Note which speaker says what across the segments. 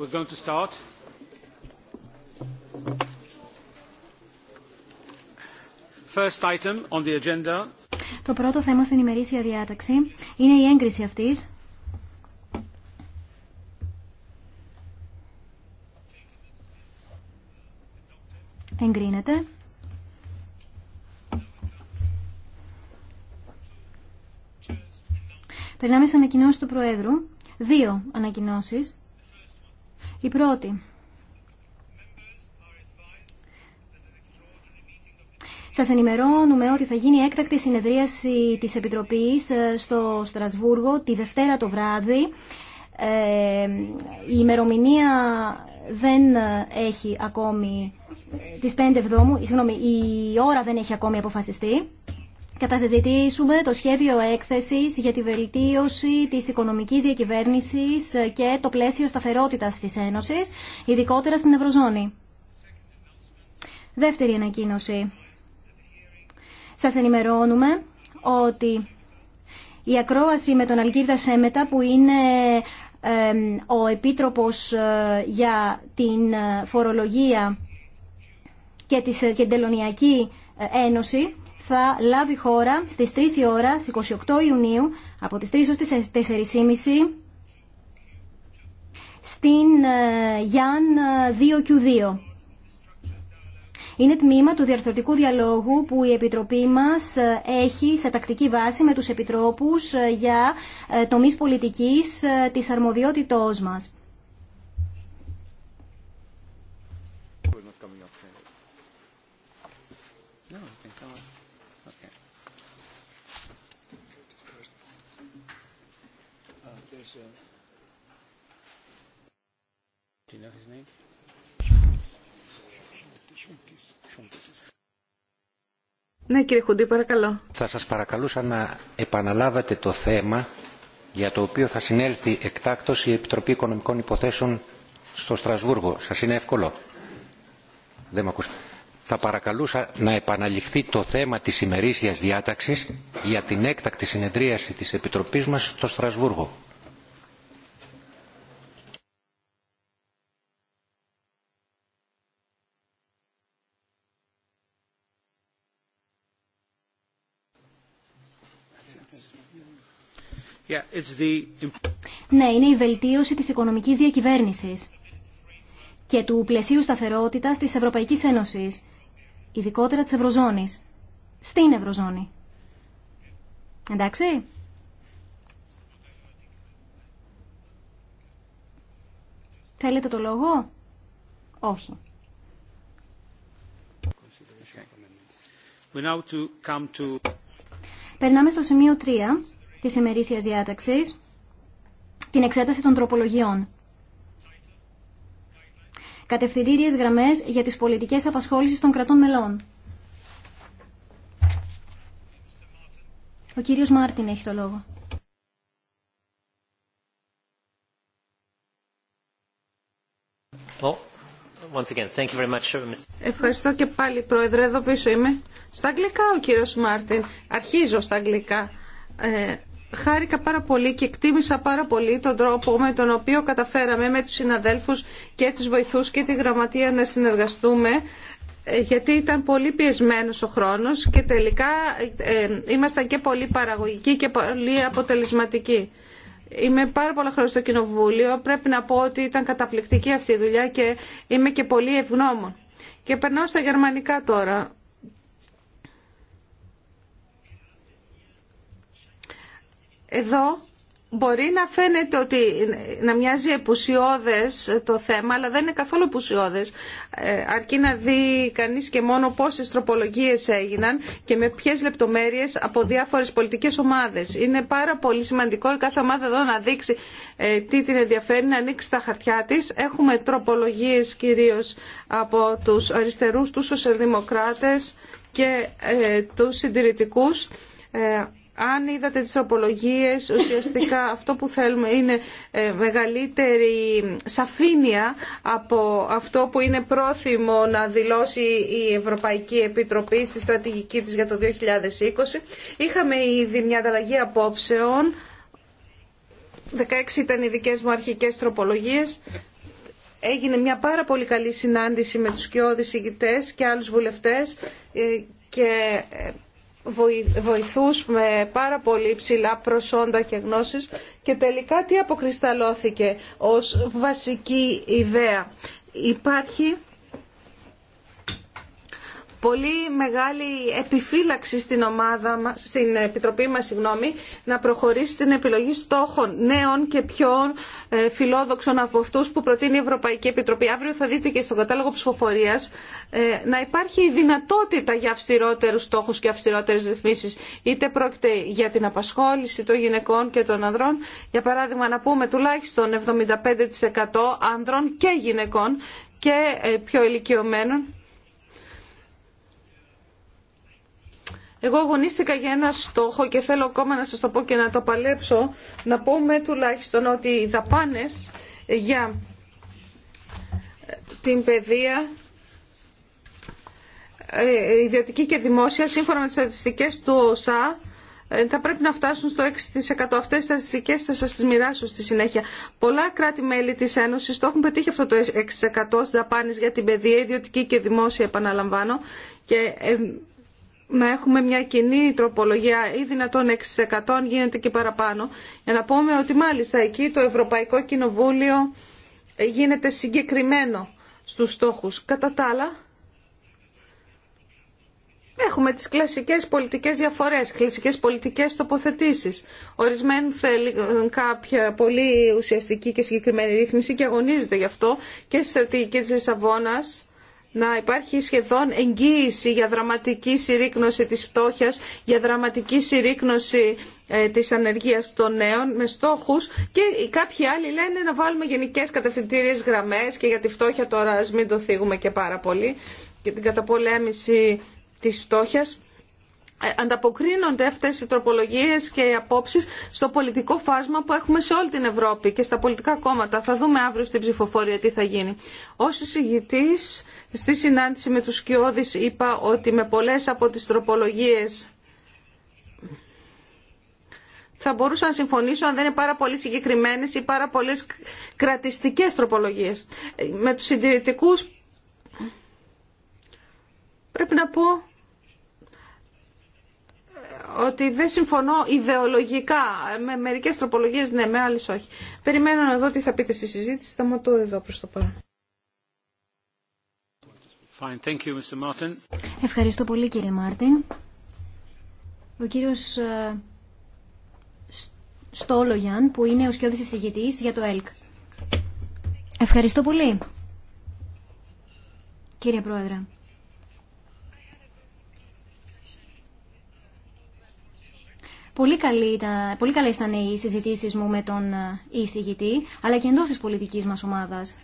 Speaker 1: We're going to start.
Speaker 2: Το πρώτο θέμα στην ημερήσια διάταξη είναι η έγκριση αυτής. Εγκρίνεται. Περνάμε στις ανακοινώσεις του Προέδρου. Δύο ανακοινώσεις. Η πρώτη. Σα ενημερώνουμε ότι θα γίνει έκτακτη συνεδρίαση της Επιτροπή ε, στο Στρασβούργο τη Δευτέρα το βράδυ. Ε, η ημερομηνία δεν έχει ακόμη... Ε, τις 5 Εβδόμου, συγγνώμη, η ώρα δεν έχει ακόμη αποφασιστεί και το σχέδιο έκθεσης για τη βελτίωση της οικονομικής διακυβέρνησης και το πλαίσιο σταθερότητας της Ένωσης, ειδικότερα στην Ευρωζώνη. Δεύτερη ανακοίνωση. Σας ενημερώνουμε ότι η ακρόαση με τον Αλγίρδα Σέμετα που είναι ο Επίτροπος ε, για την ε, Φορολογία ε, και την Τελωνιακή Ένωση θα λάβει χώρα στις 3 η ώρα, στις 28 Ιουνίου, από τις 3 ως τις 4.30 στην ε, Γιάν 2Q2. Ε, Είναι τμήμα του διαρθρωτικού διαλόγου που η Επιτροπή μας ε, έχει σε τακτική βάση με τους Επιτρόπους για τομείς πολιτικής της αρμοδιότητός μας.
Speaker 3: Ναι,
Speaker 1: θα σας παρακαλούσα να επαναλάβετε το θέμα για το οποίο θα συνέλθει εκτάκτως η Επιτροπή Οικονομικών Υποθέσεων στο Στρασβούργο. Σας είναι εύκολο. Δεν Θα παρακαλούσα να επαναληφθεί το θέμα της ημερήσιας διάταξης για την έκτακτη συνεδρίαση της Επιτροπής μας στο Στρασβούργο.
Speaker 2: Ναι, είναι η βελτίωση της οικονομικής διακυβέρνησης και του πλαισίου σταθερότητας της Ευρωπαϊκής Ένωσης, ειδικότερα της Ευρωζώνης, στην Ευρωζώνη. Εντάξει. Θέλετε το λόγο? Όχι. Περνάμε στο σημείο 3 Τη ημερήσια διάταξη. την εξέταση των τροπολογιών. Κατευθυντήριες γραμμέ για τι πολιτικέ απασχόλησεις των κρατών μελών. Ο κύριος Μάρτιν έχει το λόγο.
Speaker 3: Ευχαριστώ και πάλι, Πρόεδρε. Εδώ πίσω είμαι. Στα αγγλικά ο κύριος Μάρτιν. Αρχίζω στα αγγλικά. Ε, χάρηκα πάρα πολύ και εκτίμησα πάρα πολύ τον τρόπο με τον οποίο καταφέραμε με τους συναδέλφους και τους βοηθούς και τη γραμματεία να συνεργαστούμε ε, γιατί ήταν πολύ πιεσμένος ο χρόνος και τελικά ε, ήμασταν και πολύ παραγωγικοί και πολύ αποτελεσματικοί. Είμαι πάρα πολλά χρόνια στο Κοινοβούλιο. Πρέπει να πω ότι ήταν καταπληκτική αυτή η δουλειά και είμαι και πολύ ευγνώμων. Και περνάω στα γερμανικά τώρα. Εδώ μπορεί να φαίνεται ότι να μοιάζει επουσιώδες το θέμα, αλλά δεν είναι καθόλου επουσιώδες. Ε, αρκεί να δει κανείς και μόνο πόσες τροπολογίες έγιναν και με ποιες λεπτομέρειες από διάφορες πολιτικές ομάδες. Είναι πάρα πολύ σημαντικό η κάθε ομάδα εδώ να δείξει ε, τι την ενδιαφέρει, να ανοίξει τα χαρτιά της. Έχουμε τροπολογίες κυρίως από τους αριστερούς, τους σοσιαλδημοκράτες και ε, τους συντηρητικούς αν είδατε τις απολογίες, ουσιαστικά αυτό που θέλουμε είναι ε, μεγαλύτερη σαφήνεια από αυτό που είναι πρόθυμο να δηλώσει η Ευρωπαϊκή Επιτροπή στη στρατηγική της για το 2020. Είχαμε ήδη μια ανταλλαγή απόψεων, 16 ήταν οι δικές μου αρχικές τροπολογίες, έγινε μια πάρα πολύ καλή συνάντηση με τους κοιόδης ηγητές και άλλους βουλευτές ε, ε, βοηθούς με πάρα πολύ ψηλά προσόντα και γνώσεις και τελικά τι αποκρισταλώθηκε ως βασική ιδέα. Υπάρχει πολύ μεγάλη επιφύλαξη στην, ομάδα στην Επιτροπή μας συγγνώμη, να προχωρήσει στην επιλογή στόχων νέων και πιο ε, φιλόδοξων από αυτούς που προτείνει η Ευρωπαϊκή Επιτροπή. Αύριο θα δείτε και στον κατάλογο ψηφοφορίας ε, να υπάρχει η δυνατότητα για αυστηρότερους στόχους και αυστηρότερες ρυθμίσεις. Είτε πρόκειται για την απασχόληση των γυναικών και των ανδρών. Για παράδειγμα να πούμε τουλάχιστον 75% ανδρών και γυναικών και ε, πιο ηλικιωμένων Εγώ αγωνίστηκα για ένα στόχο και θέλω ακόμα να σας το πω και να το παλέψω, να πούμε τουλάχιστον ότι οι δαπάνες για ε, την παιδεία ε, ιδιωτική και δημόσια, σύμφωνα με τις στατιστικές του ΩΣΑ, ε, θα πρέπει να φτάσουν στο 6%. Αυτές τις στατιστικές θα σας τις μοιράσω στη συνέχεια. Πολλά κράτη-μέλη της Ένωσης το έχουν πετύχει αυτό το 6% στις δαπάνες για την παιδεία, ιδιωτική και δημόσια, επαναλαμβάνω. Και να έχουμε μια κοινή τροπολογία ή δυνατόν 6% γίνεται και παραπάνω για να πούμε ότι μάλιστα εκεί το Ευρωπαϊκό Κοινοβούλιο γίνεται συγκεκριμένο στους στόχους. Κατά τα άλλα, έχουμε τις κλασικές πολιτικές διαφορές, κλασικές πολιτικές τοποθετήσεις. Ορισμένοι θέλουν κάποια πολύ ουσιαστική και συγκεκριμένη ρύθμιση και αγωνίζεται γι' αυτό και στη στρατηγική της Λισαβόνας να υπάρχει σχεδόν εγγύηση για δραματική συρρήκνωση της φτώχειας, για δραματική συρρήκνωση ε, της ανεργίας των νέων με στόχους και κάποιοι άλλοι λένε να βάλουμε γενικές κατευθυντήριες γραμμές και για τη φτώχεια τώρα ας μην το θίγουμε και πάρα πολύ και την καταπολέμηση της φτώχειας. Ε, ανταποκρίνονται αυτές οι τροπολογίες και οι απόψεις στο πολιτικό φάσμα που έχουμε σε όλη την Ευρώπη και στα πολιτικά κόμματα. Θα δούμε αύριο στην ψηφοφορία τι θα γίνει. Ως εισηγητής στη συνάντηση με τους Σκιώδης είπα ότι με πολλές από τις τροπολογίες θα μπορούσα να συμφωνήσω αν δεν είναι πάρα πολύ συγκεκριμένες ή πάρα πολλές κρατιστικές τροπολογίες. Ε, με τους συντηρητικούς πρέπει να πω ότι δεν συμφωνώ ιδεολογικά με μερικές τροπολογίες, ναι, με άλλες όχι. Περιμένω να δω τι θα πείτε στη συζήτηση, θα μου εδώ
Speaker 2: προ το παρόν. Ευχαριστώ πολύ κύριε Μάρτιν. Ο κύριο ε, Στόλογιαν που είναι ο σκιώδη εισηγητή για το ΕΛΚ. Ευχαριστώ πολύ. Κύριε Πρόεδρε. Πολύ, καλή ήταν, πολύ καλές ήταν οι συζητήσεις μου με τον ε, εισηγητή, αλλά και εντός της πολιτικής μας ομάδας.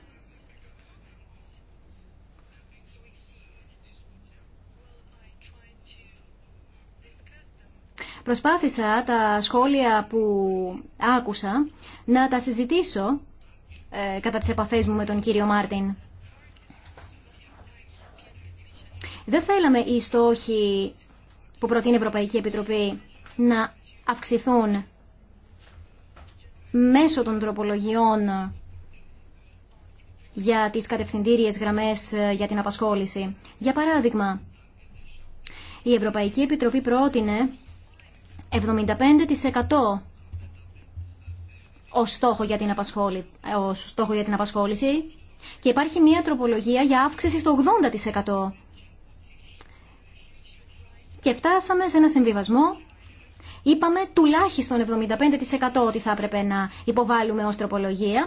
Speaker 2: Προσπάθησα τα σχόλια που άκουσα να τα συζητήσω ε, κατά τις επαφές μου με τον κύριο Μάρτιν. Δεν θέλαμε οι στόχοι που προτείνει η Ευρωπαϊκή Επιτροπή να αυξηθούν μέσω των τροπολογιών για τις κατευθυντήριες γραμμές ε, για την απασχόληση. Για παράδειγμα, η Ευρωπαϊκή Επιτροπή πρότεινε 75% ο για την, στόχο για την απασχόληση και υπάρχει μια τροπολογία για αύξηση στο 80%. Και φτάσαμε σε ένα συμβιβασμό Είπαμε τουλάχιστον 75% ότι θα έπρεπε να υποβάλουμε ως τροπολογία.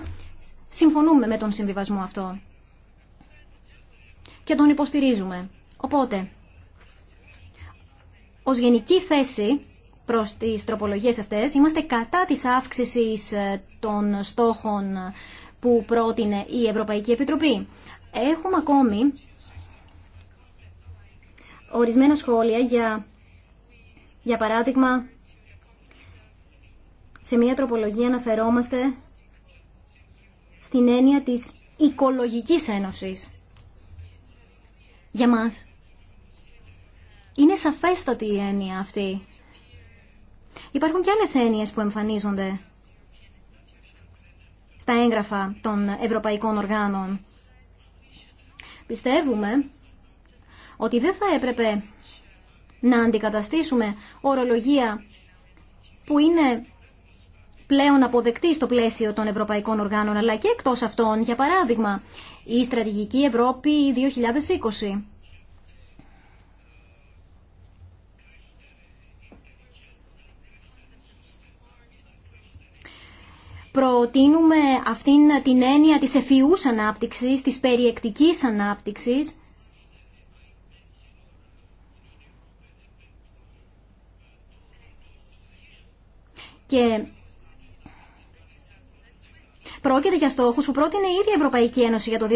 Speaker 2: Συμφωνούμε με τον συμβιβασμό αυτό. Και τον υποστηρίζουμε. Οπότε, ως γενική θέση προς τις τροπολογίες αυτές, είμαστε κατά της αύξησης ε, των στόχων που πρότεινε η Ευρωπαϊκή Επιτροπή. Έχουμε ακόμη ορισμένα σχόλια για, για παράδειγμα, σε μια τροπολογία αναφερόμαστε στην έννοια της οικολογικής ένωσης. Για μας είναι σαφέστατη η έννοια αυτή. Υπάρχουν και άλλες έννοιες που εμφανίζονται στα έγγραφα των ευρωπαϊκών οργάνων. Πιστεύουμε ότι δεν θα έπρεπε να αντικαταστήσουμε ορολογία που είναι πλέον αποδεκτή στο πλαίσιο των ευρωπαϊκών οργάνων, αλλά και εκτός αυτών, για παράδειγμα, η Στρατηγική Ευρώπη 2020. Προτείνουμε αυτήν την έννοια της εφιούς ανάπτυξης, της περιεκτικής ανάπτυξης, και Πρόκειται για στόχου που πρότεινε η ίδια η Ευρωπαϊκή Ένωση για το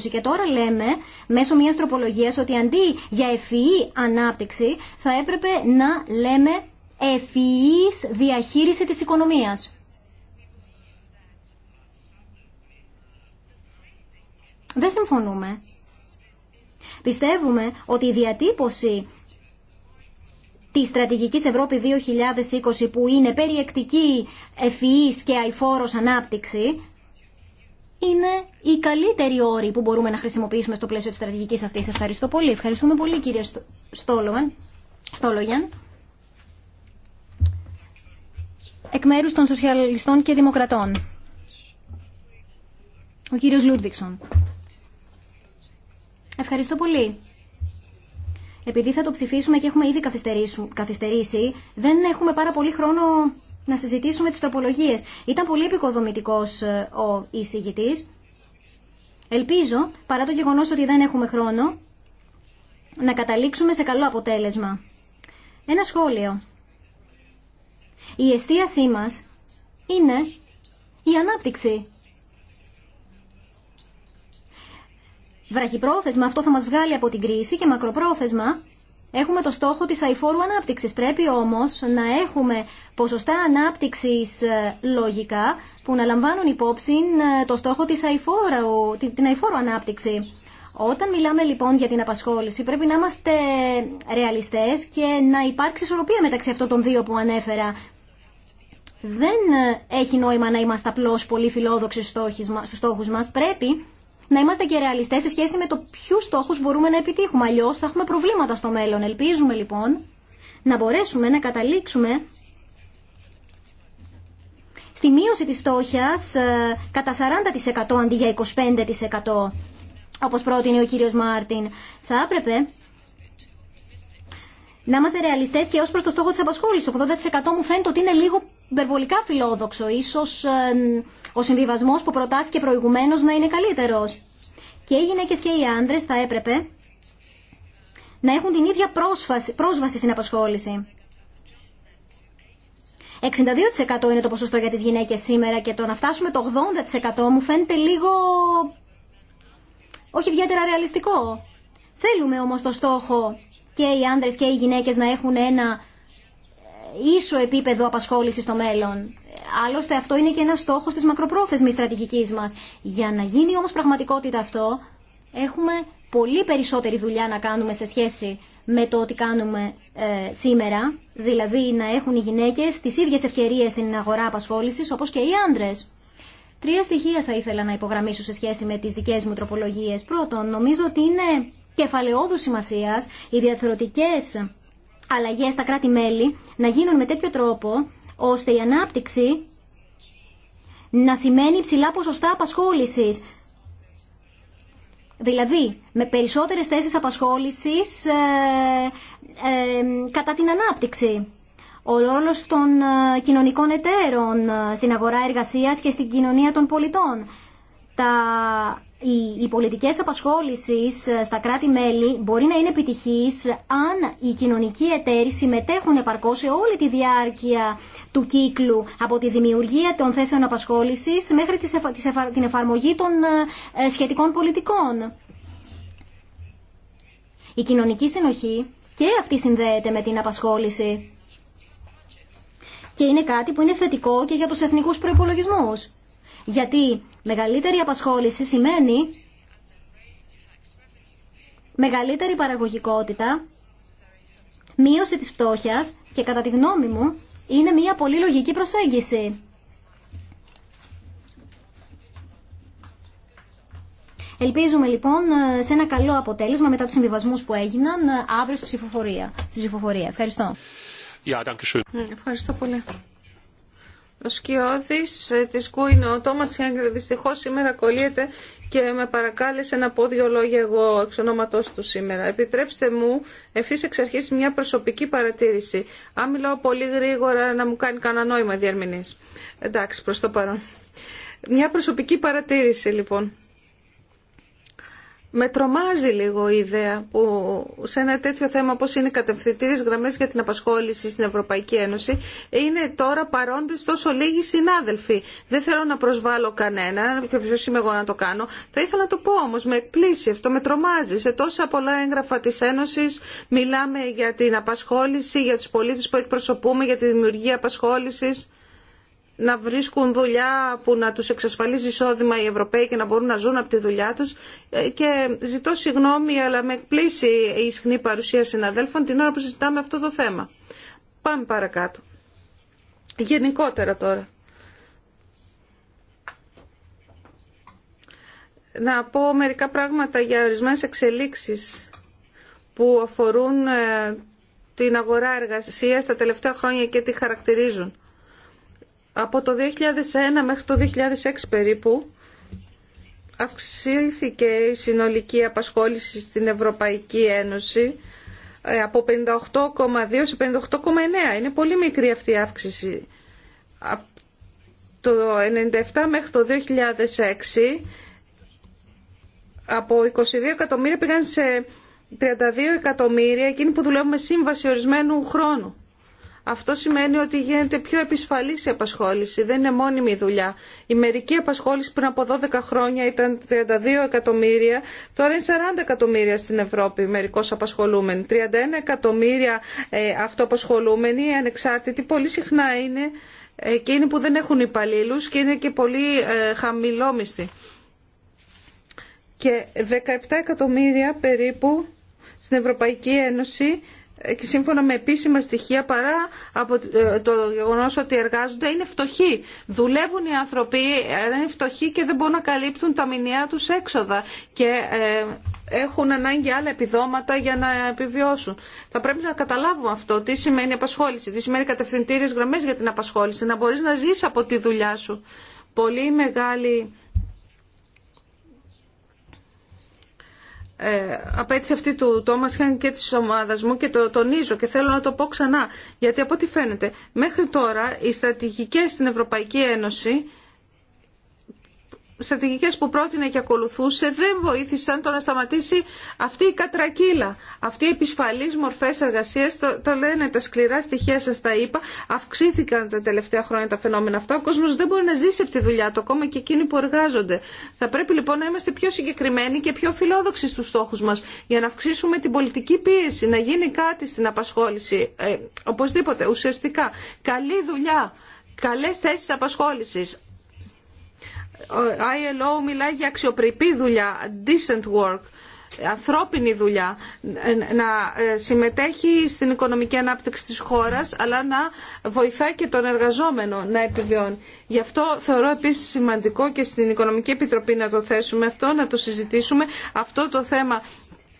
Speaker 2: 2020 και τώρα λέμε μέσω μια τροπολογία ότι αντί για ευφυή ανάπτυξη θα έπρεπε να λέμε ευφυή διαχείριση της οικονομίας. Δεν συμφωνούμε. Πιστεύουμε ότι η διατύπωση Τη Στρατηγικής Ευρώπη 2020 που είναι περιεκτική, ευφυής και αϊφόρος ανάπτυξη είναι οι καλύτεροι όροι που μπορούμε να χρησιμοποιήσουμε στο πλαίσιο της στρατηγικής αυτής. Ευχαριστώ πολύ. Ευχαριστούμε πολύ κύριε Στόλογεν. Στόλογιαν. Εκ μέρους των Σοσιαλιστών και Δημοκρατών. Ο κύριος Λούντβικσον. Ευχαριστώ πολύ επειδή θα το ψηφίσουμε και έχουμε ήδη καθυστερήσει, δεν έχουμε πάρα πολύ χρόνο να συζητήσουμε τις τροπολογίες. Ήταν πολύ επικοδομητικός ε, ο εισηγητής. Ελπίζω, παρά το γεγονός ότι δεν έχουμε χρόνο, να καταλήξουμε σε καλό αποτέλεσμα. Ένα σχόλιο. Η εστίασή μας είναι η ανάπτυξη βραχυπρόθεσμα αυτό θα μας βγάλει από την κρίση και μακροπρόθεσμα Έχουμε το στόχο της αηφόρου ανάπτυξης. Πρέπει όμως να έχουμε ποσοστά ανάπτυξης ε, λογικά που να λαμβάνουν υπόψη ε, το στόχο της αηφόρου, την αηφόρου ανάπτυξη. Όταν μιλάμε λοιπόν για την απασχόληση πρέπει να είμαστε ρεαλιστές και να υπάρξει ισορροπία μεταξύ αυτών των δύο που ανέφερα. Δεν ε, έχει νόημα να είμαστε απλώς πολύ φιλόδοξοι στους στόχους μας. Πρέπει να είμαστε και ρεαλιστέ σε σχέση με το ποιου στόχου μπορούμε να επιτύχουμε. Αλλιώ θα έχουμε προβλήματα στο μέλλον. Ελπίζουμε λοιπόν να μπορέσουμε να καταλήξουμε στη μείωση της φτώχειας ε, κατά 40% αντί για 25% όπως πρότεινε ο κύριος Μάρτιν. Θα έπρεπε να είμαστε ρεαλιστέ και ω προ το στόχο της απασχόλησης. 80% μου φαίνεται ότι είναι λίγο υπερβολικά φιλόδοξο. Ίσως ο συμβιβασμό που προτάθηκε προηγουμένω να είναι καλύτερο. Και οι γυναίκες και οι άντρε θα έπρεπε να έχουν την ίδια πρόσβαση, πρόσβαση στην απασχόληση. 62% είναι το ποσοστό για τις γυναίκες σήμερα και το να φτάσουμε το 80% μου φαίνεται λίγο... όχι ιδιαίτερα ρεαλιστικό. Θέλουμε όμως το στόχο και οι άνδρες και οι γυναίκες να έχουν ένα ε, ίσο επίπεδο απασχόλησης στο μέλλον. Άλλωστε αυτό είναι και ένα στόχος της μακροπρόθεσμης στρατηγικής μας. Για να γίνει όμως πραγματικότητα αυτό, έχουμε πολύ περισσότερη δουλειά να κάνουμε σε σχέση με το ότι κάνουμε ε, σήμερα, δηλαδή να έχουν οι γυναίκες τις ίδιες ευκαιρίες στην αγορά απασχόλησης όπως και οι άντρες. Τρία στοιχεία θα ήθελα να υπογραμμίσω σε σχέση με τις δικές μου τροπολογίες. Πρώτον, νομίζω ότι είναι κεφαλαιόδου σημασίας οι διαθερωτικές αλλαγέ στα κράτη-μέλη να γίνουν με τέτοιο τρόπο ώστε η ανάπτυξη να σημαίνει ψηλά ποσοστά απασχόλησης. Δηλαδή, με περισσότερες θέσεις απασχόλησης ε, ε, κατά την ανάπτυξη. Ο ρόλο των ε, κοινωνικών εταίρων στην αγορά εργασίας και στην κοινωνία των πολιτών. Τα οι, οι πολιτικές απασχόλησης ε, στα κράτη-μέλη μπορεί να είναι επιτυχής αν οι κοινωνικοί εταίροι συμμετέχουν επαρκώς σε όλη τη διάρκεια του κύκλου από τη δημιουργία των θέσεων απασχόλησης μέχρι την εφαρμογή των ε, ε, σχετικών πολιτικών. Η κοινωνική συνοχή και αυτή συνδέεται με την απασχόληση και είναι κάτι που είναι θετικό και για τους εθνικούς προϋπολογισμούς. Γιατί μεγαλύτερη απασχόληση σημαίνει μεγαλύτερη παραγωγικότητα, μείωση της πτώχειας και κατά τη γνώμη μου είναι μια πολύ λογική προσέγγιση. Ελπίζουμε λοιπόν σε ένα καλό αποτέλεσμα μετά τους συμβιβασμούς που έγιναν ε, αύριο στη ψηφοφορία. Στη ψηφοφορία. Ευχαριστώ. Ναι, ευχαριστώ πολύ.
Speaker 3: Ο σκιώδης ε, της είναι ο Τόμας Χέγκρε, δυστυχώς σήμερα κολλείται και με παρακάλεσε να πω δύο λόγια εγώ εξ του σήμερα. Επιτρέψτε μου ευθύ εξ αρχή μια προσωπική παρατήρηση. Αν μιλάω πολύ γρήγορα να μου κάνει κανένα νόημα διερμηνής. Εντάξει, προ το παρόν. Μια προσωπική παρατήρηση λοιπόν. Με τρομάζει λίγο η ιδέα που σε ένα τέτοιο θέμα όπως είναι οι κατευθυντήριες γραμμές για την απασχόληση στην Ευρωπαϊκή Ένωση είναι τώρα παρόντες τόσο λίγοι συνάδελφοι. Δεν θέλω να προσβάλλω κανένα, και ποιο είμαι εγώ να το κάνω. Θα ήθελα να το πω όμως, με εκπλήσει αυτό, με τρομάζει. Σε τόσα πολλά έγγραφα της Ένωσης μιλάμε για την απασχόληση, για τους πολίτες που εκπροσωπούμε, για τη δημιουργία απασχόλησης να βρίσκουν δουλειά που να τους εξασφαλίζει εισόδημα οι Ευρωπαίοι και να μπορούν να ζουν από τη δουλειά τους. Ε, και ζητώ συγγνώμη, αλλά με εκπλήσει η ισχνή παρουσία συναδέλφων την ώρα που συζητάμε αυτό το θέμα. Πάμε παρακάτω. Γενικότερα τώρα. Να πω μερικά πράγματα για ορισμένες εξελίξεις που αφορούν ε, την αγορά εργασίας τα τελευταία χρόνια και τη χαρακτηρίζουν από το 2001 μέχρι το 2006 περίπου αυξήθηκε η συνολική απασχόληση στην Ευρωπαϊκή Ένωση ε, από 58,2 σε 58,9. Είναι πολύ μικρή αυτή η αύξηση. Από το 1997 μέχρι το 2006 από 22 εκατομμύρια πήγαν σε 32 εκατομμύρια εκείνοι που δουλεύουμε σύμβαση ορισμένου χρόνου αυτό σημαίνει ότι γίνεται πιο επισφαλή η απασχόληση, δεν είναι μόνιμη η δουλειά. Η μερική απασχόληση πριν από 12 χρόνια ήταν 32 εκατομμύρια, τώρα είναι 40 εκατομμύρια στην Ευρώπη μερικώ απασχολούμενοι. 31 εκατομμύρια ε, αυτοαπασχολούμενοι, ανεξάρτητοι, πολύ συχνά είναι εκείνοι που δεν έχουν υπαλλήλου και είναι και πολύ ε, χαμηλόμιστοι. Και 17 εκατομμύρια περίπου στην Ευρωπαϊκή Ένωση και σύμφωνα με επίσημα στοιχεία παρά από ε, το γεγονός ότι εργάζονται είναι φτωχοί. Δουλεύουν οι άνθρωποι, ε, είναι φτωχοί και δεν μπορούν να καλύπτουν τα μηνιαία τους έξοδα και ε, έχουν ανάγκη άλλα επιδόματα για να επιβιώσουν. Θα πρέπει να καταλάβουμε αυτό, τι σημαίνει απασχόληση, τι σημαίνει κατευθυντήριες γραμμές για την απασχόληση, να μπορείς να ζεις από τη δουλειά σου. Πολύ μεγάλη ε, αυτή του Τόμας και της ομάδας μου και το τονίζω και θέλω να το πω ξανά γιατί από ό,τι φαίνεται μέχρι τώρα οι στρατηγικές στην Ευρωπαϊκή Ένωση στρατηγικές που πρότεινε και ακολουθούσε δεν βοήθησαν το να σταματήσει αυτή η κατρακύλα. Αυτή η επισφαλής μορφέ εργασία. το, λένε τα σκληρά στοιχεία σα τα είπα, αυξήθηκαν τα τελευταία χρόνια τα φαινόμενα αυτά. Ο κόσμο δεν μπορεί να ζήσει από τη δουλειά του, ακόμα και εκείνοι που εργάζονται. Θα πρέπει λοιπόν να είμαστε πιο συγκεκριμένοι και πιο φιλόδοξοι στου στόχου μα για να αυξήσουμε την πολιτική πίεση, να γίνει κάτι στην απασχόληση, ε, οπωσδήποτε, ουσιαστικά. Καλή δουλειά καλές θέσεις απασχόλησης, ILO μιλάει για αξιοπρεπή δουλειά, decent work, ανθρώπινη δουλειά, να ε, συμμετέχει στην οικονομική ανάπτυξη της χώρας, αλλά να βοηθάει και τον εργαζόμενο να επιβιώνει. Γι' αυτό θεωρώ επίσης σημαντικό και στην Οικονομική Επιτροπή να το θέσουμε αυτό, να το συζητήσουμε, αυτό το θέμα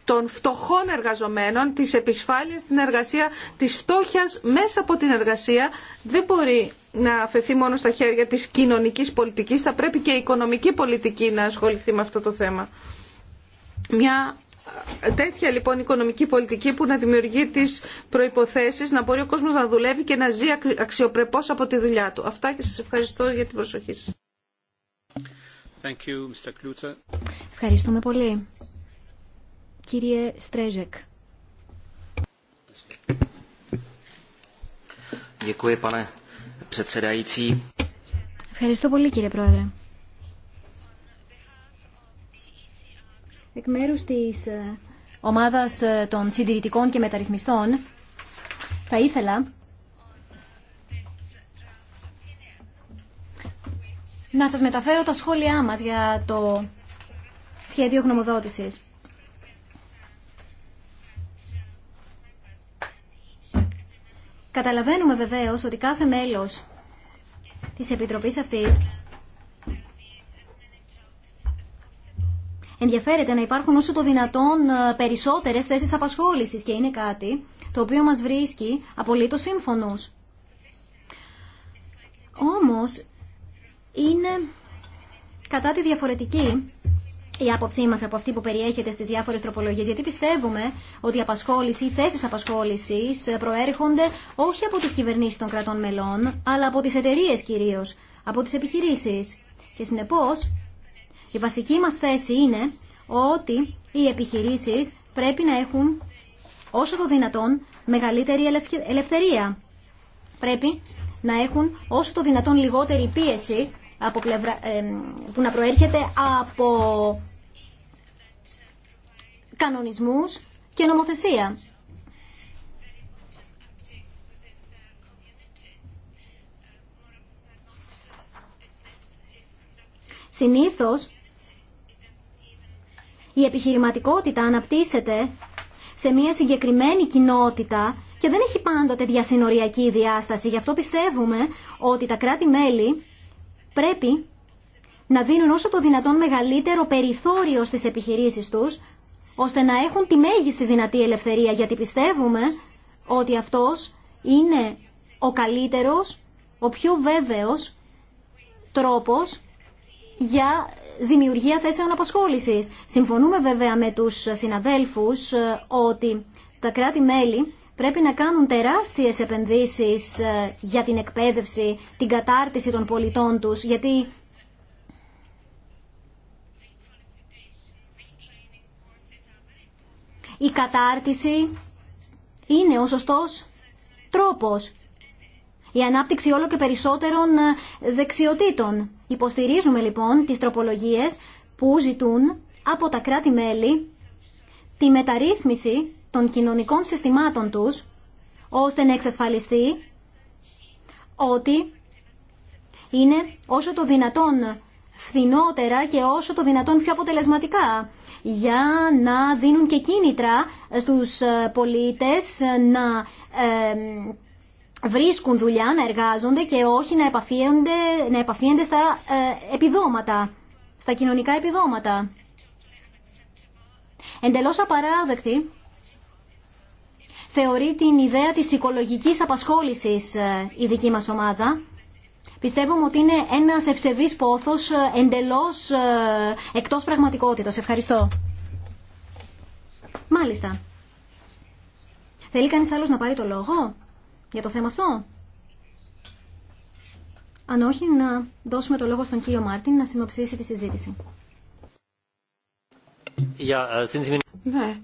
Speaker 3: των φτωχών εργαζομένων, της επισφάλειας στην εργασία, της φτώχειας μέσα από την εργασία, δεν μπορεί να αφαιθεί μόνο στα χέρια της κοινωνικής πολιτικής, θα πρέπει και η οικονομική πολιτική να ασχοληθεί με αυτό το θέμα. Μια τέτοια λοιπόν οικονομική πολιτική που να δημιουργεί τις προϋποθέσεις να μπορεί ο κόσμος να δουλεύει και να ζει αξιοπρεπώς από τη δουλειά του. Αυτά και σας ευχαριστώ για την προσοχή σας.
Speaker 1: Thank you, Mr.
Speaker 2: Ευχαριστούμε πολύ. Κύριε Στρέζεκ. Ευχαριστώ πολύ κύριε Πρόεδρε. Εκ μέρους της ε, ομάδας ε, των συντηρητικών και μεταρρυθμιστών θα ήθελα να σας μεταφέρω τα σχόλιά μας για το σχέδιο γνωμοδότησης. Καταλαβαίνουμε βεβαίω ότι κάθε μέλος της Επιτροπής αυτής ενδιαφέρεται να υπάρχουν όσο το δυνατόν ε, περισσότερες θέσεις απασχόλησης και είναι κάτι το οποίο μας βρίσκει απολύτως σύμφωνος. Όμως είναι κατά τη διαφορετική η άποψή μα από αυτή που περιέχεται στι διάφορε τροπολογίε, γιατί πιστεύουμε ότι η απασχόληση, οι θέσει απασχόληση προέρχονται όχι από τι κυβερνήσει των κρατών μελών, αλλά από τι εταιρείε κυρίω, από τι επιχειρήσει. Και συνεπώ, η βασική μα θέση είναι ότι οι επιχειρήσει πρέπει να έχουν όσο το δυνατόν μεγαλύτερη ελευθερία. Πρέπει να έχουν όσο το δυνατόν λιγότερη πίεση από που να προέρχεται από κανονισμούς και νομοθεσία. Συνήθως, η επιχειρηματικότητα αναπτύσσεται σε μια συγκεκριμένη κοινότητα και δεν έχει πάντοτε διασυνοριακή διάσταση. Γι' αυτό πιστεύουμε ότι τα κράτη-μέλη πρέπει να δίνουν όσο το δυνατόν μεγαλύτερο περιθώριο στις επιχειρήσεις τους ώστε να έχουν τη μέγιστη δυνατή ελευθερία, γιατί πιστεύουμε ότι αυτός είναι ο καλύτερος, ο πιο βέβαιος τρόπος για δημιουργία θέσεων απασχόλησης. Συμφωνούμε βέβαια με τους συναδέλφους ε, ότι τα κράτη-μέλη πρέπει να κάνουν τεράστιες επενδύσεις ε, για την εκπαίδευση, την κατάρτιση των πολιτών τους, γιατί η κατάρτιση είναι ο σωστός τρόπος. Η ανάπτυξη όλο και περισσότερων ε, δεξιοτήτων. Υποστηρίζουμε λοιπόν τις τροπολογίες που ζητούν από τα κράτη-μέλη τη μεταρρύθμιση των κοινωνικών συστημάτων τους, ώστε να εξασφαλιστεί ότι είναι όσο το δυνατόν φθηνότερα και όσο το δυνατόν πιο αποτελεσματικά για να δίνουν και κίνητρα στους ε, πολίτες να ε, βρίσκουν δουλειά, να εργάζονται και όχι να επαφίενται, να στα ε, επιδόματα, στα κοινωνικά επιδόματα. Εντελώς απαράδεκτη θεωρεί την ιδέα της οικολογικής απασχόλησης η δική μας ομάδα Πιστεύουμε ότι είναι ένας ευσεβής πόθος ε, εντελώς ε, εκτός πραγματικότητα. Ευχαριστώ. Μάλιστα. Θέλει κανείς άλλος να πάρει το λόγο για το θέμα αυτό. Αν όχι, να δώσουμε το λόγο στον κύριο Μάρτιν να συνοψίσει τη συζήτηση.
Speaker 1: Uh,
Speaker 2: ναι.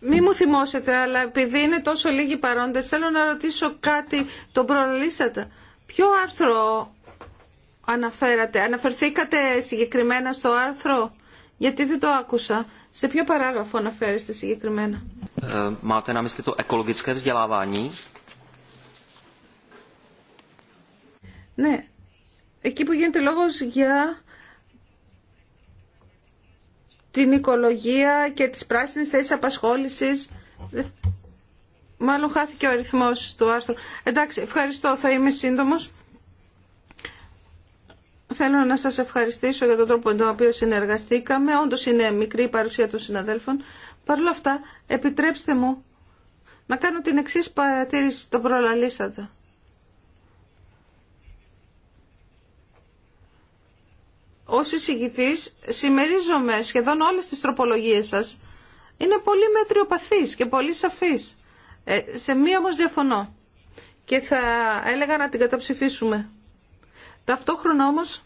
Speaker 2: Μη μου θυμώσετε, αλλά
Speaker 3: επειδή είναι τόσο λίγοι παρόντες, θέλω να ρωτήσω κάτι, Το προλύσατε. Ποιο άρθρο αναφέρατε, αναφερθήκατε συγκεκριμένα στο άρθρο, γιατί δεν το άκουσα. Σε ποιο παράγραφο αναφέρεστε συγκεκριμένα.
Speaker 1: να ε, το
Speaker 3: Ναι. Εκεί που γίνεται λόγος για την οικολογία και τις πράσινες θέσεις απασχόλησης. Μάλλον χάθηκε ο αριθμός του άρθρου. Εντάξει, ευχαριστώ. Θα είμαι σύντομος. Θέλω να σας ευχαριστήσω για τον τρόπο με τον οποίο συνεργαστήκαμε. Όντως είναι μικρή η παρουσία των συναδέλφων. Παρ' όλα αυτά, επιτρέψτε μου να κάνω την εξής παρατήρηση, το προλαλήσατε. Ως εισηγητής, συμμερίζομαι σχεδόν όλες τις τροπολογίες σας. Είναι πολύ μετριοπαθής και πολύ σαφής. Ε, σε μία όμως διαφωνώ και θα έλεγα να την καταψηφίσουμε. Ταυτόχρονα όμως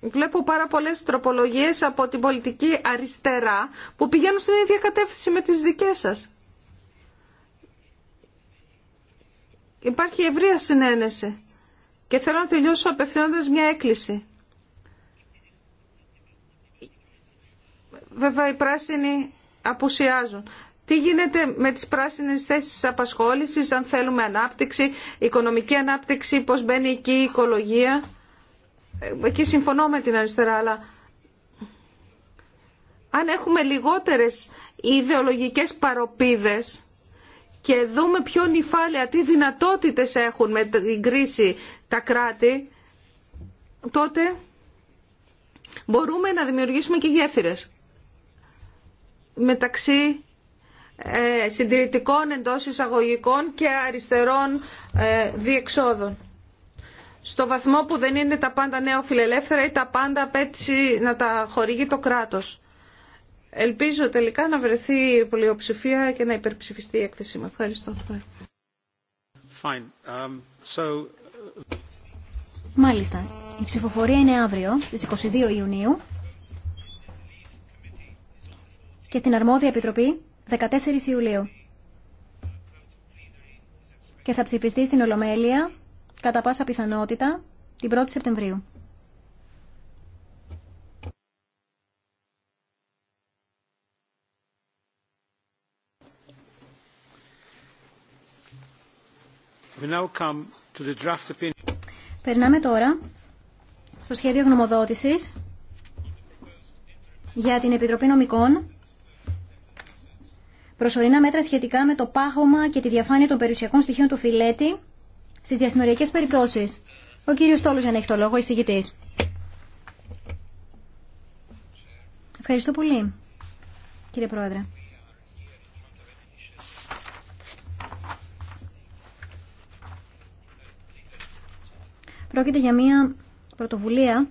Speaker 3: βλέπω πάρα πολλές τροπολογίες από την πολιτική αριστερά που πηγαίνουν στην ίδια κατεύθυνση με τις δικές σας. Υπάρχει ευρεία συνένεση και θέλω να τελειώσω απευθύνοντας μια έκκληση. Βέβαια οι πράσινοι απουσιάζουν. Τι γίνεται με τις πράσινες θέσεις απασχόλησης, αν θέλουμε ανάπτυξη, οικονομική ανάπτυξη, πώς μπαίνει εκεί η οικολογία. Εκεί συμφωνώ με την αριστερά, αλλά αν έχουμε λιγότερες ιδεολογικές παροπίδες και δούμε πιο υφάλαια, τι δυνατότητες έχουν με την κρίση τα κράτη, τότε μπορούμε να δημιουργήσουμε και γέφυρες μεταξύ ε, συντηρητικών εντό εισαγωγικών και αριστερών ε, διεξόδων. Στο βαθμό που δεν είναι τα πάντα νέο φιλελεύθερα ή τα πάντα απέτηση να τα χορηγεί το κράτος. Ελπίζω τελικά να βρεθεί πολιοψηφία
Speaker 2: και να υπερψηφιστεί η έκθεση. Με ευχαριστώ. Um, Μάλιστα. Η ψηφοφορία είναι αύριο στις 22 Ιουνίου και στην αρμόδια επιτροπή 14 Ιουλίου. Και θα ψηφιστεί στην Ολομέλεια, κατά πάσα πιθανότητα, την 1η Σεπτεμβρίου.
Speaker 1: draft opinion.
Speaker 2: Περνάμε τώρα στο σχέδιο γνωμοδότησης για την Επιτροπή Νομικών προσωρινά μέτρα σχετικά με το πάχωμα και τη διαφάνεια των περιουσιακών στοιχείων του φιλέτη στι διασυνοριακές περιπτώσεις. Ο κύριος Τόλος αν έχει το λόγο, εισηγητή. Ευχαριστώ πολύ, κύριε Πρόεδρε. Πρόκειται για μια πρωτοβουλία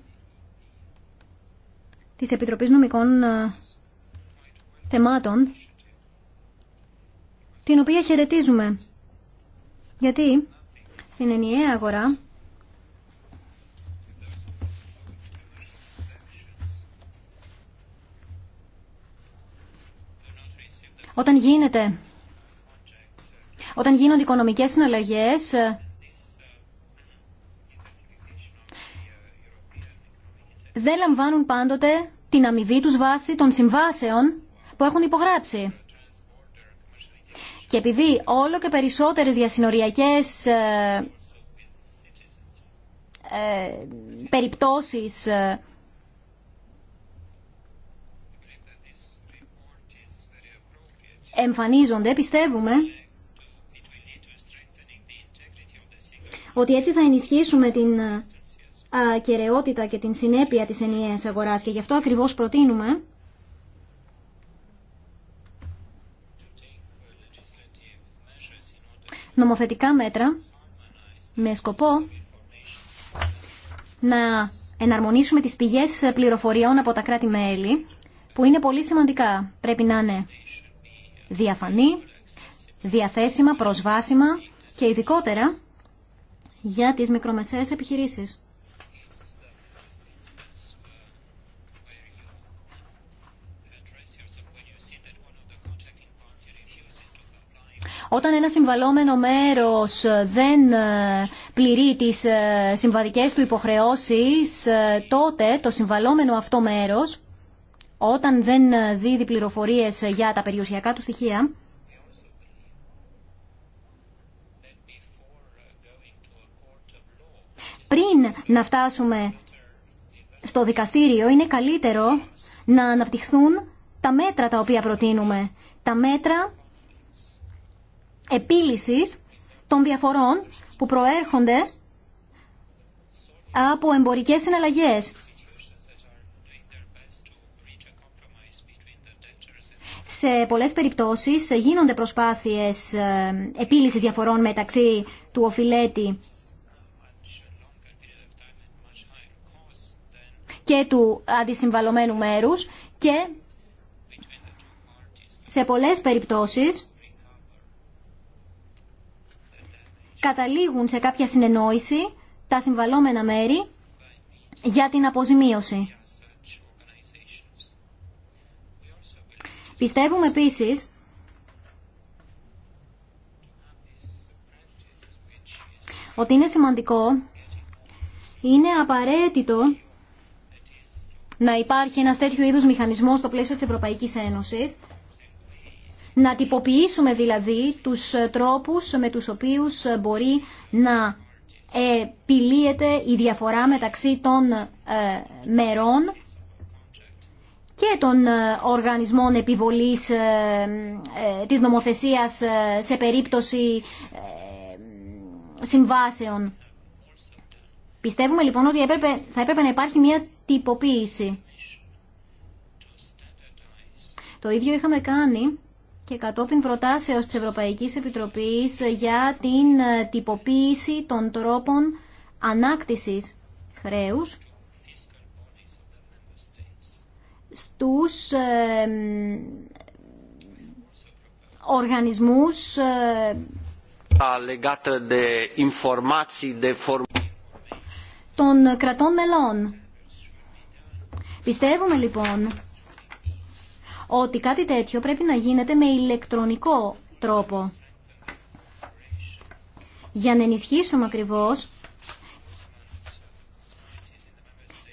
Speaker 2: της Επιτροπής Νομικών ε, Θεμάτων την οποία χαιρετίζουμε. Γιατί στην ενιαία αγορά όταν γίνεται όταν γίνονται οικονομικές συναλλαγές δεν λαμβάνουν πάντοτε την αμοιβή τους βάση των συμβάσεων που έχουν υπογράψει. Και επειδή όλο και περισσότερες διασυνοριακές ε, ε περιπτώσεις ε, εμφανίζονται, πιστεύουμε ότι έτσι θα ενισχύσουμε την ε, ακεραιότητα και την συνέπεια της ενιαίας αγοράς και γι' αυτό ακριβώς προτείνουμε νομοθετικά μέτρα με σκοπό να εναρμονίσουμε τις πηγές πληροφοριών από τα κράτη-μέλη που είναι πολύ σημαντικά. Πρέπει να είναι διαφανή, διαθέσιμα, προσβάσιμα και ειδικότερα για τις μικρομεσαίες επιχειρήσεις. Όταν ένα συμβαλόμενο μέρος δεν ε, πληρεί τι ε, συμβατικές του υποχρεώσεις, ε, τότε το συμβαλόμενο αυτό μέρος, όταν δεν δίδει πληροφορίες για τα περιουσιακά του στοιχεία, πριν να φτάσουμε στο δικαστήριο, είναι καλύτερο να αναπτυχθούν τα μέτρα τα οποία προτείνουμε. Τα μέτρα επίλυσης των διαφορών που προέρχονται από εμπορικές συναλλαγές. Σε πολλές περιπτώσεις γίνονται προσπάθειες ε, επίλυσης διαφορών μεταξύ του οφηλέτη και του αντισυμβαλωμένου μέρους και σε πολλές περιπτώσεις καταλήγουν σε κάποια συνεννόηση τα συμβαλώμενα μέρη για την αποζημίωση. Πιστεύουμε επίσης ότι είναι σημαντικό, είναι απαραίτητο να υπάρχει ένας τέτοιο είδους μηχανισμός στο πλαίσιο της Ευρωπαϊκής Ένωσης να τυποποιήσουμε δηλαδή τους ε, τρόπους με τους οποίους ε, μπορεί να ε, επιλύεται η διαφορά μεταξύ των μερών και των οργανισμών επιβολής της νομοθεσίας σε περίπτωση συμβάσεων. Πιστεύουμε λοιπόν ότι θα έπρεπε να υπάρχει μια τυποποίηση. Το ίδιο είχαμε κάνει και κατόπιν προτάσεως της Ευρωπαϊκής Επιτροπής για την ε, τυποποίηση των τρόπων ανάκτησης χρέους στους ε, οργανισμούς ε, των κρατών μελών. Πιστεύουμε λοιπόν ότι κάτι τέτοιο πρέπει να γίνεται με ηλεκτρονικό τρόπο. Για να ενισχύσουμε ακριβώς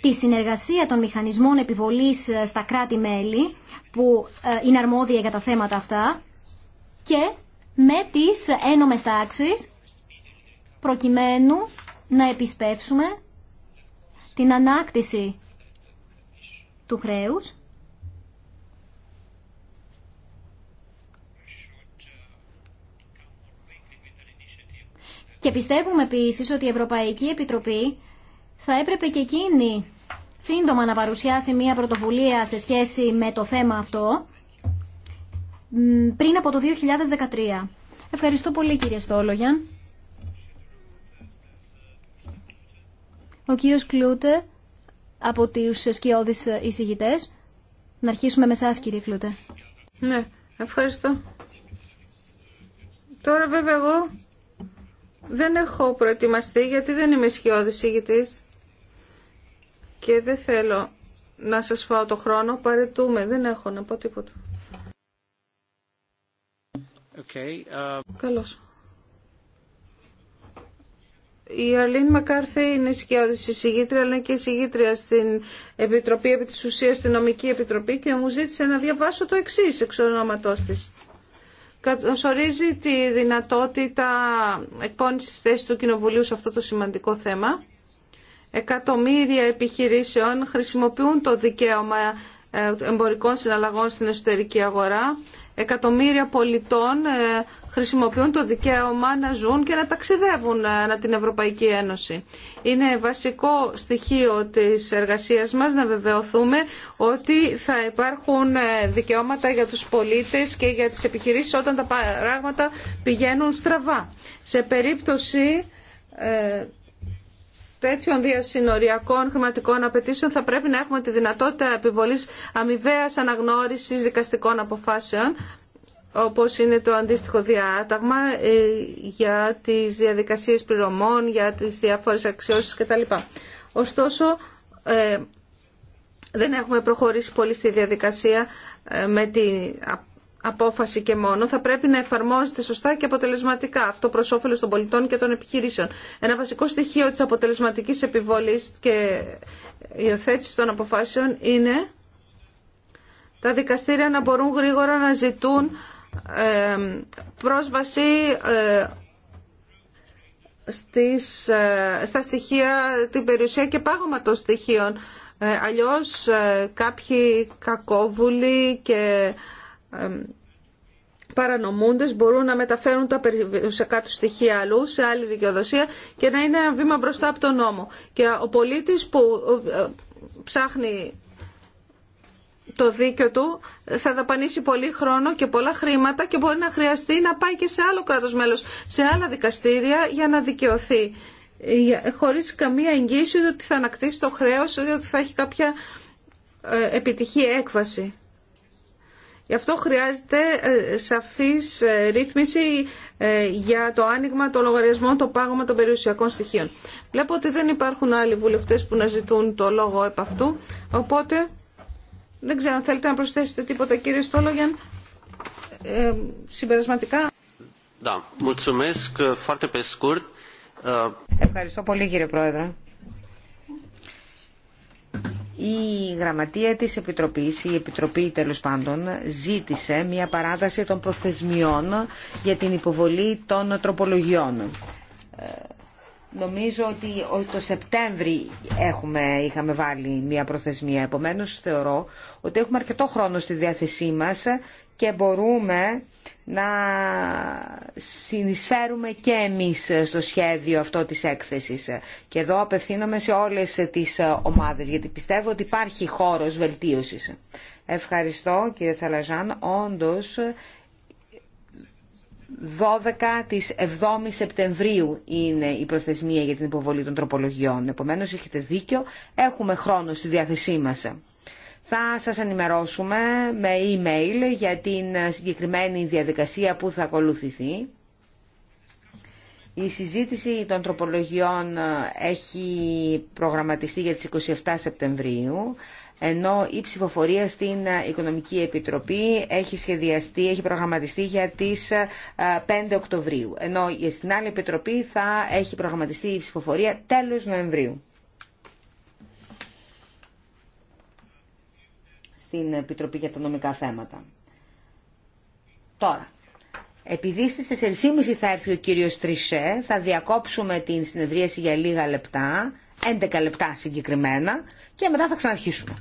Speaker 2: τη συνεργασία των μηχανισμών επιβολής ε, στα κράτη-μέλη που ε, είναι αρμόδια για τα θέματα αυτά και με τις ένομες τάξεις προκειμένου να επισπεύσουμε την ανάκτηση του χρέους Και πιστεύουμε επίσης ότι η Ευρωπαϊκή Επιτροπή θα έπρεπε και εκείνη σύντομα να παρουσιάσει μια πρωτοβουλία σε σχέση με το θέμα αυτό πριν από το 2013. Ευχαριστώ πολύ κύριε Στόλογιαν. Ο κύριος Κλούτε από τους σκιώδεις εισηγητές. Να αρχίσουμε με εσάς κύριε Κλούτε. Ναι,
Speaker 3: ευχαριστώ. Τώρα βέβαια εγώ δεν έχω προετοιμαστεί γιατί δεν είμαι ισχυώδης ηγητής και δεν θέλω να σας φάω το χρόνο, παρετούμε, δεν έχω να πω τίποτα.
Speaker 1: Okay, uh,
Speaker 3: Καλώς. Η Αρλίν Μακάρθε είναι σκιώδης συγγήτρια, αλλά και συγγήτρια στην Επιτροπή, επί της ουσίας στην Νομική Επιτροπή και μου ζήτησε να διαβάσω το εξής εξ ονόματός της. Καθορίζει τη δυνατότητα εκπόνησης θέσης του Κοινοβουλίου σε αυτό το σημαντικό θέμα. Εκατομμύρια επιχειρήσεων χρησιμοποιούν το δικαίωμα ε, εμπορικών συναλλαγών στην εσωτερική αγορά εκατομμύρια πολιτών ε, χρησιμοποιούν το δικαίωμα να ζουν και να ταξιδεύουν ε, ανά την Ευρωπαϊκή Ένωση. Είναι βασικό στοιχείο της εργασίας μας να βεβαιωθούμε ότι θα υπάρχουν ε, δικαιώματα για τους πολίτες και για τις επιχειρήσεις όταν τα πράγματα πηγαίνουν στραβά. Σε περίπτωση τέτοιων διασυνοριακών χρηματικών απαιτήσεων θα πρέπει να έχουμε τη δυνατότητα επιβολής αμοιβαία αναγνώρισης δικαστικών αποφάσεων όπως είναι το αντίστοιχο διάταγμα ε, για τις διαδικασίες πληρωμών, για τις διάφορες αξιώσεις κτλ. Ωστόσο, ε, δεν έχουμε προχωρήσει πολύ στη διαδικασία ε, με την απόφαση και μόνο, θα πρέπει να εφαρμόζεται σωστά και αποτελεσματικά. Αυτό προ όφελο των πολιτών και των επιχειρήσεων. Ένα βασικό στοιχείο τη αποτελεσματική επιβολή και υιοθέτηση των αποφάσεων είναι τα δικαστήρια να μπορούν γρήγορα να ζητούν πρόσβαση ε, στις, ε, στα στοιχεία, την περιουσία και πάγωμα των στοιχείων. Ε, αλλιώς κάποιοι κακόβουλοι και παρανομούντες μπορούν να μεταφέρουν τα περιουσιακά του στοιχεία αλλού σε άλλη δικαιοδοσία και να είναι ένα βήμα μπροστά από τον νόμο. Και ο πολίτης που ε, ψάχνει το δίκιο του θα δαπανίσει πολύ χρόνο και πολλά χρήματα και μπορεί να χρειαστεί να πάει και σε άλλο κράτος μέλος, σε άλλα δικαστήρια για να δικαιωθεί χωρίς καμία εγγύηση ότι θα ανακτήσει το χρέος, ότι θα έχει κάποια ε, επιτυχή έκβαση. Γι' αυτό χρειάζεται ε, σαφής ε, ρύθμιση ε, για το άνοιγμα των λογαριασμών, το πάγωμα των περιουσιακών στοιχείων. Βλέπω ότι δεν υπάρχουν άλλοι βουλευτές που να ζητούν το λόγο επ' αυτού, οπότε δεν ξέρω αν θέλετε να προσθέσετε τίποτα κύριε Στόλογιαν ε,
Speaker 4: συμπερασματικά. Ευχαριστώ πολύ κύριε Πρόεδρε η γραμματεία της Επιτροπής, η Επιτροπή τέλος πάντων, ζήτησε μια παράταση των προθεσμιών για την υποβολή των τροπολογιών. Ε, νομίζω ότι το Σεπτέμβρη έχουμε, είχαμε βάλει μια προθεσμία. Επομένως θεωρώ ότι έχουμε αρκετό χρόνο στη διάθεσή μας και μπορούμε να συνεισφέρουμε και εμείς στο σχέδιο αυτό της έκθεσης. Και εδώ απευθύνομαι σε όλες τις ομάδες, γιατί πιστεύω ότι υπάρχει χώρος βελτίωσης. Ευχαριστώ κύριε Σαλαζάν. Όντως 12 της 7 η Σεπτεμβρίου είναι η προθεσμία για την υποβολή των τροπολογιών. Επομένως έχετε δίκιο, έχουμε χρόνο στη διάθεσή μας. Θα σας ενημερώσουμε με email για την συγκεκριμένη διαδικασία που θα ακολουθηθεί. Η συζήτηση των τροπολογιών έχει προγραμματιστεί για τις 27 Σεπτεμβρίου, ενώ η ψηφοφορία στην Οικονομική Επιτροπή έχει σχεδιαστεί, έχει προγραμματιστεί για τις 5 ε, Οκτωβρίου, ενώ στην άλλη Επιτροπή θα έχει προγραμματιστεί η ψηφοφορία τέλος Νοεμβρίου. στην Επιτροπή για τα νομικά θέματα. Τώρα, επειδή στις 4.30 θα έρθει ο κύριος Τρισέ, θα διακόψουμε την συνεδρίαση για λίγα λεπτά, 11 λεπτά συγκεκριμένα, και μετά θα ξαναρχίσουμε.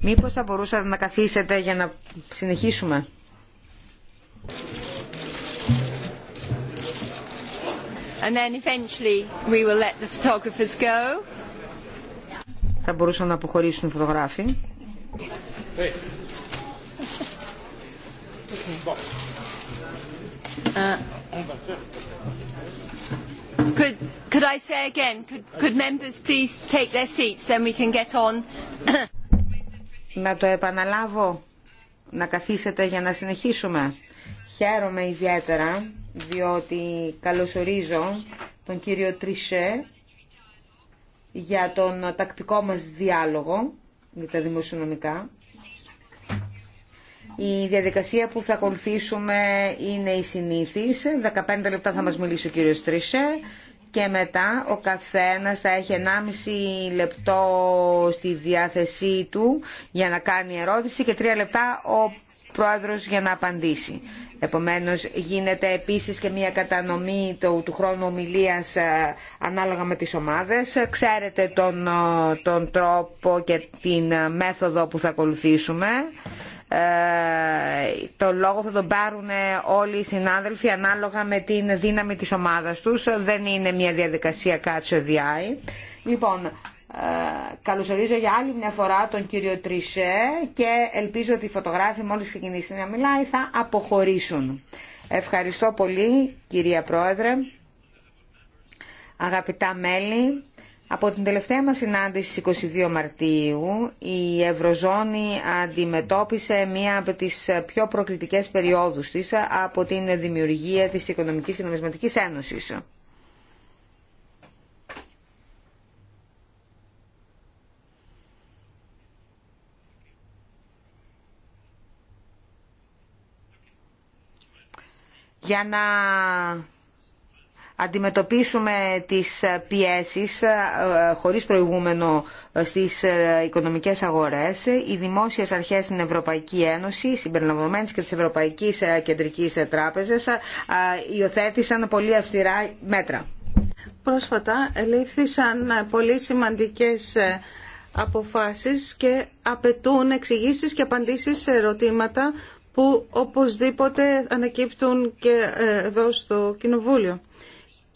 Speaker 4: Μήπως θα μπορούσατε να καθίσετε για να συνεχίσουμε.
Speaker 5: And then eventually we will let the photographers go. Θα
Speaker 4: μπορούσαν να αποχωρήσουν οι φωτογράφοι. Hey.
Speaker 1: Okay.
Speaker 5: Uh take
Speaker 4: Να το επαναλάβω, να καθίσετε για να συνεχίσουμε. Χαίρομαι ιδιαίτερα, διότι καλωσορίζω τον κύριο Τρισέ για τον τακτικό μας διάλογο για τα δημοσιονομικά. Η διαδικασία που θα ακολουθήσουμε είναι η συνήθις. 15 λεπτά θα μας μιλήσει ο κύριος Τρίσε και μετά ο καθένας θα έχει 1,5 λεπτό στη διάθεσή του για να κάνει ερώτηση και 3 λεπτά ο πρόεδρος για να απαντήσει. Επομένως γίνεται επίσης και μια κατανομή του, του χρόνου ομιλίας ε, ανάλογα με τις ομάδες. Ξέρετε τον, ε, τον τρόπο και την ε, μέθοδο που θα ακολουθήσουμε. Ε, το λόγο θα τον πάρουν όλοι οι συνάδελφοι ανάλογα με την δύναμη της ομάδας τους. Δεν είναι μια διαδικασία κάτσο διάη. Λοιπόν, ε, καλωσορίζω για άλλη μια φορά τον κύριο Τρισέ και ελπίζω ότι οι φωτογράφοι μόλις ξεκινήσει να μιλάει θα αποχωρήσουν. Ευχαριστώ πολύ κυρία Πρόεδρε, αγαπητά μέλη από την τελευταία μας συνάντηση 22 Μαρτίου, η Ευρωζώνη αντιμετώπισε μία από τις πιο προκλητικές περιόδους της από την δημιουργία της Οικονομικής και Νομισματικής Ένωσης. Για να αντιμετωπίσουμε τις πιέσεις ε, χωρίς προηγούμενο ε, στις ε, οικονομικές αγορές. Οι δημόσιες αρχές στην Ευρωπαϊκή Ένωση, συμπεριλαμβανομένες και της Ευρωπαϊκής Κεντρικής Τράπεζας, υιοθέτησαν πολύ αυστηρά μέτρα.
Speaker 3: Πρόσφατα ελήφθησαν πολύ σημαντικές αποφάσεις και απαιτούν εξηγήσεις και απαντήσεις σε ερωτήματα που οπωσδήποτε ανακύπτουν και εδώ στο Κοινοβούλιο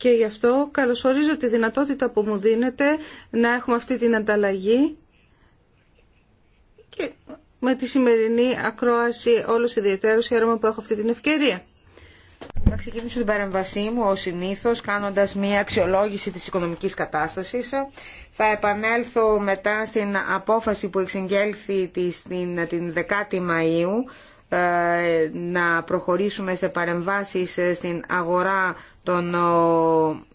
Speaker 3: και γι' αυτό καλωσορίζω τη δυνατότητα που μου δίνεται να έχουμε αυτή την ανταλλαγή και με τη σημερινή ακρόαση όλος ιδιαίτερους
Speaker 4: χαίρομαι που έχω αυτή την ευκαιρία. Να ξεκινήσω την παρέμβασή μου ως συνήθως κάνοντας μία αξιολόγηση της οικονομικής κατάστασης. Θα επανέλθω μετά στην απόφαση που εξεγγέλθη την, την 10η Μαΐου ε, να προχωρήσουμε σε παρεμβάσεις ε, στην αγορά των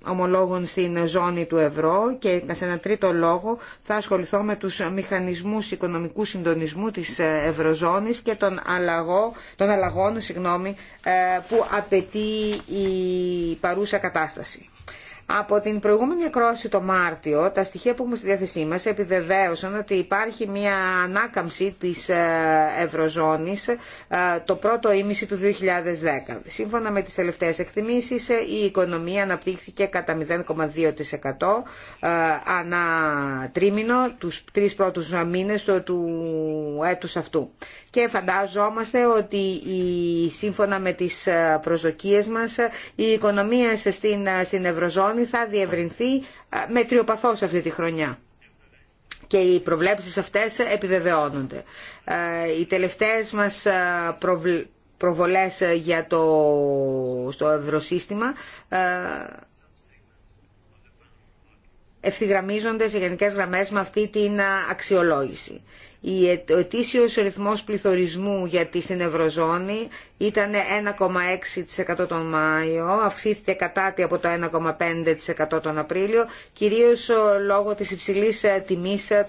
Speaker 4: ομολόγων στην ζώνη του ευρώ και σε ένα τρίτο λόγο θα ασχοληθώ με τους μηχανισμούς οικονομικού συντονισμού της ε, ευρωζώνης και των, αλλαγό, των αλλαγών συγγνώμη, ε, που απαιτεί η παρούσα κατάσταση. Από την προηγούμενη ακρόση το Μάρτιο, τα στοιχεία που έχουμε στη διάθεσή μας επιβεβαίωσαν ότι υπάρχει μια ανάκαμψη της ε, Ευρωζώνης ε, το πρώτο ήμιση του 2010. Σύμφωνα με τις τελευταίες εκτιμήσεις, ε, η οικονομία αναπτύχθηκε κατά 0,2% ανά τρίμηνο τους τρεις πρώτους μήνες του έτους αυτού και φαντάζομαστε ότι σύμφωνα με τις ε, προσδοκίες μας η οικονομία στην, ε, στην Ευρωζώνη θα διευρυνθεί ε, με τριοπαθώς αυτή τη χρονιά και οι προβλέψεις αυτές επιβεβαιώνονται. Οι τελευταίες μας προβολές για το... στο ευρωσύστημα ευθυγραμμίζονται σε γενικές γραμμές με αυτή την αξιολόγηση. Ο ετήσιος ρυθμός πληθωρισμού για την Ευρωζώνη ήταν 1,6% τον Μάιο, αυξήθηκε κατάτι από το 1,5% τον Απρίλιο, κυρίως λόγω της υψηλής ε, τιμής ε,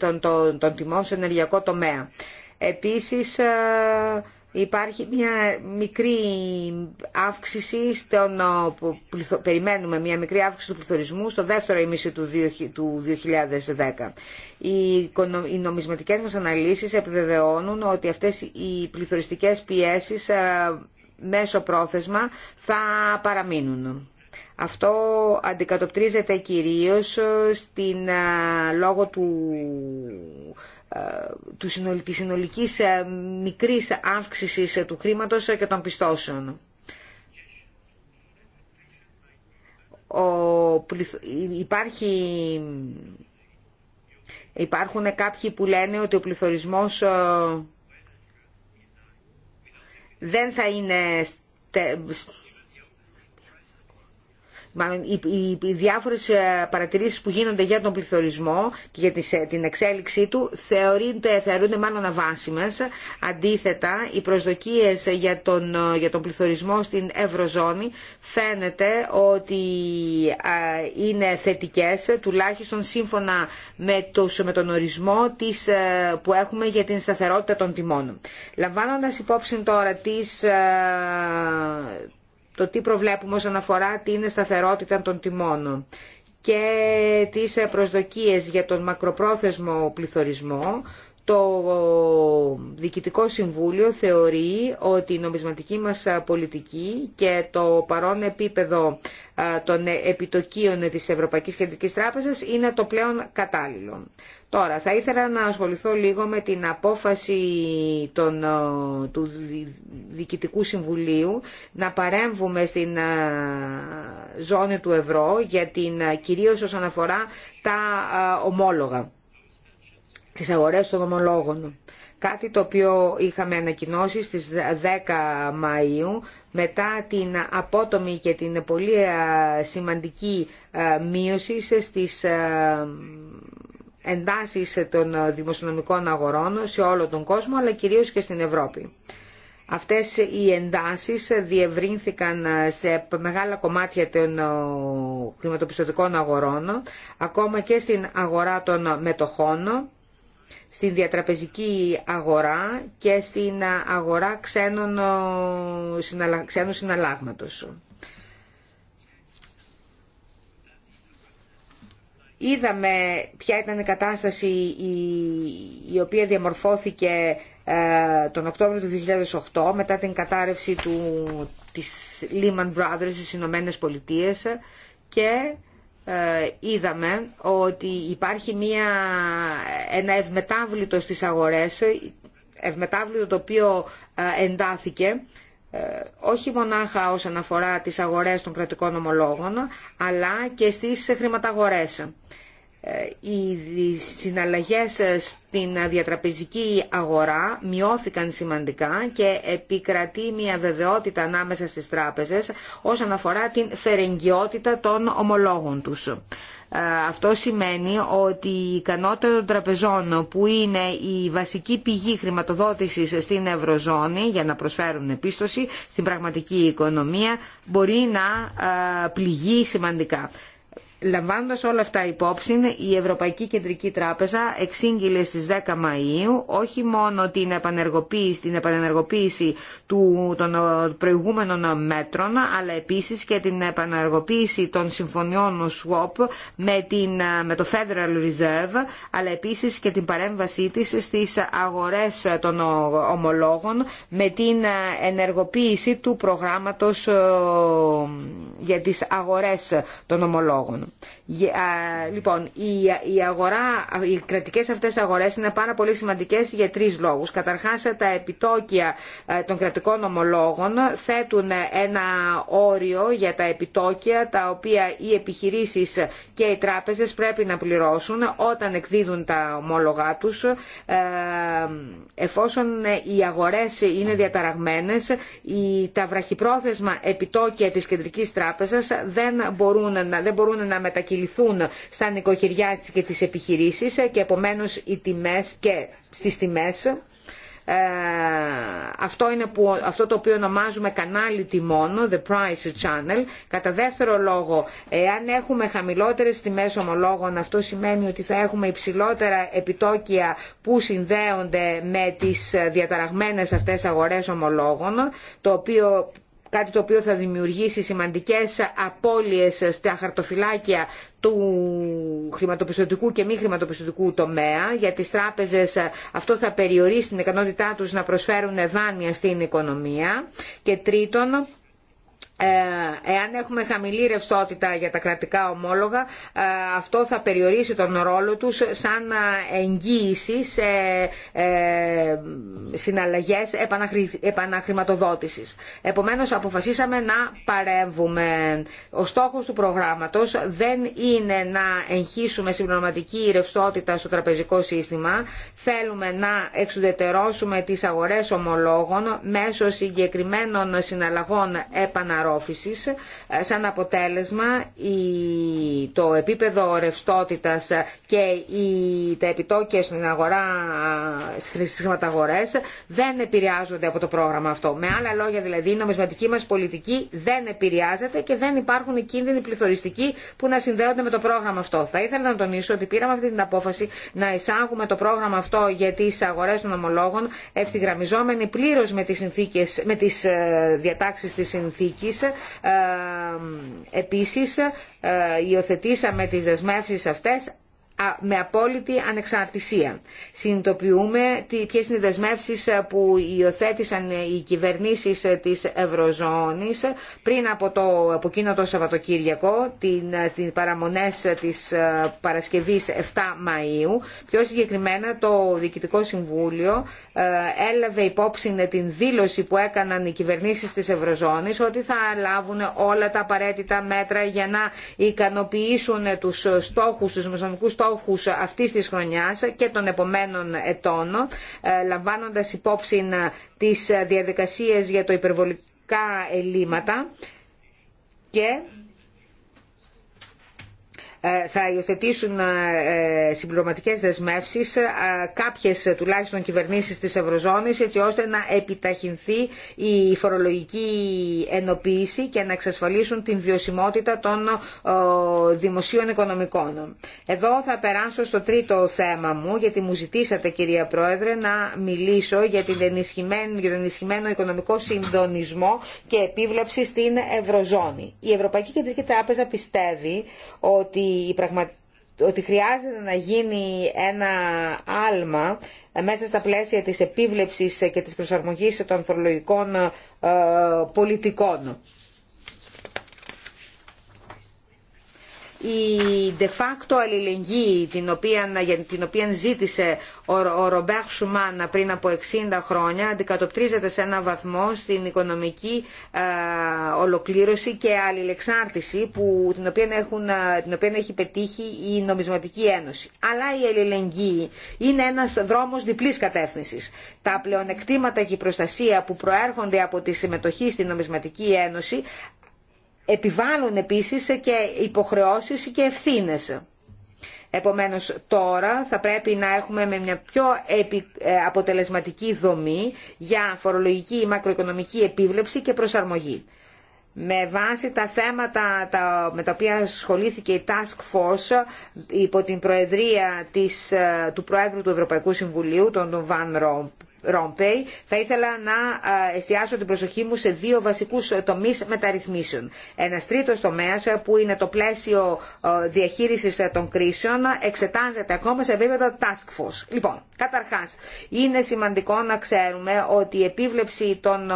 Speaker 4: των, των, τιμών σε ενεργειακό τομέα. Επίσης, ε, Υπάρχει μια μικρή αύξηση στον πληθω... περιμένουμε μια μικρή αύξηση του πληθωρισμού στο δεύτερο ημίση του 2010. Οι νομισματικές μας αναλύσεις επιβεβαιώνουν ότι αυτές οι πληθωριστικές πιέσεις ε, μέσω πρόθεσμα θα παραμείνουν. Αυτό αντικατοπτρίζεται κυρίως ε, στην, ε, λόγω του ε, του της συνολικής ε, μικρής αύξησης ε, του χρήματος και των πιστώσεων. Ο, υπάρχει, υπάρχουν κάποιοι που λένε ότι ο πληθωρισμός δεν θα είναι οι, οι, οι διάφορες ε, παρατηρήσεις που γίνονται για τον πληθωρισμό και για ε, την εξέλιξή του θεωρούνται, θεωρούνται μάλλον αβάσιμε. Αντίθετα, οι προσδοκίες για τον, ε, για τον πληθωρισμό στην Ευρωζώνη φαίνεται ότι είναι θετικές, τουλάχιστον σύμφωνα με, με τον ορισμό της, που έχουμε για την σταθερότητα των τιμών. Λαμβάνοντα υπόψη τώρα τις, το τι προβλέπουμε όσον αφορά την σταθερότητα των τιμών και τις προσδοκίες για τον μακροπρόθεσμο πληθωρισμό το Διοικητικό Συμβούλιο θεωρεί ότι η νομισματική μας πολιτική και το παρόν επίπεδο των επιτοκίων της Ευρωπαϊκής Κεντρικής Τράπεζας είναι το πλέον κατάλληλο. Τώρα, θα ήθελα να ασχοληθώ λίγο με την απόφαση του Δικητικού Συμβουλίου να παρέμβουμε στην ζώνη του ευρώ, για την, κυρίως όσον αφορά τα ομόλογα τις αγορές των ομολόγων. Κάτι το οποίο είχαμε ανακοινώσει στις 10 Μαΐου μετά την απότομη και την πολύ σημαντική μείωση στις εντάσεις των δημοσιονομικών αγορών σε όλο τον κόσμο αλλά κυρίως και στην Ευρώπη. Αυτές οι εντάσεις διευρύνθηκαν σε μεγάλα κομμάτια των χρηματοπιστωτικών αγορών, ακόμα και στην αγορά των μετοχών, στην διατραπεζική αγορά και στην αγορά ξένων, ε, ξένου συναλλάγματος. Είδαμε ποια ήταν η κατάσταση η οποία διαμορφώθηκε ε, τον Οκτώβριο του 2008 μετά την κατάρρευση του, της Lehman Brothers στις Ηνωμένες Πολιτείες και ε, είδαμε ότι υπάρχει μια, ένα ευμετάβλητο στις αγορές, ευμετάβλητο το οποίο ε, εντάθηκε ε, όχι μονάχα όσον αφορά τις αγορές των κρατικών ομολόγων, αλλά και στις χρηματαγορές. Ε, οι συναλλαγές ε, στην διατραπεζική αγορά μειώθηκαν σημαντικά και επικρατεί μια βεβαιότητα ανάμεσα στις τράπεζες όσον αφορά την φερεγγιότητα των ομολόγων τους. Ε, αυτό σημαίνει ότι η ικανότητα των τραπεζών που είναι η βασική πηγή χρηματοδότησης στην Ευρωζώνη για να προσφέρουν επίστοση στην πραγματική οικονομία μπορεί να πληγεί σημαντικά. Λαμβάνοντας όλα αυτά υπόψη, η Ευρωπαϊκή Κεντρική Τράπεζα εξήγηλε στις 10 Μαΐου όχι μόνο την επανεργοποίηση, την επανεργοποίηση του, των ε, προηγούμενων μέτρων, αλλά επίσης και την επανεργοποίηση των συμφωνιών SWAP με, την, ε, με το Federal Reserve, αλλά επίσης και την παρέμβασή της στις αγορές των ομολόγων με την ε, ενεργοποίηση του προγράμματος για τις αγορές των ομολόγων. Λοιπόν, η αγορά, οι κρατικές αυτές αγορές είναι πάρα πολύ σημαντικές για τρεις λόγους. Καταρχάς, τα επιτόκια ε, των κρατικών ομολόγων θέτουν ένα όριο για τα επιτόκια τα οποία οι επιχειρήσεις και οι τράπεζες πρέπει να πληρώσουν όταν εκδίδουν τα ομόλογά τους. Ε, εφόσον οι αγορές είναι διαταραγμένες, τα βραχυπρόθεσμα επιτόκια της Κεντρικής Τράπεζας δεν μπορούν να, δεν μπορούν να μετακυληθούν στα νοικοκυριά και τις επιχειρήσεις και επομένως οι τιμές και στις τιμές ε, αυτό είναι που, αυτό το οποίο ονομάζουμε κανάλι τιμών, the price channel. Κατά δεύτερο λόγο, εάν έχουμε χαμηλότερες τιμές ομολόγων, αυτό σημαίνει ότι θα έχουμε υψηλότερα επιτόκια που συνδέονται με τις διαταραγμένες αυτές αγορές ομολόγων, το οποίο κάτι το οποίο θα δημιουργήσει σημαντικές απώλειες στα χαρτοφυλάκια του χρηματοπιστωτικού και μη χρηματοπιστωτικού τομέα. Για τις τράπεζες αυτό θα περιορίσει την ικανότητά τους να προσφέρουν δάνεια στην οικονομία. Και τρίτον, ε, εάν έχουμε χαμηλή ρευστότητα για τα κρατικά ομόλογα ε, αυτό θα περιορίσει τον ρόλο τους σαν εγγύηση σε ε, συναλλαγές επαναχρηματοδότησης. Επομένως αποφασίσαμε να παρέμβουμε. Ο στόχος του προγράμματος δεν είναι να εγχύσουμε συμπληρωματική ρευστότητα στο τραπεζικό σύστημα. Θέλουμε να εξουδετερώσουμε τις αγορές ομολόγων μέσω συγκεκριμένων συναλλαγών επαναρρώσεων ε, σαν αποτέλεσμα το επίπεδο ρευστότητας και τα επιτόκια στην αγορά, στις χρηματαγορές δεν επηρεάζονται από το πρόγραμμα αυτό. Με άλλα λόγια δηλαδή η νομισματική μας πολιτική δεν επηρεάζεται και δεν υπάρχουν κίνδυνοι πληθωριστικοί που να συνδέονται με το πρόγραμμα αυτό. Θα ήθελα να τονίσω ότι πήραμε αυτή την απόφαση να εισάγουμε το πρόγραμμα αυτό για τις αγορές των ομολόγων ευθυγραμμιζόμενοι πλήρως με τις, συνθήκες, με τις ε, διατάξεις της συνθήκη Επίσης, ε, ε, επίσης ε, υιοθετήσαμε τις δεσμεύσεις αυτές με απόλυτη ανεξαρτησία. Συνειδητοποιούμε ποιε είναι οι δεσμεύσει ε, που υιοθέτησαν ε, οι κυβερνήσεις ε, της Ευρωζώνης πριν από, το, από εκείνο το Σαββατοκύριακο, την, την παραμονές της Παρασκευής 7 Μαΐου. Πιο συγκεκριμένα το Διοικητικό Συμβούλιο έλαβε υπόψη την δήλωση που έκαναν οι κυβερνήσει της Ευρωζώνη ότι θα λάβουν όλα τα απαραίτητα μέτρα για να ικανοποιήσουν του στόχου, του στόχους αυτής της χρονιάς και των επομένων ετών, ε, λαμβάνοντας υπόψη ε, τις διαδικασίες για το υπερβολικά ελλείμματα και ε, θα υιοθετήσουν ε, ε, συμπληρωματικές δεσμεύσεις κάποιες τουλάχιστον κυβερνήσεις της Ευρωζώνης έτσι ώστε να επιταχυνθεί η φορολογική ενοποίηση και να εξασφαλίσουν την βιωσιμότητα των δημοσίων οικονομικών. Εδώ θα περάσω στο τρίτο θέμα μου γιατί μου ζητήσατε κυρία Πρόεδρε να μιλήσω για, την ενισχυμένη, τον ενισχυμένο οικονομικό συντονισμό και επίβλεψη στην Ευρωζώνη. Η Ευρωπαϊκή Κεντρική Τράπεζα πιστεύει ότι η ότι χρειάζεται να γίνει ένα άλμα μέσα στα πλαίσια της επίβλεψης και της προσαρμογής των φορολογικών ε, πολιτικών. η de facto αλληλεγγύη την οποία, την οποία ζήτησε ο Ρομπέρ Σουμάν πριν από 60 χρόνια αντικατοπτρίζεται σε ένα βαθμό στην οικονομική ε, ολοκλήρωση και αλληλεξάρτηση που, την, οποία έχουν, την οποία έχει πετύχει η Νομισματική Ένωση. Αλλά η αλληλεγγύη είναι ένας δρόμος διπλής κατεύθυνσης. Τα πλεονεκτήματα και η προστασία που προέρχονται από τη συμμετοχή στην Νομισματική Ένωση επιβάλλουν επίσης και υποχρεώσεις και ευθύνες. Επομένως τώρα θα πρέπει να έχουμε με μια πιο ε, αποτελεσματική δομή για φορολογική μακροοικονομική επίβλεψη και προσαρμογή. Με βάση τα θέματα με τα οποία ασχολήθηκε η Task Force υπό την προεδρία της, ε, του Προέδρου του Ευρωπαϊκού Συμβουλίου, τον Βαν Ρόμπ Ρόμπεϊ, θα ήθελα να εστιάσω την προσοχή μου σε δύο βασικούς ε, τομείς μεταρρυθμίσεων. Ένας τρίτος τομέας ε, που είναι το πλαίσιο ε, διαχείρισης των κρίσεων εξετάζεται ακόμα σε επίπεδο task force. Λοιπόν, καταρχάς, είναι σημαντικό να ξέρουμε ότι η επίβλεψη των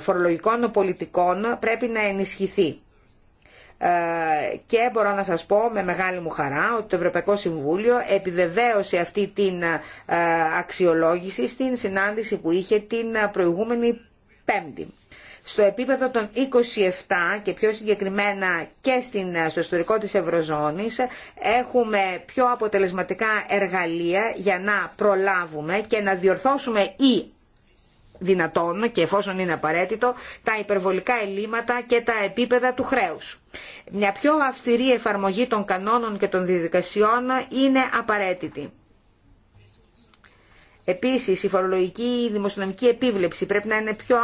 Speaker 4: φορολογικών πολιτικών πρέπει να ενισχυθεί ε, και μπορώ να σας πω με μεγάλη μου χαρά ότι το Ευρωπαϊκό Συμβούλιο επιβεβαίωσε αυτή την ε, αξιολόγηση στην συνάντηση που είχε την προηγούμενη Πέμπτη. Στο επίπεδο των 27 και πιο συγκεκριμένα και στην, στο ιστορικό της Ευρωζώνης έχουμε πιο αποτελεσματικά εργαλεία για να προλάβουμε και να διορθώσουμε ή δυνατόν και εφόσον είναι απαραίτητο τα υπερβολικά ελλείμματα και τα επίπεδα του χρέους. Μια πιο αυστηρή εφαρμογή των κανόνων και των διαδικασιών είναι απαραίτητη. Επίσης, η φορολογική δημοσιονομική επίβλεψη πρέπει να είναι πιο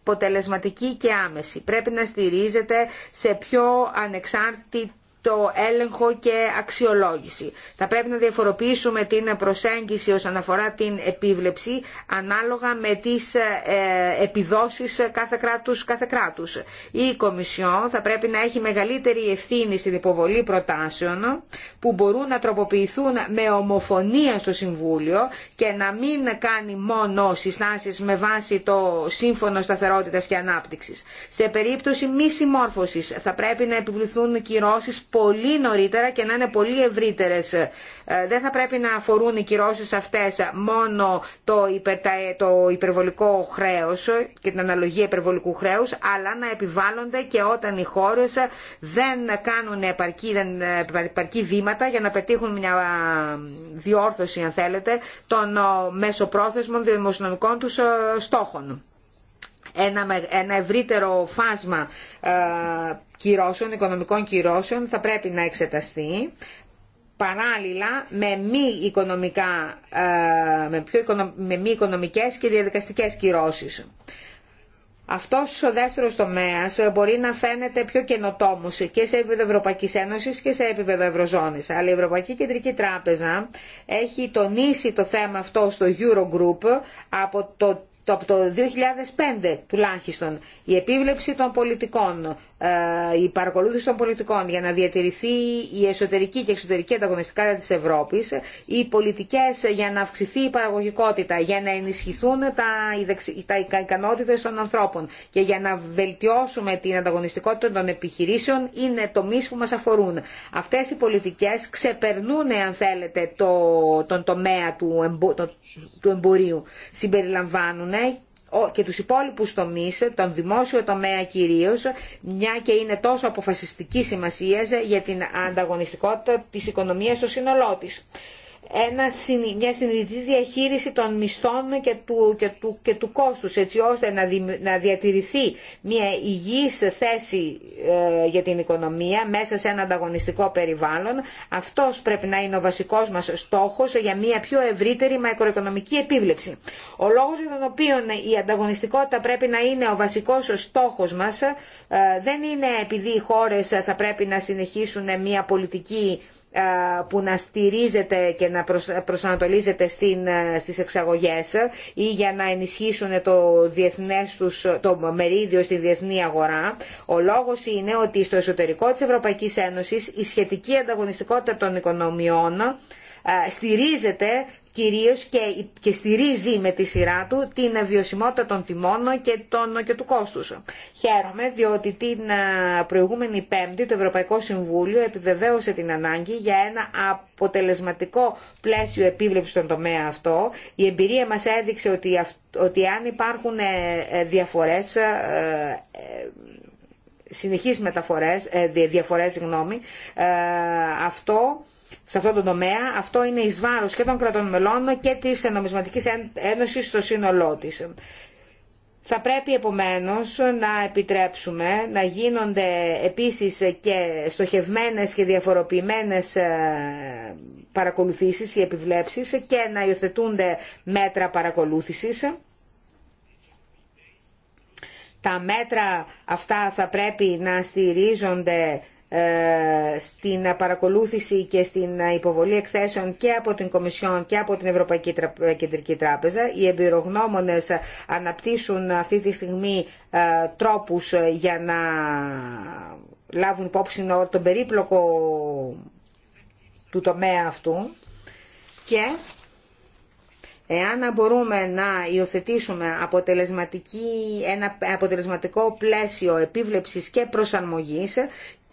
Speaker 4: αποτελεσματική και άμεση. Πρέπει να στηρίζεται σε πιο ανεξάρτητη το έλεγχο και αξιολόγηση. Θα πρέπει να διαφοροποιήσουμε την προσέγγιση όσον αφορά την επίβλεψη ανάλογα με τις ε, επιδόσεις κάθε κράτους, κάθε κράτους. Η Κομισιόν θα πρέπει να έχει μεγαλύτερη ευθύνη στην υποβολή προτάσεων που μπορούν να τροποποιηθούν με ομοφωνία στο Συμβούλιο και να μην κάνει μόνο συστάσεις με βάση το Σύμφωνο Σταθερότητας και Ανάπτυξης. Σε περίπτωση μη συμμόρφωσης θα πρέπει να επιβληθούν κυρώσεις πολύ νωρίτερα και να είναι πολύ ευρύτερες. Ε, δεν θα πρέπει να αφορούν οι κυρώσει αυτές μόνο το, υπερ, ε, το υπερβολικό χρέος και την αναλογία υπερβολικού χρέους, αλλά να επιβάλλονται και όταν οι χώρε δεν κάνουν επαρκή, δεν, ε, επαρκή βήματα για να πετύχουν μια διόρθωση, αν θέλετε, των μεσοπρόθεσμων δημοσιονομικών του στόχων ένα ευρύτερο φάσμα ε, κυρώσεων, οικονομικών κυρώσεων θα πρέπει να εξεταστεί παράλληλα με μη, οικονομικά, ε, με, πιο, οικονομικές και διαδικαστικές κυρώσεις. Αυτό ο δεύτερο τομέα μπορεί να φαίνεται πιο καινοτόμο και σε επίπεδο Ευρωπαϊκή Ένωση και σε επίπεδο Ευρωζώνης. Αλλά η Ευρωπαϊκή Κεντρική Τράπεζα έχει τονίσει το θέμα αυτό στο Eurogroup από το το, από το 2005 τουλάχιστον η επίβλεψη των πολιτικών, ε, η παρακολούθηση των πολιτικών για να διατηρηθεί η εσωτερική και εξωτερική ανταγωνιστικά της Ευρώπης, οι πολιτικές για να αυξηθεί η παραγωγικότητα, για να ενισχυθούν τα, τα ικανότητες των ανθρώπων και για να βελτιώσουμε την ανταγωνιστικότητα των επιχειρήσεων είναι τομεί που μας αφορούν. Αυτές οι πολιτικές ξεπερνούν, αν θέλετε, το, τον τομέα του, του εμπορίου. Συμπεριλαμβάνουν ναι, και τους υπόλοιπους τομείς, τον δημόσιο τομέα κυρίως, μια και είναι τόσο αποφασιστική σημασία για την ανταγωνιστικότητα της οικονομίας στο σύνολό της ένα, μια συνειδητή διαχείριση των μισθών και του, και του, και του κόστους έτσι ώστε να, διατηρηθεί μια υγιής θέση ε, για την οικονομία μέσα σε ένα ανταγωνιστικό περιβάλλον. Αυτός πρέπει να είναι ο βασικός μας στόχος για μια πιο ευρύτερη μακροοικονομική επίβλεψη. Ο λόγος για τον οποίο η ανταγωνιστικότητα πρέπει να είναι ο βασικός στόχος μας ε, δεν είναι επειδή οι χώρες θα πρέπει να συνεχίσουν μια πολιτική που να στηρίζεται και να προσανατολίζεται στην, στις εξαγωγές ή για να ενισχύσουν το, διεθνές τους, το μερίδιο στη διεθνή αγορά. Ο λόγος είναι ότι στο εσωτερικό της Ευρωπαϊκής Ένωσης η σχετική ανταγωνιστικότητα των οικονομιών στηρίζεται κυρίως και, και στηρίζει με τη σειρά του την βιωσιμότητα των τιμών και, του κόστους. Χαίρομαι διότι την ε, προηγούμενη Πέμπτη το Ευρωπαϊκό Συμβούλιο επιβεβαίωσε την ανάγκη για ένα αποτελεσματικό πλαίσιο επίβλεψης στον τομέα αυτό. Η εμπειρία μας έδειξε ότι, ότι αν υπάρχουν ε, ε, διαφορές συνεχείς μεταφορές, διαφορές γνώμη, αυτό σε αυτό τον τομέα. Αυτό είναι εις βάρος και των κρατών μελών και της Νομισματικής Ένωσης στο σύνολό της. Θα πρέπει επομένως να επιτρέψουμε να γίνονται επίσης και στοχευμένες και διαφοροποιημένες ε, παρακολουθήσεις ή επιβλέψεις και να υιοθετούνται μέτρα παρακολούθησης. Τα μέτρα αυτά θα πρέπει να στηρίζονται ε, στην παρακολούθηση και στην υποβολή εκθέσεων και από την Κομισιόν και από την Ευρωπαϊκή Κεντρική Τράπεζα. Οι εμπειρογνώμονες αναπτύσσουν αυτή τη στιγμή ε, τρόπους για να λάβουν υπόψη τον περίπλοκο του τομέα αυτού και εάν μπορούμε να υιοθετήσουμε αποτελεσματική, ένα αποτελεσματικό πλαίσιο επίβλεψης και προσαρμογής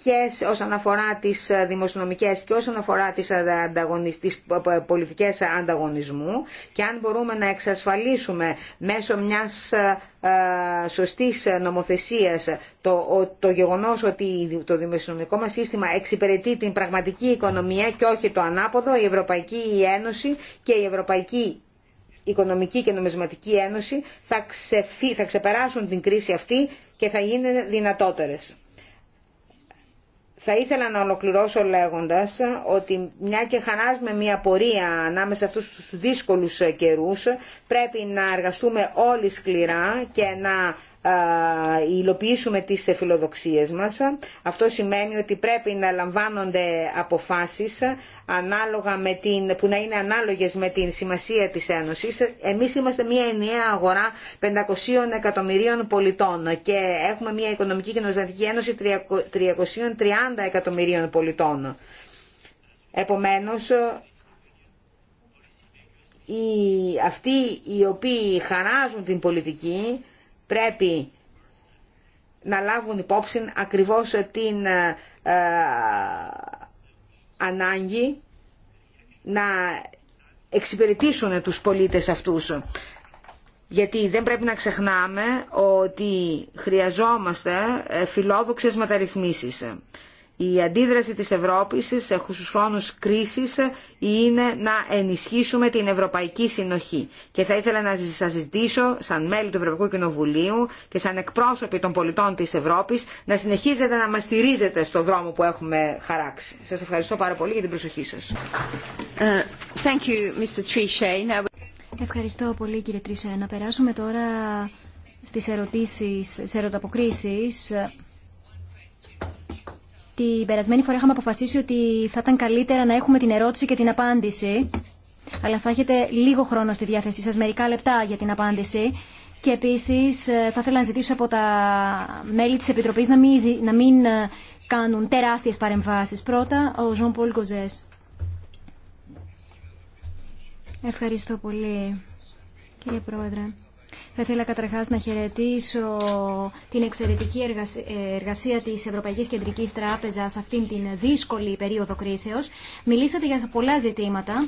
Speaker 4: και όσον αφορά τις ε, δημοσιονομικές και όσον αφορά τις, ε, ανταγωνι... Ε, πολιτικές ανταγωνισμού και αν μπορούμε να εξασφαλίσουμε μέσω μιας σωστής νομοθεσίας το, το γεγονός ότι το δημοσιονομικό μας σύστημα εξυπηρετεί την πραγματική οικονομία και όχι το ανάποδο, η Ευρωπαϊκή Ένωση και η Ευρωπαϊκή Οικονομική και Νομισματική Ένωση θα, θα ξεπεράσουν την κρίση αυτή και θα γίνουν δυνατότερες θα ήθελα να ολοκληρώσω λέγοντας ότι μια και χανάζουμε μια πορεία ανάμεσα αυτούς τους δύσκολους καιρούς πρέπει να εργαστούμε όλοι σκληρά και να υλοποιήσουμε τις φιλοδοξίες μας. Αυτό σημαίνει ότι πρέπει να λαμβάνονται αποφάσεις ανάλογα με την, που να είναι ανάλογες με την σημασία της Ένωσης. Εμείς είμαστε μια ενιαία αγορά 500 εκατομμυρίων πολιτών και έχουμε μια οικονομική και νομισματική ένωση 330 εκατομμυρίων πολιτών. Επομένως, οι, αυτοί οι οποίοι χαράζουν την πολιτική πρέπει να λάβουν υπόψη ακριβώς την ε, ε, ανάγκη να εξυπηρετήσουν τους πολίτες αυτούς. Γιατί δεν πρέπει να ξεχνάμε ότι χρειαζόμαστε ε, φιλόδοξες μεταρρυθμίσεις. Η αντίδραση της Ευρώπης σε χρόνους κρίσης είναι να ενισχύσουμε την ευρωπαϊκή συνοχή. Και θα ήθελα να σας ζητήσω, σαν μέλη του Ευρωπαϊκού Κοινοβουλίου και σαν εκπρόσωποι των πολιτών της Ευρώπης, να συνεχίζετε να μας στηρίζετε στο δρόμο που έχουμε χαράξει. Σας ευχαριστώ πάρα πολύ για την προσοχή σας.
Speaker 2: Ε, thank Ευχαριστώ πολύ κύριε Τρίσε. Να περάσουμε τώρα στις ερωτήσεις, σε ερωταποκρίσεις. Την περασμένη φορά είχαμε αποφασίσει ότι θα ήταν καλύτερα να έχουμε την ερώτηση και την απάντηση. Αλλά θα έχετε λίγο χρόνο στη διάθεσή σας, μερικά λεπτά για την απάντηση. Και επίσης ε, θα ήθελα να ζητήσω από τα μέλη της Επιτροπής να μην, ε, κάνουν τεράστιες παρεμβάσεις. Πρώτα, ο Ζων Πολ Κοζές. Ευχαριστώ πολύ, κύριε Πρόεδρε. Θα ήθελα καταρχάς να χαιρετήσω την εξαιρετική εργασία της Ευρωπαϊκής Κεντρικής Τράπεζας σε αυτήν την δύσκολη περίοδο κρίσεως. Μιλήσατε για πολλά ζητήματα.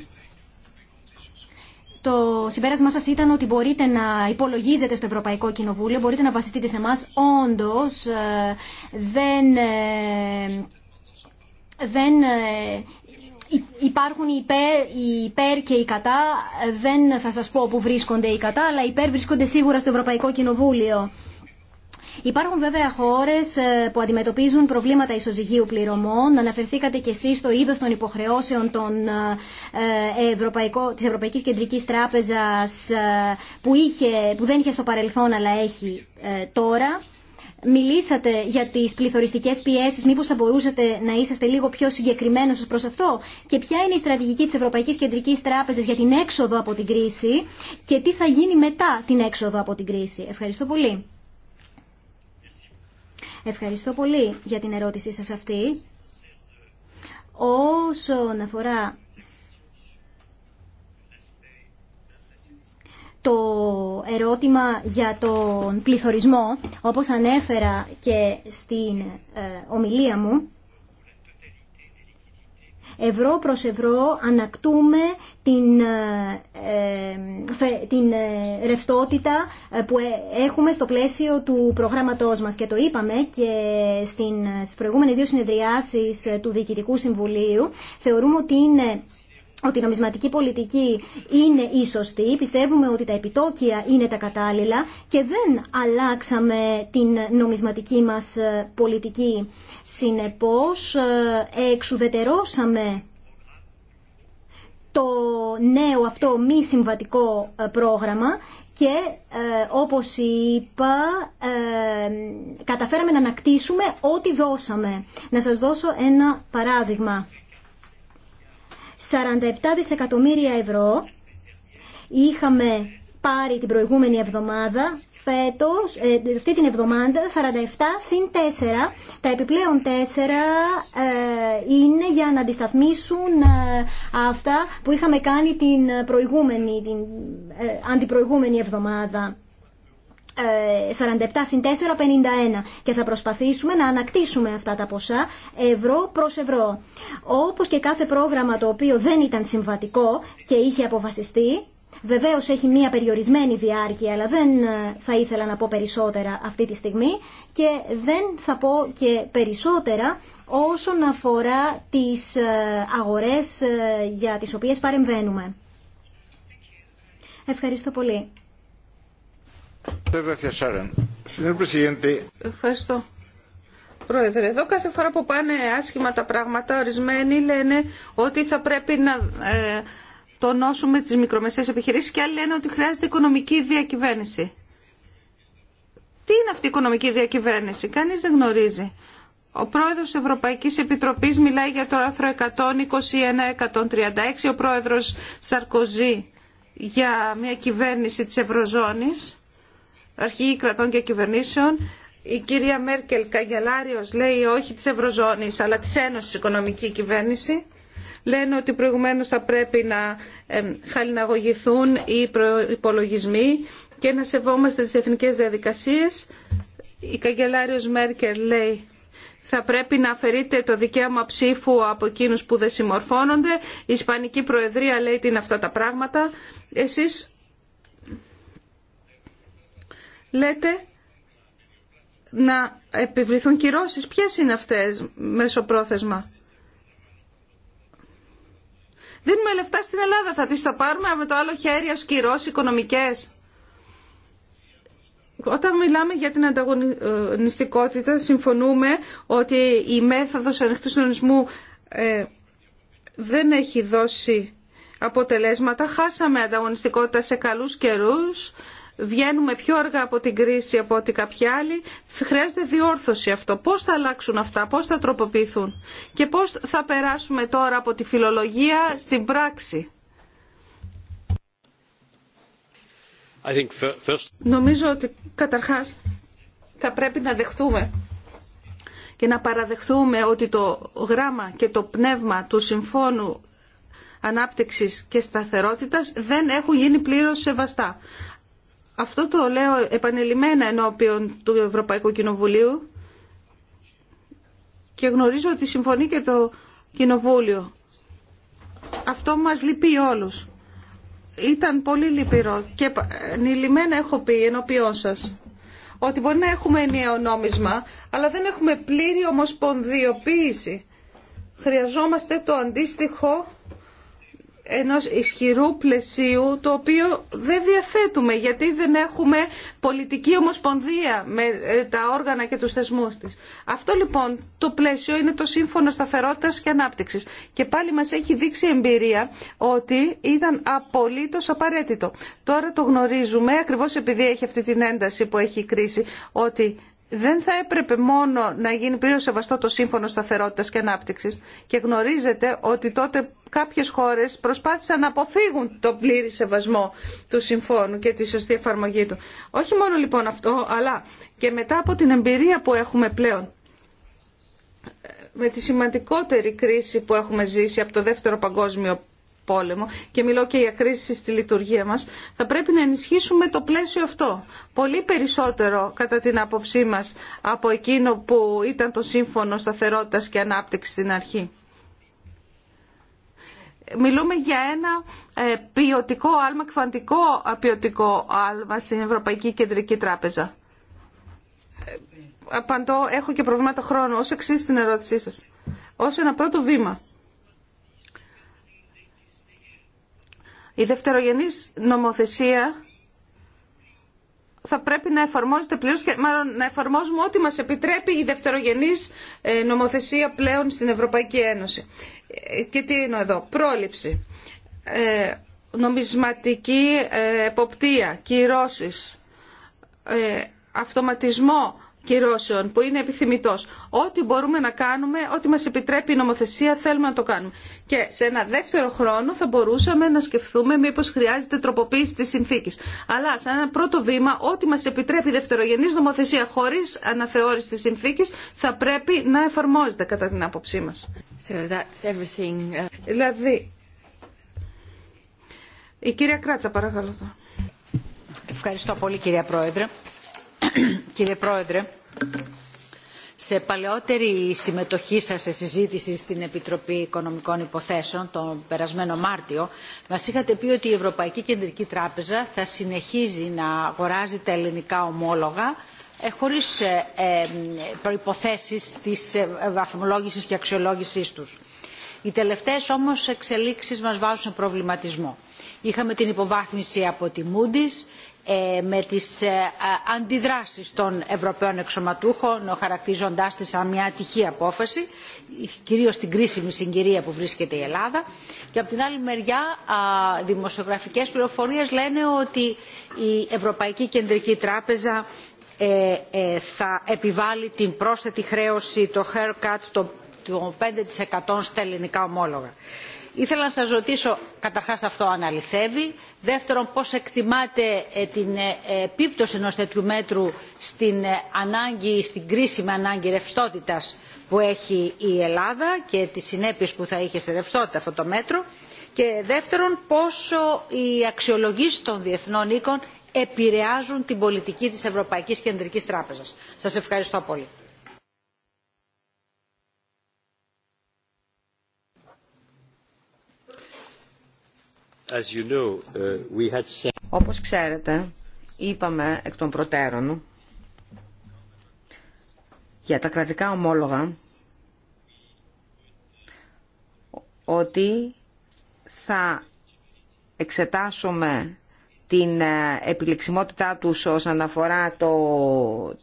Speaker 2: Το συμπέρασμά σας ήταν ότι μπορείτε να υπολογίζετε στο Ευρωπαϊκό Κοινοβούλιο, μπορείτε να βασιστείτε σε εμά. Όντως, ε, δεν ε, δεν ε, υπάρχουν οι υπέρ, οι υπέρ και οι κατά. Δεν θα σας πω που βρίσκονται οι κατά, αλλά οι υπέρ βρίσκονται σίγουρα στο Ευρωπαϊκό Κοινοβούλιο. Υπάρχουν βέβαια χώρε ε, που αντιμετωπίζουν προβλήματα ισοζυγίου πληρωμών. Αναφερθήκατε και εσεί στο είδο των υποχρεώσεων των ε, ε, Ευρωπαϊκό, της Ευρωπαϊκής Κεντρικής Τράπεζας που, που δεν είχε στο παρελθόν αλλά έχει τώρα. Μιλήσατε για τι πληθωριστικές πιέσει, μήπως θα μπορούσατε να είσαστε λίγο πιο συγκεκριμένο προ αυτό και ποια είναι η στρατηγική της Ευρωπαϊκής Κεντρικής Τράπεζας για την έξοδο από την κρίση και τι θα γίνει μετά την έξοδο από την κρίση. Ευχαριστώ πολύ. Ευχαριστώ πολύ για την ερώτησή σας αυτή. Όσον αφορά το ερώτημα για τον πληθωρισμό, όπως ανέφερα και στην ε, ομιλία μου, ευρώ προς ευρώ ανακτούμε την, ε, ε, την ρευστότητα που έχουμε στο πλαίσιο του προγράμματός μας και το είπαμε και στην, στις προηγούμενες δύο συνεδριάσεις του Διοικητικού Συμβουλίου θεωρούμε ότι είναι ότι η νομισματική πολιτική είναι η σωστή, πιστεύουμε ότι τα επιτόκια είναι τα κατάλληλα και δεν αλλάξαμε την νομισματική μας ε, πολιτική. Συνεπώς ε, εξουδετερώσαμε το νέο αυτό μη συμβατικό ε, πρόγραμμα και ε, όπως είπα καταφέραμε να ανακτήσουμε ό,τι δώσαμε. Να σας δώσω ένα παράδειγμα. 47 δισεκατομμύρια ευρώ είχαμε πάρει την προηγούμενη εβδομάδα φέτος, ε, αυτή την εβδομάδα 47 συν 4. Τα επιπλέον 4 ε, είναι για να αντισταθμίσουν ε, αυτά που είχαμε κάνει την προηγούμενη, την ε, αντιπροηγούμενη εβδομάδα. 47 συν 4, 51. Και θα προσπαθήσουμε να ανακτήσουμε αυτά τα ποσά ευρώ προς ευρώ. Όπως και κάθε πρόγραμμα το οποίο δεν ήταν συμβατικό και είχε αποφασιστεί, Βεβαίω έχει μία περιορισμένη διάρκεια, αλλά δεν ε, θα ήθελα να πω περισσότερα αυτή τη στιγμή και δεν θα πω και περισσότερα όσον αφορά τις ε, αγορές ε, για τις οποίες παρεμβαίνουμε. Ευχαριστώ πολύ.
Speaker 3: Ευχαριστώ. Πρόεδρε, εδώ κάθε φορά που πάνε άσχημα τα πράγματα, ορισμένοι λένε ότι θα πρέπει να ε, τονώσουμε τις μικρομεσαίες επιχειρήσεις και άλλοι λένε ότι χρειάζεται οικονομική διακυβέρνηση. Τι είναι αυτή η οικονομική διακυβέρνηση, κανείς δεν γνωρίζει. Ο πρόεδρος Ευρωπαϊκής Επιτροπής μιλάει για το άρθρο 121-136, ο πρόεδρος Σαρκοζή για μια κυβέρνηση της Ευρωζώνης αρχή κρατών και κυβερνήσεων. Η κυρία Μέρκελ καγκελάριο λέει όχι της Ευρωζώνης αλλά της Ένωσης Οικονομική Κυβέρνηση. Λένε ότι προηγουμένως θα πρέπει να χαλιναγωγηθούν οι υπολογισμοί και να σεβόμαστε τις εθνικές διαδικασίες. Η καγκελάριο Μέρκελ λέει θα πρέπει να αφαιρείτε το δικαίωμα ψήφου από εκείνους που δεν συμμορφώνονται. Η Ισπανική Προεδρία λέει τι είναι αυτά τα πράγματα. Εσείς λέτε να επιβληθούν κυρώσεις. Ποιες είναι αυτές πρόθεσμα. Δίνουμε λεφτά στην Ελλάδα, θα τις θα πάρουμε με το άλλο χέρι ως κυρώσεις οικονομικές. Όταν μιλάμε για την ανταγωνιστικότητα, συμφωνούμε ότι η μέθοδος ανοιχτού συντονισμού ε, δεν έχει δώσει αποτελέσματα. Χάσαμε ανταγωνιστικότητα σε καλούς καιρούς βγαίνουμε πιο αργά από την κρίση από ό,τι κάποιοι άλλοι, χρειάζεται διόρθωση αυτό. Πώς θα αλλάξουν αυτά, πώς θα τροποποιηθούν και πώς θα περάσουμε τώρα από τη φιλολογία στην πράξη. Νομίζω ότι καταρχάς θα πρέπει να δεχτούμε και να παραδεχτούμε ότι το γράμμα και το πνεύμα του Συμφώνου Ανάπτυξης και Σταθερότητας δεν έχουν γίνει πλήρως σεβαστά. Αυτό το λέω επανελειμμένα ενώπιον του Ευρωπαϊκού Κοινοβουλίου και γνωρίζω ότι συμφωνεί και το Κοινοβούλιο. Αυτό μας λυπεί όλους. Ήταν πολύ λυπηρό και νηλημένα έχω πει ενώπιόν σας ότι μπορεί να έχουμε ενιαίο νόμισμα, αλλά δεν έχουμε πλήρη ομοσπονδιοποίηση. Χρειαζόμαστε το αντίστοιχο ενός ισχυρού πλαισίου το οποίο δεν διαθέτουμε γιατί δεν έχουμε πολιτική ομοσπονδία με ε, τα όργανα και τους θεσμούς της. Αυτό λοιπόν το πλαίσιο είναι το Σύμφωνο Σταθερότητας και Ανάπτυξης και πάλι μας έχει δείξει εμπειρία ότι ήταν απολύτως απαραίτητο. Τώρα το γνωρίζουμε ακριβώς επειδή έχει αυτή την ένταση που έχει η κρίση ότι δεν θα έπρεπε μόνο να γίνει πλήρω σεβαστό το Σύμφωνο Σταθερότητας και ανάπτυξη. και γνωρίζετε ότι τότε κάποιες χώρες προσπάθησαν να αποφύγουν το πλήρη σεβασμό του Συμφώνου και τη σωστή εφαρμογή του. Όχι μόνο λοιπόν αυτό, αλλά και μετά από την εμπειρία που έχουμε πλέον με τη σημαντικότερη κρίση που έχουμε ζήσει από το Δεύτερο Παγκόσμιο και μιλώ και για κρίση στη λειτουργία μας, θα πρέπει να ενισχύσουμε το πλαίσιο αυτό. Πολύ περισσότερο, κατά την άποψή μας, από εκείνο που ήταν το σύμφωνο σταθερότητας και Ανάπτυξη στην αρχή. Μιλούμε για ένα ε, ποιοτικό άλμα, κφαντικό ποιοτικό άλμα στην Ευρωπαϊκή Κεντρική Τράπεζα. Ε, απαντώ, έχω και προβλήματα χρόνου. Ως εξή την ερώτησή σας. Ως ένα πρώτο βήμα Η δευτερογενής νομοθεσία θα πρέπει να εφαρμόζεται πλέον, και μάλλον να εφαρμόζουμε ό,τι μας επιτρέπει η δευτερογενής ε, νομοθεσία πλέον στην Ευρωπαϊκή Ένωση. Ε, και τι είναι εδώ. Πρόληψη, ε, νομισματική εποπτεία, κυρώσεις, αυτοματισμό κυρώσεων που είναι επιθυμητό, Ό,τι μπορούμε να κάνουμε, ό,τι μας επιτρέπει η νομοθεσία θέλουμε να το κάνουμε. Και σε ένα δεύτερο χρόνο θα μπορούσαμε να σκεφτούμε μήπως χρειάζεται τροποποίηση τη συνθήκη. Αλλά σαν ένα πρώτο βήμα, ό,τι μας επιτρέπει δευτερογενή νομοθεσία χωρίς αναθεώρηση τη συνθήκη, θα πρέπει να εφαρμόζεται κατά την άποψή μα. So everything. Uh, δηλαδή,
Speaker 6: η κυρία Κράτσα παρακαλώ. Ευχαριστώ πολύ κυρία Πρόεδρε. Κύριε Πρόεδρε, σε παλαιότερη συμμετοχή σας σε συζήτηση στην Επιτροπή Οικονομικών Υποθέσεων τον περασμένο Μάρτιο, μας είχατε πει ότι η Ευρωπαϊκή Κεντρική Τράπεζα θα συνεχίζει να αγοράζει τα ελληνικά ομόλογα ε, χωρίς ε, ε, προϋποθέσεις της βαθμολόγησης και αξιολόγησής τους. Οι τελευταίες όμως εξελίξεις μας βάζουν σε προβληματισμό. Είχαμε την υποβάθμιση από τη Moody's, ε, με τις ε, αντιδράσεις των Ευρωπαίων εξωματούχων χαρακτηρίζοντάς τη σαν μια ατυχή απόφαση κυρίως στην κρίσιμη συγκυρία που βρίσκεται η Ελλάδα και από την άλλη μεριά δημοσιογραφικές πληροφορίες λένε ότι η Ευρωπαϊκή Κεντρική Τράπεζα ε, θα επιβάλλει την πρόσθετη χρέωση το haircut το 5% στα ελληνικά ομόλογα. Ήθελα να σας ρωτήσω καταρχάς αυτό αν αληθεύει, δεύτερον πώς εκτιμάτε ε, την ε, επίπτωση ενός τέτοιου μέτρου στην ε, ανάγκη, στην κρίσιμη ανάγκη ρευστότητας που έχει η Ελλάδα και τις συνέπειες που θα είχε σε ρευστότητα αυτό το μέτρο και δεύτερον πόσο οι αξιολογήσει των διεθνών οίκων επηρεάζουν την πολιτική της Ευρωπαϊκής Κεντρικής Τράπεζας. Σας ευχαριστώ πολύ.
Speaker 1: Uh,
Speaker 4: Όπως ξέρετε, είπαμε εκ των προτέρων για τα κρατικά ομόλογα ότι θα εξετάσουμε την ε, επιλεξιμότητά τους όσον αφορά το,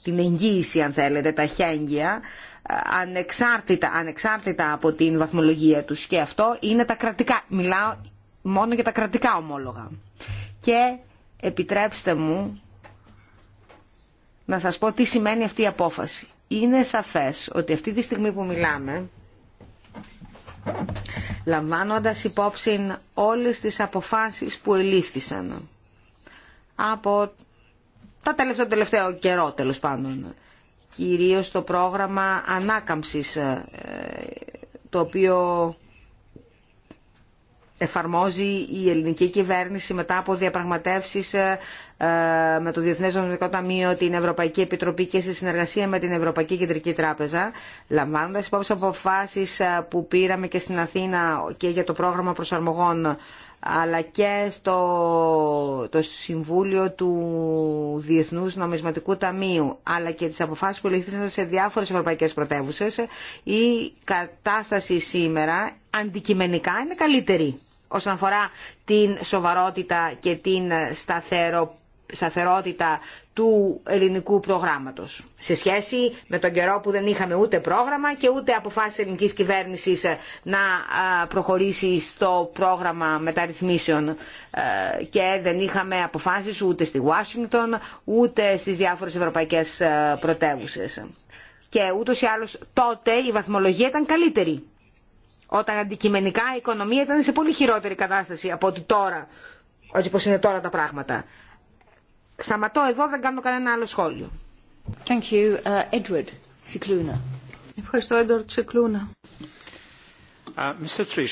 Speaker 4: την εγγύηση, αν θέλετε, τα χέγγια, ανεξάρτητα, ανεξάρτητα από την βαθμολογία τους. Και αυτό είναι τα κρατικά. Μιλάω μόνο για τα κρατικά ομόλογα. Και επιτρέψτε μου να σας πω τι σημαίνει αυτή η απόφαση. Είναι σαφές ότι αυτή τη στιγμή που μιλάμε, λαμβάνοντας υπόψη όλες τις αποφάσεις που ελήφθησαν από τα τελευταίο, τελευταίο καιρό τέλος πάντων, κυρίως το πρόγραμμα ανάκαμψης ε, το οποίο εφαρμόζει η ελληνική κυβέρνηση μετά από διαπραγματεύσεις ε, ε, με το Διεθνές Νομισματικό Ταμείο, την Ευρωπαϊκή Επιτροπή και σε συνεργασία με την Ευρωπαϊκή Κεντρική Τράπεζα, λαμβάνοντας υπόψη αποφάσεις ε, που πήραμε και στην Αθήνα και για το πρόγραμμα προσαρμογών αλλά και στο το Συμβούλιο του Διεθνούς Νομισματικού Ταμείου αλλά και τις αποφάσεις που ληφθήσαν σε διάφορες ευρωπαϊκές πρωτεύουσες η κατάσταση σήμερα αντικειμενικά είναι καλύτερη όσον αφορά την σοβαρότητα και την σταθερότητα του ελληνικού προγράμματος σε σχέση με τον καιρό που δεν είχαμε ούτε πρόγραμμα και ούτε αποφάσεις ελληνικής κυβέρνησης ε, να προχωρήσει στο πρόγραμμα μεταρρυθμίσεων ε, και δεν είχαμε αποφάσεις ούτε στη Ουάσιγκτον ούτε στις διάφορες ευρωπαϊκές ε, πρωτεύουσες. Και ούτως ή άλλως τότε η βαθμολογία ήταν καλύτερη όταν αντικειμενικά η οικονομία ήταν σε πολύ χειρότερη κατάσταση από ότι τώρα, έτσι όπως είναι τώρα τα πράγματα. Σταματώ εδώ, δεν κάνω κανένα άλλο σχόλιο. Thank you. Uh, Edward Ευχαριστώ, Edward Cicluna.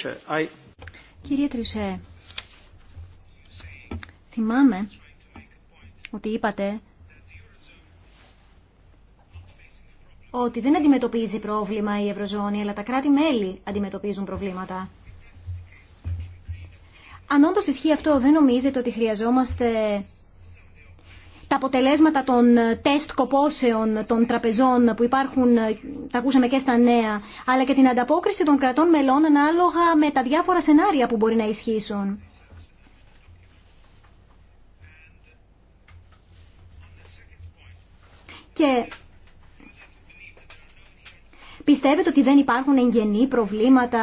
Speaker 1: Uh,
Speaker 2: Κύριε Τρισέ, θυμάμαι ότι είπατε ότι δεν αντιμετωπίζει πρόβλημα η Ευρωζώνη, αλλά τα κράτη-μέλη αντιμετωπίζουν προβλήματα. Αν όντω ισχύει αυτό, δεν νομίζετε ότι χρειαζόμαστε τα αποτελέσματα των τεστ κοπόσεων των τραπεζών που υπάρχουν, τα ακούσαμε και στα νέα, αλλά και την ανταπόκριση των κρατών μελών ανάλογα με τα διάφορα σενάρια που μπορεί να ισχύσουν. Και Πιστεύετε ότι δεν υπάρχουν εγγενή προβλήματα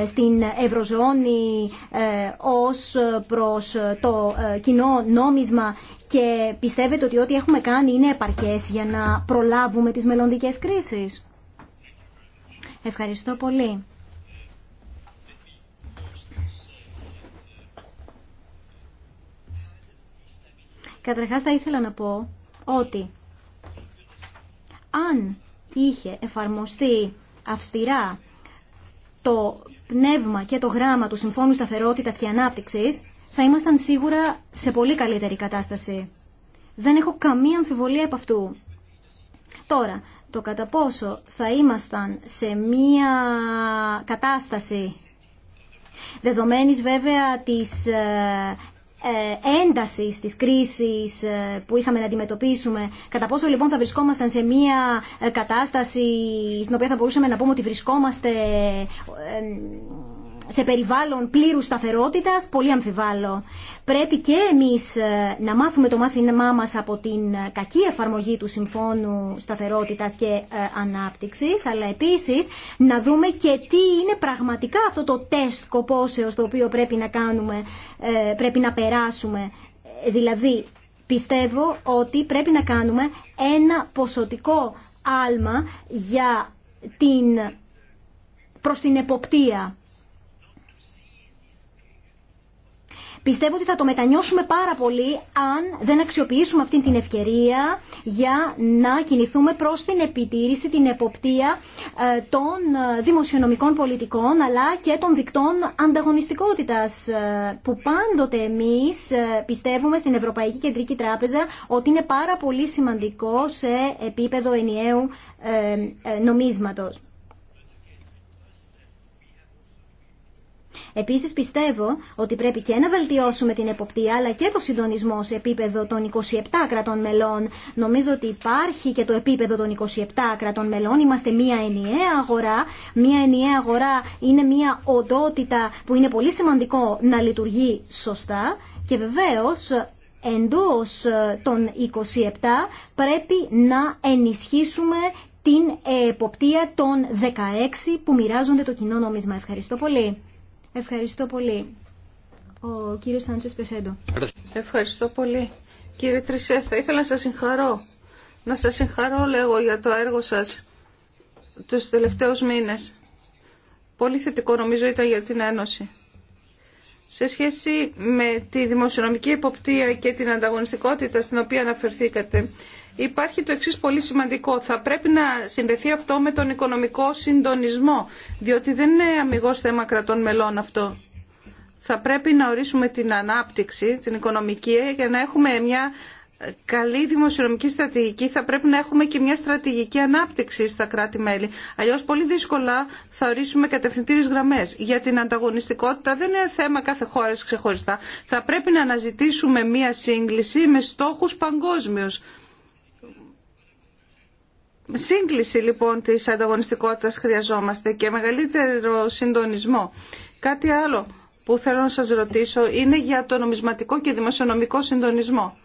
Speaker 2: ε, στην Ευρωζώνη ε, ως προς το ε, κοινό νόμισμα και πιστεύετε ότι ό,τι έχουμε κάνει είναι επαρκές για να προλάβουμε τις μελλοντικές κρίσεις. Ευχαριστώ πολύ. Καταρχάς θα ήθελα να πω ότι αν είχε εφαρμοστεί αυστηρά το πνεύμα και το γράμμα του Συμφώνου Σταθερότητας και Ανάπτυξης, θα ήμασταν σίγουρα σε πολύ καλύτερη κατάσταση. Δεν έχω καμία αμφιβολία από αυτού. Τώρα, το κατά πόσο θα ήμασταν σε μία κατάσταση δεδομένης βέβαια της ε, ε, έντασης της κρίσης ε, που είχαμε να αντιμετωπίσουμε, κατά πόσο λοιπόν θα βρισκόμασταν σε μια ε, κατάσταση στην οποία θα μπορούσαμε να πούμε ότι βρισκόμαστε σε περιβάλλον πλήρου σταθερότητα, πολύ αμφιβάλλω. Πρέπει και εμεί ε, να μάθουμε το μάθημά μα από την κακή εφαρμογή του Συμφώνου Σταθερότητα και ε, Ανάπτυξη, αλλά επίση να δούμε και τι είναι πραγματικά αυτό το τεστ κοπόσεω το οποίο πρέπει να κάνουμε, ε, πρέπει να περάσουμε. Δηλαδή, πιστεύω ότι πρέπει να κάνουμε ένα ποσοτικό άλμα για την, προς την εποπτεία Πιστεύω ότι θα το μετανιώσουμε πάρα πολύ αν δεν αξιοποιήσουμε αυτή την ευκαιρία για να κινηθούμε προς την επιτήρηση, την εποπτεία ε, των ε, δημοσιονομικών πολιτικών αλλά και των δικτών ανταγωνιστικότητας ε, που πάντοτε εμείς πιστεύουμε στην Ευρωπαϊκή Κεντρική Τράπεζα ότι είναι πάρα πολύ σημαντικό σε επίπεδο ενιαίου νομίσματος. Επίσης πιστεύω ότι πρέπει και να βελτιώσουμε την εποπτεία αλλά και το συντονισμό σε επίπεδο των 27 κρατών μελών. Νομίζω ότι υπάρχει και το επίπεδο των 27 κρατών μελών. Είμαστε μια ενιαία αγορά. Μια ενιαία αγορά είναι μια οντότητα που είναι πολύ σημαντικό να λειτουργεί σωστά και βεβαίως εντός ε, των 27 πρέπει να ενισχύσουμε την εποπτεία των 16 που μοιράζονται το κοινό νόμισμα. Ευχαριστώ πολύ. Ευχαριστώ πολύ. Ο κύριο Σάντσε Πεσέντο. Ευχαριστώ πολύ. Κύριε Τρισέ, θα ήθελα να σα συγχαρώ.
Speaker 3: Να σας συγχαρώ, λέγω, για το έργο σας τους τελευταίους μήνες. Πολύ θετικό νομίζω ήταν για την Ένωση. Σε σχέση με τη δημοσιονομική υποπτία και την ανταγωνιστικότητα στην οποία αναφερθήκατε, υπάρχει το εξή πολύ σημαντικό. Θα πρέπει να συνδεθεί αυτό με τον οικονομικό συντονισμό, διότι δεν είναι αμυγό θέμα κρατών μελών αυτό. Θα πρέπει να ορίσουμε την ανάπτυξη, την οικονομική, ε, για να έχουμε μια καλή δημοσιονομική στρατηγική θα πρέπει να έχουμε και μια στρατηγική ανάπτυξη στα κράτη-μέλη. Αλλιώς πολύ δύσκολα θα ορίσουμε κατευθυντήριες γραμμές. Για την ανταγωνιστικότητα δεν είναι θέμα κάθε χώρας ξεχωριστά. Θα πρέπει να αναζητήσουμε μια σύγκληση με στόχους παγκόσμιους. Σύγκληση λοιπόν της ανταγωνιστικότητας χρειαζόμαστε και μεγαλύτερο συντονισμό. Κάτι άλλο που θέλω να σας ρωτήσω είναι για το νομισματικό και δημοσιονομικό συντονισμό.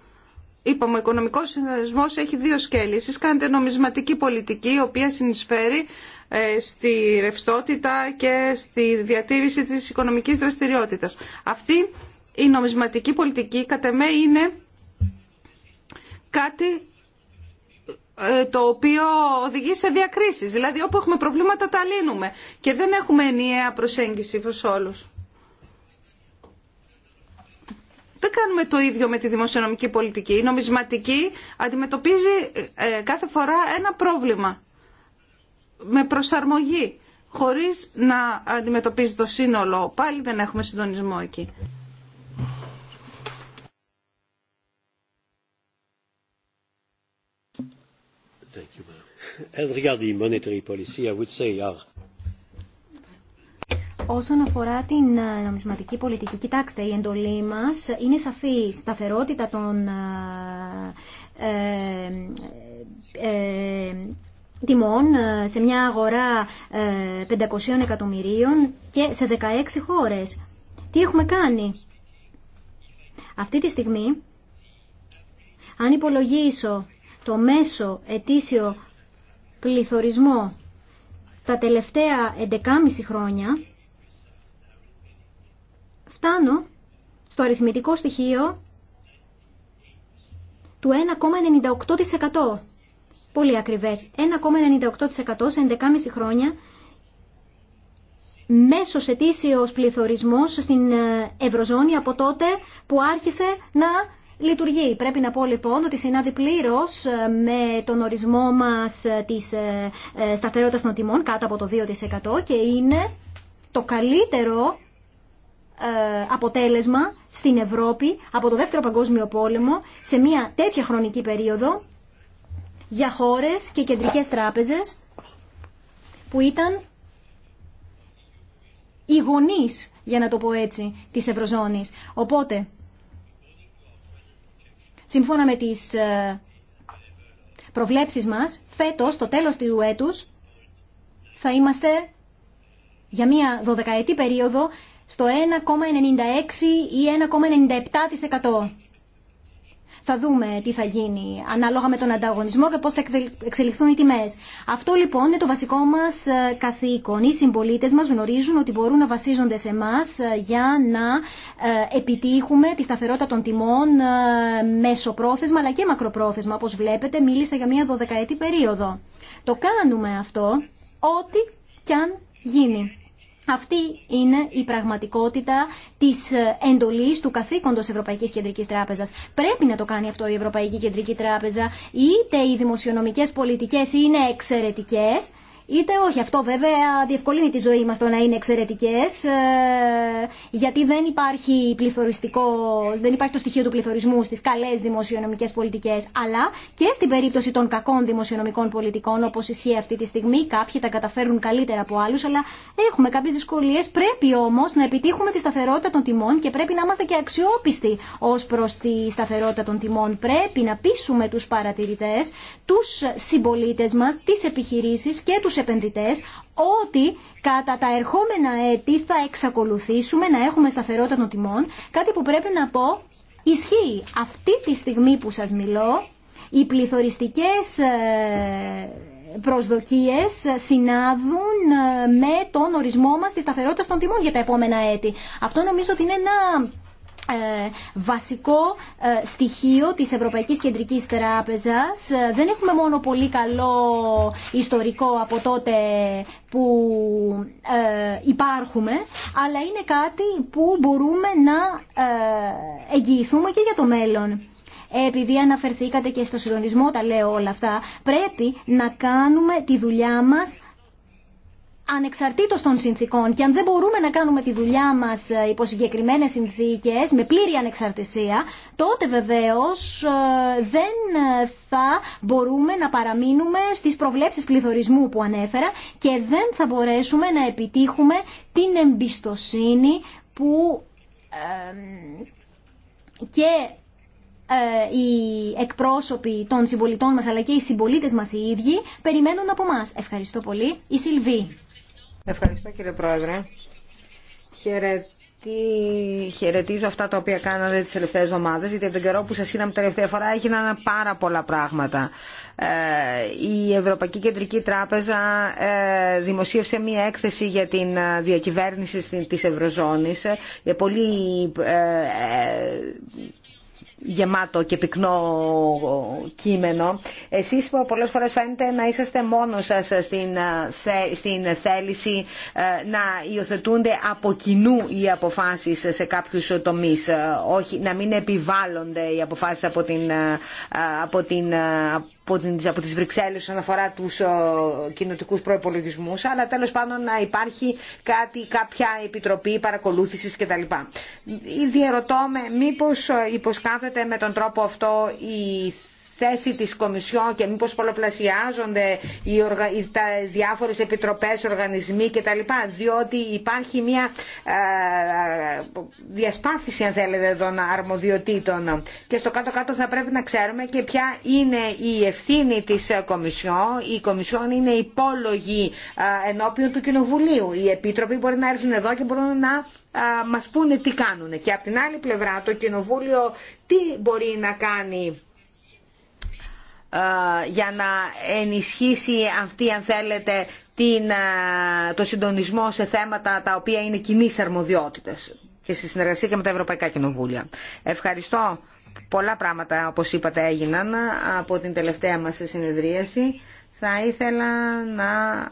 Speaker 3: Είπαμε, ο οικονομικός συντονισμός έχει δύο σκέλη. Εσείς κάνετε νομισματική πολιτική, η οποία συνεισφέρει ε, στη ρευστότητα και στη διατήρηση της οικονομικής δραστηριότητας. Αυτή η νομισματική πολιτική, κατά με, είναι κάτι ε, το οποίο οδηγεί σε διακρίσεις. Δηλαδή όπου έχουμε προβλήματα τα λύνουμε και δεν έχουμε ενιαία προσέγγιση προς όλους. Δεν κάνουμε το ίδιο με τη δημοσιονομική πολιτική. Η νομισματική αντιμετωπίζει ε, κάθε φορά ένα πρόβλημα με προσαρμογή χωρίς να αντιμετωπίζει το σύνολο. Πάλι δεν έχουμε συντονισμό εκεί.
Speaker 2: Όσον αφορά την ε, νομισματική πολιτική, κοιτάξτε, η εντολή μας είναι σαφή. Σταθερότητα των ε, ε, τιμών σε μια αγορά 500 εκατομμυρίων και σε 16 χώρες. Τι έχουμε κάνει. Αυτή τη στιγμή, αν υπολογίσω το μέσο ετήσιο πληθωρισμό τα τελευταία 11,5 χρόνια φτάνω στο αριθμητικό στοιχείο του 1,98%. Πολύ ακριβές. 1,98% σε 11,5 χρόνια μέσος ετήσιος πληθωρισμός στην ε, Ευρωζώνη από τότε που άρχισε να λειτουργεί. Πρέπει να πω λοιπόν ότι συνάδει πλήρω ε, με τον ορισμό μας ε, της ε, σταθερότητας των τιμών κάτω από το 2% και είναι το καλύτερο αποτέλεσμα στην Ευρώπη από το Δεύτερο Παγκόσμιο Πόλεμο σε μια τέτοια χρονική περίοδο για χώρες και κεντρικές τράπεζες που ήταν οι γονείς, για να το πω έτσι, της Ευρωζώνης. Οπότε, Σύμφωνα με τις ε, προβλέψεις μας, φέτος, το τέλος του έτους, θα είμαστε για μία δωδεκαετή περίοδο στο 1,96 ή 1,97% θα δούμε τι θα γίνει ανάλογα με τον ανταγωνισμό και πώς θα εξελιχθούν οι τιμές. Αυτό λοιπόν είναι το βασικό μας ε, καθήκον. Οι συμπολίτε μας γνωρίζουν ότι μπορούν να βασίζονται σε εμά ε, για να ε, επιτύχουμε τη σταθερότητα των τιμών μέσω πρόθεσμα αλλά και μακροπρόθεσμα. Όπως βλέπετε μίλησα για μια δωδεκαετή περίοδο. Το κάνουμε αυτό ό,τι κι αν γίνει. Αυτή είναι η πραγματικότητα τη ε, εντολή του καθήκοντο Ευρωπαϊκή Κεντρική Τράπεζα. Πρέπει να το κάνει αυτό η Ευρωπαϊκή Κεντρική Τράπεζα. Είτε οι δημοσιονομικέ πολιτικέ είναι εξαιρετικέ, είτε όχι. Αυτό βέβαια διευκολύνει τη ζωή μα το να είναι εξαιρετικές, ε, γιατί δεν υπάρχει, πληθωριστικό, δεν υπάρχει το στοιχείο του πληθωρισμού στι καλέ δημοσιονομικές πολιτικέ. αλλά και στην περίπτωση των κακών δημοσιονομικών πολιτικών, όπω ισχύει αυτή τη στιγμή, κάποιοι τα καταφέρουν καλύτερα από άλλου, αλλά έχουμε κάποιε δυσκολίε. Πρέπει όμω να επιτύχουμε τη σταθερότητα των τιμών και πρέπει να είμαστε και αξιόπιστοι ω προ τη σταθερότητα των τιμών. Πρέπει να πείσουμε του παρατηρητέ, του συμπολίτε μα, τι επιχειρήσει και τους ότι κατά τα ερχόμενα έτη θα εξακολουθήσουμε να έχουμε σταθερότητα των τιμών, κάτι που πρέπει να πω ισχύει. Αυτή τη στιγμή που σας μιλώ, οι πληθωριστικές ε, προσδοκίες συνάδουν ε, με τον ορισμό μας της σταθερότητας των τιμών για τα επόμενα έτη. Αυτό νομίζω ότι είναι ένα ε, βασικό ε, στοιχείο της Ευρωπαϊκής Κεντρικής Τράπεζας. Ε, δεν έχουμε μόνο πολύ καλό ιστορικό από τότε που υπάρχουμε, αλλά είναι κάτι που μπορούμε να εγγυηθούμε και για το μέλλον επειδή αναφερθήκατε και στο συντονισμό, τα λέω όλα αυτά, πρέπει να κάνουμε τη δουλειά μας ανεξαρτήτως των συνθήκων και αν δεν μπορούμε να κάνουμε τη δουλειά μας ε, υπό συγκεκριμένε συνθήκες με πλήρη ανεξαρτησία τότε βεβαίω ε, δεν ε, θα μπορούμε να παραμείνουμε στις προβλέψεις πληθωρισμού που ανέφερα και δεν θα μπορέσουμε να επιτύχουμε την εμπιστοσύνη που και οι εκπρόσωποι των συμπολιτών μας αλλά και οι συμπολίτες μας οι ίδιοι περιμένουν από μας. Ευχαριστώ πολύ. Η Σιλβή.
Speaker 4: Ευχαριστώ κύριε Πρόεδρε. Χαιρετίζω αυτά τα οποία κάνατε τις τελευταίες εβδομάδες, γιατί από τον καιρό που σας είδαμε τελευταία φορά έγιναν πάρα πολλά πράγματα. Ε, η Ευρωπαϊκή Κεντρική Τράπεζα ε, δημοσίευσε μία έκθεση για την ε, διακυβέρνηση της Ευρωζώνης. Πολύ γεμάτο και πυκνό κείμενο. Εσείς πολλές φορές φαίνεται να είσαστε μόνος σας στην, ε, στην θέληση ε, να υιοθετούνται από κοινού οι αποφάσεις σε κάποιους τομείς, ε, όχι, να μην επιβάλλονται οι αποφάσεις από, την, από, την, από, από τις Βρυξέλλες όσον αφορά τους κοινοτικούς προϋπολογισμούς, αλλά τέλος πάντων να υπάρχει κάτι, κάποια επιτροπή παρακολούθησης κτλ. ερωτώ με μήπως υποσκάθεται προστατεύεται με τον τρόπο αυτό η θέση της Κομισιόν και μήπως πολλοπλασιάζονται οι οργα... τα διάφορες επιτροπές, οργανισμοί κτλ. Διότι υπάρχει μια ε, διασπάθηση αν θέλετε των αρμοδιοτήτων και στο κάτω-κάτω θα πρέπει να ξέρουμε και ποια είναι η ευθύνη της Κομισιόν. Η Κομισιόν είναι υπόλογη ε, ενώπιον του Κοινοβουλίου. Οι επίτροποι μπορεί να έρθουν εδώ και μπορούν να ε, μας πούνε τι κάνουν. Και από την άλλη πλευρά το Κοινοβούλιο τι μπορεί να κάνει ε, για να ενισχύσει αυτή αν θέλετε την, ε, το συντονισμό σε θέματα τα οποία είναι κοινή αρμοδιότητες και στη συνεργασία και με τα Ευρωπαϊκά Κοινοβούλια. Ευχαριστώ. Πολλά πράγματα όπως είπατε έγιναν από την τελευταία μας συνεδρίαση. Θα ήθελα να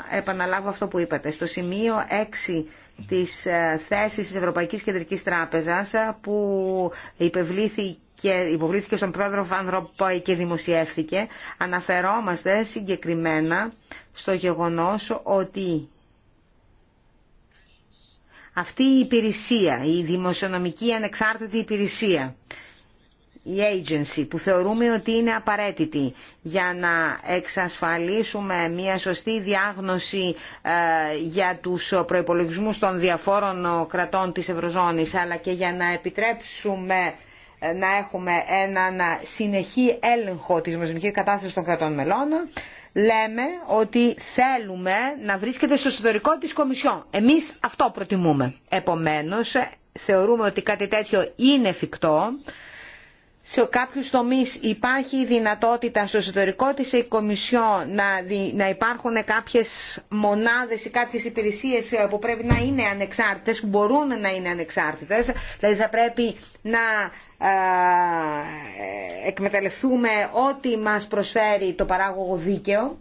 Speaker 4: επαναλάβω αυτό που είπατε. Στο σημείο 6 της ε, θέσης της Ευρωπαϊκής Κεντρικής Τράπεζας που υπευλήθη και υποβλήθηκε στον πρόεδρο Βαν Ροπόη και δημοσιεύθηκε, αναφερόμαστε συγκεκριμένα στο γεγονός ότι αυτή η υπηρεσία, η δημοσιονομική ανεξάρτητη υπηρεσία, η agency που θεωρούμε ότι είναι απαραίτητη για να εξασφαλίσουμε μια σωστή διάγνωση ε, για τους προϋπολογισμούς των διαφόρων ε, κρατών της Ευρωζώνης αλλά και για να επιτρέψουμε ε, να έχουμε έναν συνεχή έλεγχο της μεσονικής κατάστασης των κρατών μελών, λέμε ότι θέλουμε να βρίσκεται στο εσωτερικό της Κομισιόν. Εμείς αυτό προτιμούμε. Επομένως, θεωρούμε ότι κάτι τέτοιο είναι εφικτό σε κάποιους τομείς υπάρχει η δυνατότητα στο εσωτερικό της Κομισιόν να, να υπάρχουν κάποιες μονάδες ή κάποιες υπηρεσίες που πρέπει να είναι ανεξάρτητες, που μπορούν να είναι ανεξάρτητες, δηλαδή θα πρέπει να ε, εκμεταλλευτούμε ό,τι μας προσφέρει το παράγωγο δίκαιο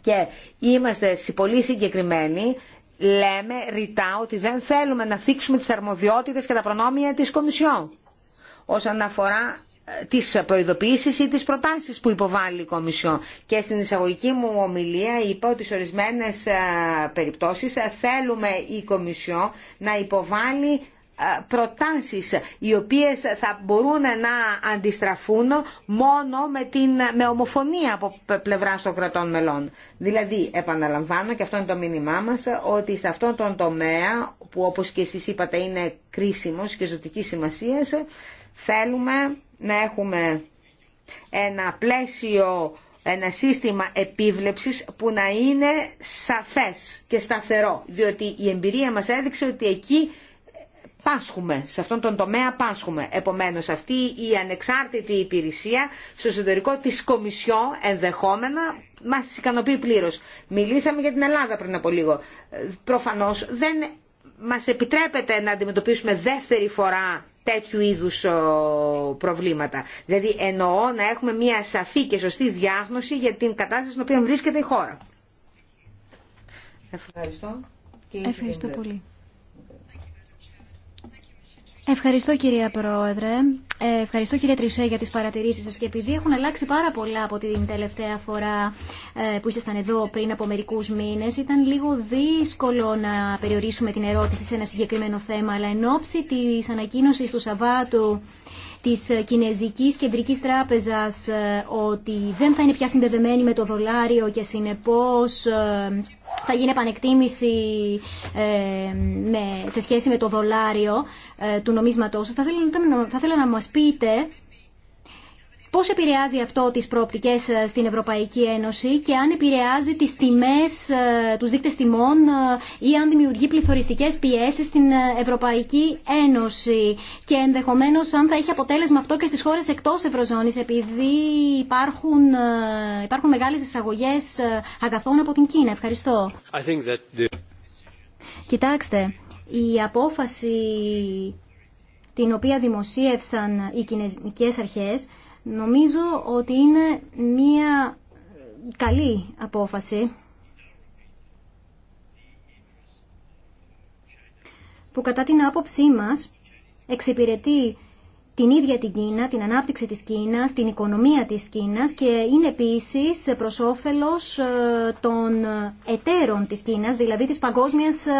Speaker 4: και είμαστε πολύ συγκεκριμένοι λέμε ρητά ότι δεν θέλουμε να θίξουμε τις αρμοδιότητες και τα προνόμια της Κομισιόν όσον αφορά ε, τις προειδοποιήσεις ή τις προτάσεις που υποβάλλει η Κομισιόν. Και στην εισαγωγική μου ομιλία είπα ότι σε ορισμένες ε, περιπτώσεις ε, θέλουμε η Κομισιόν να υποβάλει προτάσεις οι οποίες θα μπορούν να αντιστραφούν μόνο με, την, με ομοφωνία από πλευρά των κρατών μελών. Δηλαδή, επαναλαμβάνω και αυτό είναι το μήνυμά μας, ότι σε αυτόν τον τομέα που όπως και εσείς είπατε είναι κρίσιμος και ζωτικής σημασίας, Θέλουμε να έχουμε ένα πλαίσιο, ένα σύστημα επίβλεψης που να είναι σαφές και σταθερό, διότι η εμπειρία μας έδειξε ότι εκεί πάσχουμε, σε αυτόν τον τομέα πάσχουμε. Επομένως αυτή η ανεξάρτητη υπηρεσία στο εσωτερικό της Κομισιό ενδεχόμενα μας ικανοποιεί πλήρως. Μιλήσαμε για την Ελλάδα πριν από λίγο. Ε, προφανώς δεν μας επιτρέπεται να αντιμετωπίσουμε δεύτερη φορά τέτοιου είδους προβλήματα. Δηλαδή εννοώ να έχουμε μια σαφή και σωστή διάγνωση για την κατάσταση στην οποία βρίσκεται η χώρα. Ευχαριστώ.
Speaker 2: Ευχαριστώ πολύ. Ευχαριστώ κυρία Πρόεδρε. Ε, ευχαριστώ κυρία Τρισέ για τις παρατηρήσεις σας και επειδή έχουν αλλάξει πάρα πολλά από την τελευταία φορά ε, που ήσασταν εδώ πριν από μερικούς μήνες ήταν λίγο δύσκολο να περιορίσουμε την ερώτηση σε ένα συγκεκριμένο θέμα αλλά εν ώψη της ανακοίνωσης του Σαββάτου της Κινέζικης Κεντρικής Τράπεζας ε, ότι δεν θα είναι πια συνδεδεμένη με το δολάριο και συνεπώς ε, θα γίνει επανεκτίμηση ε, σε σχέση με το δολάριο του νομίσματός σας. Θα ήθελα να μας πείτε Πώς επηρεάζει αυτό τις προοπτικές ε, στην Ευρωπαϊκή Ένωση και αν επηρεάζει τις τιμές, ε, τους δείκτες τιμών ε, ή αν δημιουργεί πληθωριστικές πιέσεις στην Ευρωπαϊκή Ένωση και ενδεχομένως αν θα έχει αποτέλεσμα αυτό και στις χώρες εκτός Ευρωζώνης επειδή υπάρχουν, υπάρχουν μεγάλες εισαγωγές αγαθών από την Κίνα. Ευχαριστώ. Κοιτάξτε, η απόφαση την οποία δημοσίευσαν οι κινέζικες αρχές Νομίζω ότι είναι μία καλή απόφαση που κατά την άποψή μας εξυπηρετεί την ίδια την Κίνα, την ανάπτυξη της Κίνας, την οικονομία της Κίνας και είναι επίσης προς όφελος ε, των εταίρων της Κίνας, δηλαδή της παγκόσμιας ε,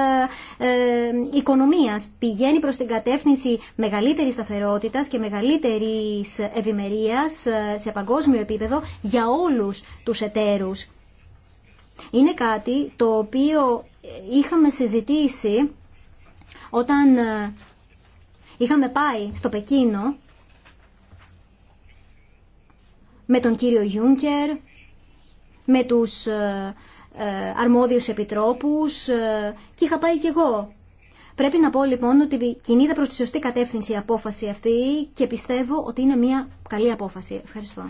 Speaker 2: ε, οικονομίας. Πηγαίνει προς την κατεύθυνση μεγαλύτερης σταθερότητας και μεγαλύτερης ευημερίας σε παγκόσμιο επίπεδο για όλους τους εταίρους. Είναι κάτι το οποίο είχαμε συζητήσει όταν Είχαμε πάει στο Πεκίνο με τον κύριο Γιούνκερ, με τους ε, ε, αρμόδιους επιτρόπους ε, και είχα πάει κι εγώ. Πρέπει να πω λοιπόν ότι κινείται προς τη σωστή κατεύθυνση η απόφαση αυτή και πιστεύω ότι είναι μια καλή απόφαση. Ευχαριστώ.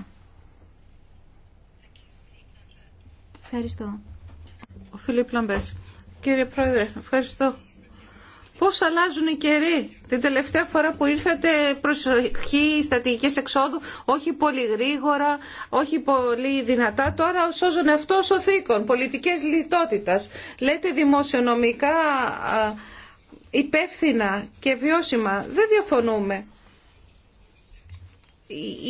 Speaker 2: Ευχαριστώ. Ο Φιλίπ
Speaker 3: Λαμπέρς. Κύριε Πρόεδρε, ευχαριστώ. Πώς αλλάζουν οι καιροί. Την τελευταία φορά που ήρθατε προσοχή στατικές εξόδου, όχι πολύ γρήγορα, όχι πολύ δυνατά. Τώρα σώζουν αυτό ο θήκον, πολιτικές λιτότητας. Λέτε δημοσιονομικά υπεύθυνα και βιώσιμα. Δεν διαφωνούμε.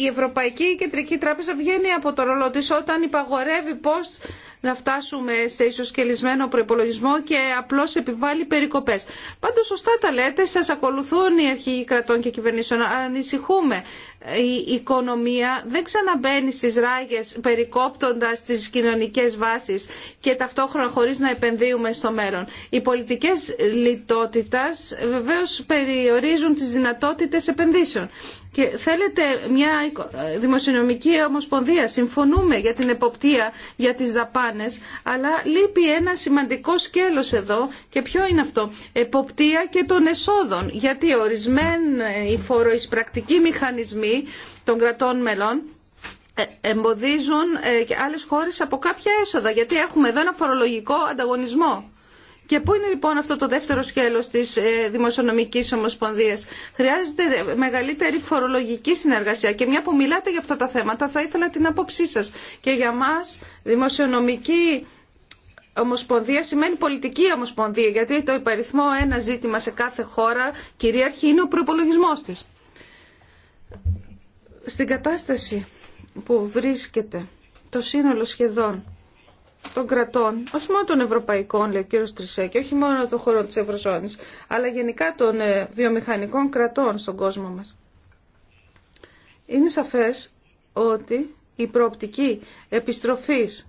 Speaker 3: Η Ευρωπαϊκή Κεντρική Τράπεζα βγαίνει από το ρόλο της όταν υπαγορεύει πώς να φτάσουμε σε ισοσκελισμένο προπολογισμό και απλώς επιβάλλει περικοπές. Πάντω σωστά τα λέτε, σας ακολουθούν οι αρχηγοί κρατών και κυβερνήσεων. Ανησυχούμε η οικονομία δεν ξαναμπαίνει στις ράγες περικόπτοντας τις κοινωνικές βάσεις και ταυτόχρονα χωρίς να επενδύουμε στο μέλλον. Οι πολιτικές λιτότητας βεβαίως περιορίζουν τις δυνατότητες επενδύσεων. Και θέλετε μια δημοσιονομική ομοσπονδία, συμφωνούμε για την εποπτεία, για τις δαπάνες, αλλά λείπει ένα σημαντικό σκέλος εδώ και ποιο είναι αυτό, εποπτεία και των εσόδων, γιατί ορισμένοι φοροεισπρακτικοί μηχανισμοί των κρατών μελών ε, εμποδίζουν ε, και άλλες χώρες από κάποια έσοδα γιατί έχουμε εδώ ένα φορολογικό ανταγωνισμό. Και πού είναι λοιπόν αυτό το δεύτερο σκέλος της ε, Δημοσιονομικής Ομοσπονδίας. Χρειάζεται μεγαλύτερη φορολογική συνεργασία και μια που μιλάτε για αυτά τα θέματα θα ήθελα την άποψή σας. Και για μας Δημοσιονομική Ομοσπονδία σημαίνει πολιτική ομοσπονδία γιατί το υπαριθμό ένα ζήτημα σε κάθε χώρα κυρίαρχη είναι ο προπολογισμό της στην κατάσταση που βρίσκεται το σύνολο σχεδόν των κρατών, όχι μόνο των ευρωπαϊκών, λέει ο κύριος Τρισέκη, όχι μόνο των χωρών της Ευρωζώνης, αλλά γενικά των ε, βιομηχανικών κρατών στον κόσμο μας. Είναι σαφές ότι η προοπτική επιστροφής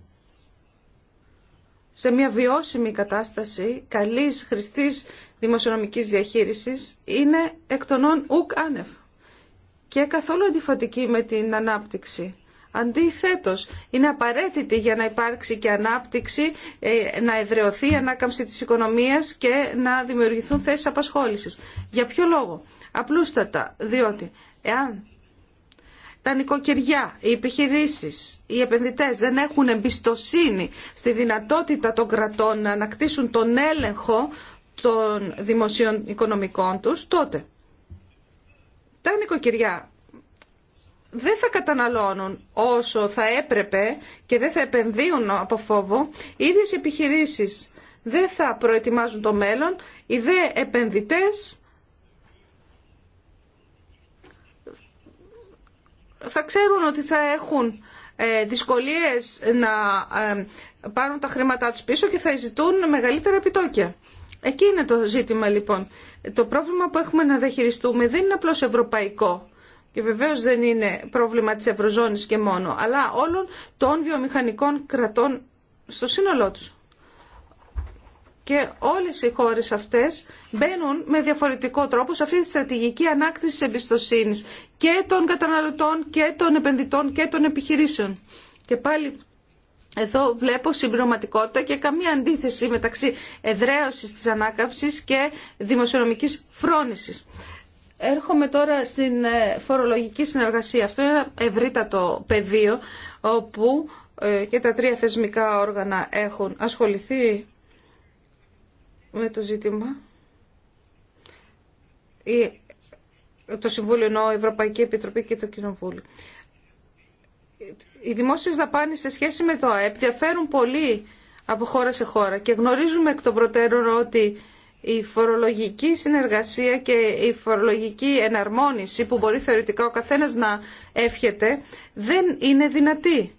Speaker 3: σε μια βιώσιμη κατάσταση καλής, χρηστής δημοσιονομικής διαχείρισης είναι εκ των ουκ άνευ και καθόλου αντιφατική με την ανάπτυξη. Αντίθετος, είναι απαραίτητη για να υπάρξει και ανάπτυξη, ε, να εδρεωθεί η ανάκαμψη της οικονομίας και να δημιουργηθούν θέσεις απασχόλησης. Για ποιο λόγο. Απλούστατα, διότι εάν τα νοικοκυριά, οι επιχειρήσεις, οι επενδυτές δεν έχουν εμπιστοσύνη στη δυνατότητα των κρατών να ανακτήσουν τον έλεγχο των δημοσίων οικονομικών τους, τότε τα νοικοκυριά δεν θα καταναλώνουν όσο θα έπρεπε και δεν θα επενδύουν από φόβο οι ίδιες επιχειρήσεις δεν θα προετοιμάζουν το μέλλον οι δε επενδυτές θα ξέρουν ότι θα έχουν ε, δυσκολίες να ε, πάρουν τα χρήματά τους πίσω και θα ζητούν μεγαλύτερα επιτόκια. Εκεί είναι το ζήτημα λοιπόν. Το πρόβλημα που έχουμε να διαχειριστούμε δεν είναι απλώς ευρωπαϊκό. Και βεβαίως δεν είναι πρόβλημα της Ευρωζώνης και μόνο, αλλά όλων των βιομηχανικών κρατών στο σύνολό τους. Και όλες οι χώρες αυτές μπαίνουν με διαφορετικό τρόπο σε αυτή τη στρατηγική ανάκτηση της εμπιστοσύνης και των καταναλωτών και των επενδυτών και των επιχειρήσεων. Και πάλι εδώ βλέπω συμπληρωματικότητα και καμία αντίθεση μεταξύ εδραίωσης της ανάκαμψης και δημοσιονομικής φρόνησης. Έρχομαι τώρα στην ε, φορολογική συνεργασία. Αυτό είναι ένα ευρύτατο πεδίο όπου ε, και τα τρία θεσμικά όργανα έχουν ασχοληθεί με το ζήτημα. Το Συμβούλιο Ευρωπαϊκή Επιτροπή και το Κοινοβούλιο οι δημόσιες δαπάνες σε σχέση με το ΑΕΠ διαφέρουν πολύ από χώρα σε χώρα και γνωρίζουμε εκ των προτέρων ότι η φορολογική συνεργασία και η φορολογική εναρμόνιση που μπορεί θεωρητικά ο καθένας να εύχεται δεν είναι δυνατή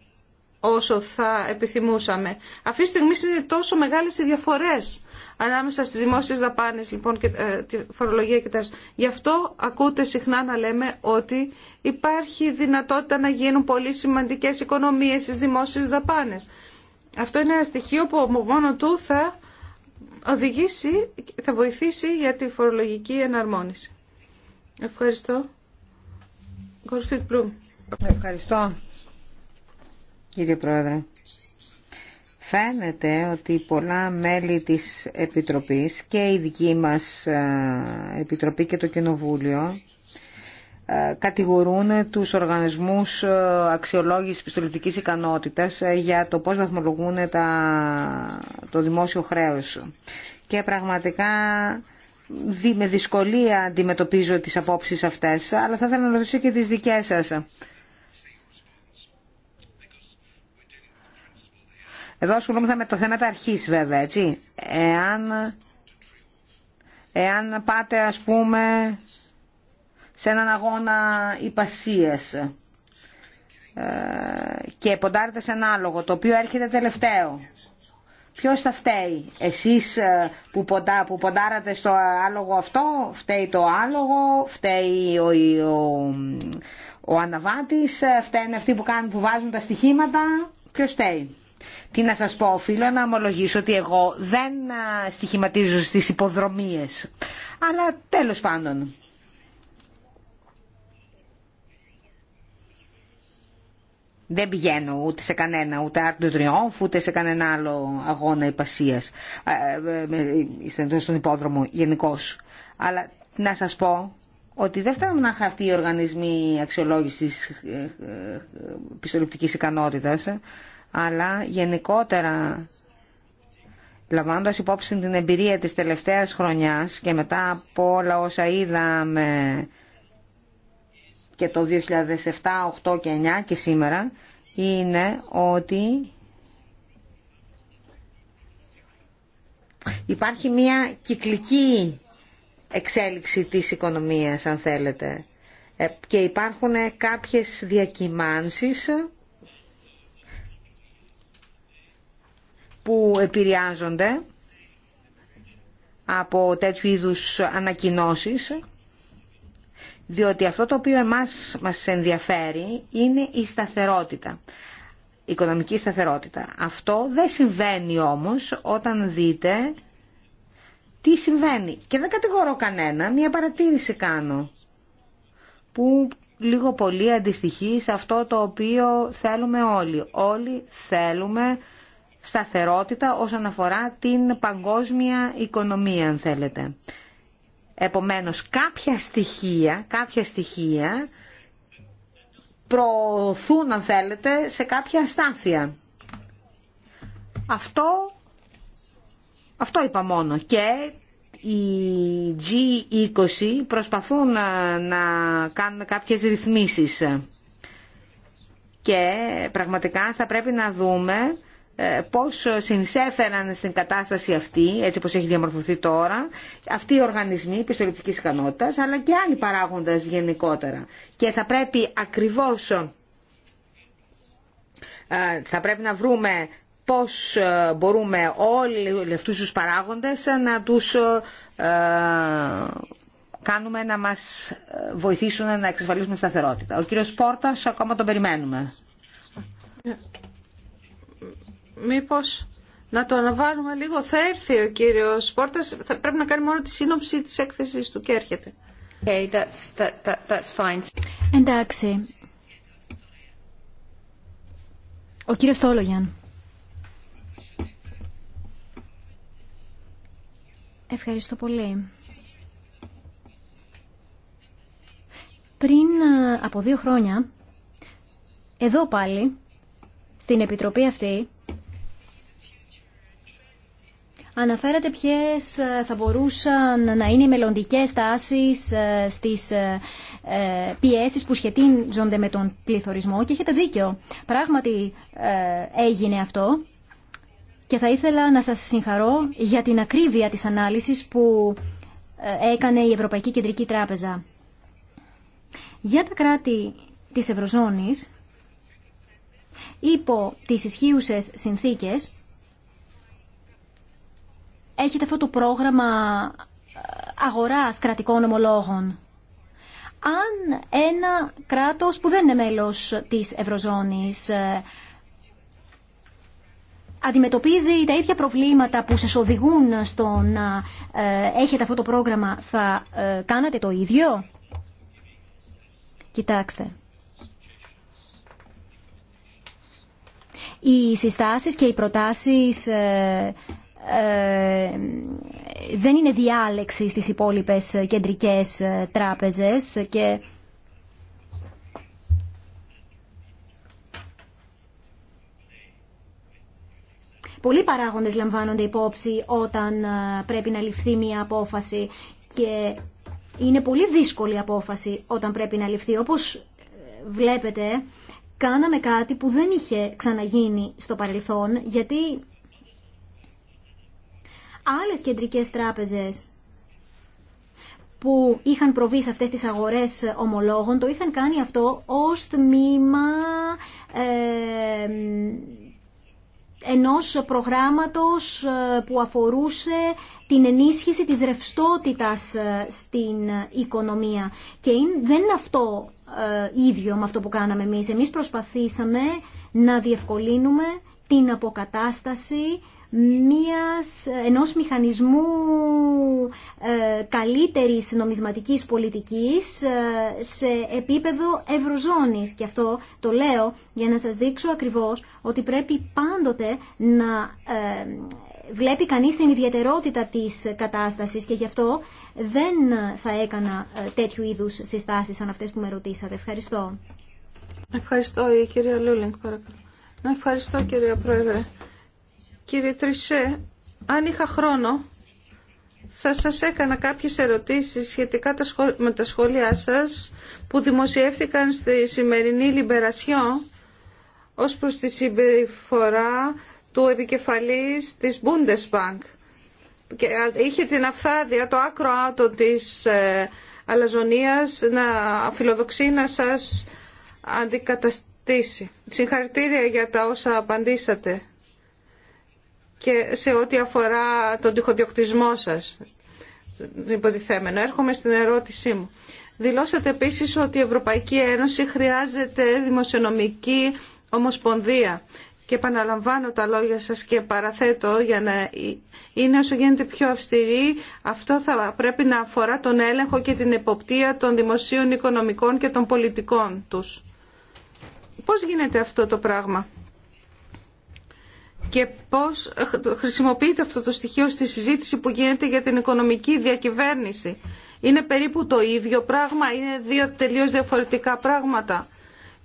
Speaker 3: όσο θα επιθυμούσαμε. Αυτή τη στιγμή είναι τόσο μεγάλες οι διαφορές ανάμεσα στις δημόσιες δαπάνες λοιπόν και ε, τη φορολογία και τα Γι' αυτό ακούτε συχνά να λέμε ότι υπάρχει δυνατότητα να γίνουν πολύ σημαντικές οικονομίες στις δημόσιες δαπάνες. Αυτό είναι ένα στοιχείο που μόνο του θα οδηγήσει, θα βοηθήσει για τη φορολογική εναρμόνιση. Ευχαριστώ.
Speaker 4: Ευχαριστώ κύριε Πρόεδρε φαίνεται ότι πολλά μέλη της Επιτροπής και η δική μας ε, Επιτροπή και το Κοινοβούλιο ε, κατηγορούν τους οργανισμούς ε, αξιολόγησης πιστοληπτικής ικανότητας για το πώς βαθμολογούν τα, το δημόσιο χρέος. Και πραγματικά με δυσκολία αντιμετωπίζω τις απόψεις αυτές, αλλά θα ήθελα να ρωτήσω και τις δικές σας. Εδώ ασχολούμαστε με το θέμα τα αρχής βέβαια, έτσι. Εάν, εάν πάτε ας πούμε σε έναν αγώνα υπασίες ε, και ποντάρετε σε ένα άλογο το οποίο έρχεται τελευταίο ποιος θα φταίει εσείς ε, που, ποντά, ποντάρατε στο άλογο αυτό φταίει το άλογο φταίει ο, ο, ο αναβάτης ε, φταίνε αυτοί που, κάνουν, που βάζουν τα στοιχήματα ποιος φταίει τι να σας πω, οφείλω να ομολογήσω ότι εγώ δεν στοιχηματίζω στις υποδρομίες. Αλλά τέλος πάντων. Δεν πηγαίνω ούτε σε κανένα, ούτε Άρτου Τριόμφ ούτε σε κανένα άλλο αγώνα υπασίας ε, στον υπόδρομο γενικώ. Αλλά να σας πω ότι δεν φτάνουν να χαρτί οι οργανισμοί αξιολόγησης ε, ε, πιστοληπτικής ικανότητας αλλά γενικότερα λαμβάνοντας υπόψη την εμπειρία της τελευταίας χρονιάς και μετά από όλα όσα είδαμε και το 2007, 2008 και 2009 και σήμερα, είναι ότι υπάρχει μια κυκλική εξέλιξη της οικονομίας, αν θέλετε, ε, και υπάρχουν κάποιες διακυμάνσεις που επηρεάζονται από τέτοιου είδους ανακοινώσεις διότι αυτό το οποίο εμάς μας ενδιαφέρει είναι η σταθερότητα, η οικονομική σταθερότητα. Αυτό δεν συμβαίνει όμως όταν δείτε τι συμβαίνει. Και δεν κατηγορώ κανένα, μια παρατήρηση κάνω που λίγο πολύ αντιστοιχεί σε αυτό το οποίο θέλουμε όλοι. Όλοι θέλουμε σταθερότητα όσον αφορά την παγκόσμια οικονομία, αν θέλετε. Επομένως, κάποια στοιχεία, κάποια στοιχεία προωθούν, αν θέλετε, σε κάποια αστάθεια. Αυτό, αυτό είπα μόνο. Και οι G20 προσπαθούν ε, να κάνουν κάποιες ρυθμίσεις. Και πραγματικά θα πρέπει να δούμε ε, πώς συνεισέφεραν στην κατάσταση αυτή, έτσι όπως έχει διαμορφωθεί τώρα, αυτοί οι οργανισμοί πιστοληπτικής ικανότητας, αλλά και άλλοι παράγοντες γενικότερα. Και θα πρέπει ακριβώς ε, θα πρέπει να βρούμε πώς ε, μπορούμε όλοι αυτούς τους παράγοντες να τους κάνουμε να μας βοηθήσουν να εξασφαλίσουμε σταθερότητα. Ο κύριος Πόρτας ακόμα τον περιμένουμε
Speaker 3: μήπως να το αναβάλουμε λίγο. Θα έρθει ο κύριος Πόρτας, θα πρέπει να κάνει μόνο τη σύνοψη της έκθεσης του και έρχεται. Okay, that's, that, that, that's
Speaker 2: fine. Εντάξει. Ο κύριος Τόλογιαν. Ευχαριστώ πολύ. Πριν ε, από δύο χρόνια, εδώ πάλι, στην Επιτροπή αυτή, Αναφέρατε ποιε ε, θα μπορούσαν να είναι οι μελλοντικέ τάσει ε, στις ε, πιέσει που σχετίζονται με τον πληθωρισμό και έχετε δίκιο. Πράγματι έγινε αυτό και θα ήθελα να σας συγχαρώ για την ακρίβεια της ανάλυσης που έκανε η Ευρωπαϊκή Κεντρική Τράπεζα. Για τα κράτη της Ευρωζώνης, υπό τις ισχύουσες συνθήκες, έχετε αυτό το πρόγραμμα ε, αγοράς κρατικών ομολόγων. Αν ένα κράτος που δεν είναι μέλος της Ευρωζώνης ε, αντιμετωπίζει τα ίδια προβλήματα που σας οδηγούν στο να ε, έχετε αυτό το πρόγραμμα, θα κάνατε το ίδιο. Κοιτάξτε. Οι συστάσεις και οι προτάσεις ε, δεν είναι διάλεξη στις υπόλοιπες κεντρικές ε, τράπεζες και πολλοί παράγοντες λαμβάνονται υπόψη όταν ε, πρέπει να ληφθεί μια απόφαση και είναι πολύ δύσκολη απόφαση όταν πρέπει να ληφθεί. Όπως βλέπετε, κάναμε κάτι που δεν είχε ξαναγίνει στο παρελθόν, γιατί άλλες κεντρικές τράπεζες που είχαν προβεί σε αυτές τις αγορές ομολόγων, το είχαν κάνει αυτό ως τμήμα ε, ενός προγράμματος ε, που αφορούσε την ενίσχυση της ρευστότητας ε, στην οικονομία. Και δεν είναι αυτό ε, ίδιο με αυτό που κάναμε εμείς. Εμείς προσπαθήσαμε να διευκολύνουμε την αποκατάσταση μιας, ενός μηχανισμού ε, καλύτερης νομισματικής πολιτικής ε, σε επίπεδο ευρωζώνης. Και αυτό το λέω για να σας δείξω ακριβώς ότι πρέπει πάντοτε να ε, βλέπει κανείς την ιδιαιτερότητα της κατάστασης και γι' αυτό δεν θα έκανα ε, τέτοιου είδους συστάσεις σαν αυτές που με ρωτήσατε. Ευχαριστώ. Ευχαριστώ η κυρία Λούλινγκ παρακαλώ. Ευχαριστώ
Speaker 3: κυρία Πρόεδρε. Κύριε Τρισέ, αν είχα χρόνο, θα σας έκανα κάποιες ερωτήσεις σχετικά με τα σχόλιά σας που δημοσιεύτηκαν στη σημερινή Λιμπερασιό ως προς τη συμπεριφορά του επικεφαλής της Bundesbank. Και είχε την αυθάδεια, το άκρο άτο της ε, αλαζονίας να φιλοδοξεί να σας αντικαταστήσει. Συγχαρητήρια για τα όσα απαντήσατε και σε ό,τι αφορά τον τυχοδιοκτισμό σας. Υποτιθέμενο. Έρχομαι στην ερώτησή μου. Δηλώσατε επίσης ότι η Ευρωπαϊκή Ένωση χρειάζεται δημοσιονομική ομοσπονδία. Και επαναλαμβάνω τα λόγια σας και παραθέτω για να είναι όσο γίνεται πιο αυστηρή. Αυτό θα πρέπει να αφορά τον έλεγχο και την εποπτεία των δημοσίων οικονομικών και των πολιτικών τους. Πώς γίνεται αυτό το πράγμα και πώς χρησιμοποιείται αυτό το στοιχείο στη συζήτηση που γίνεται για την οικονομική διακυβέρνηση. Είναι περίπου το ίδιο πράγμα, είναι δύο τελείως διαφορετικά πράγματα.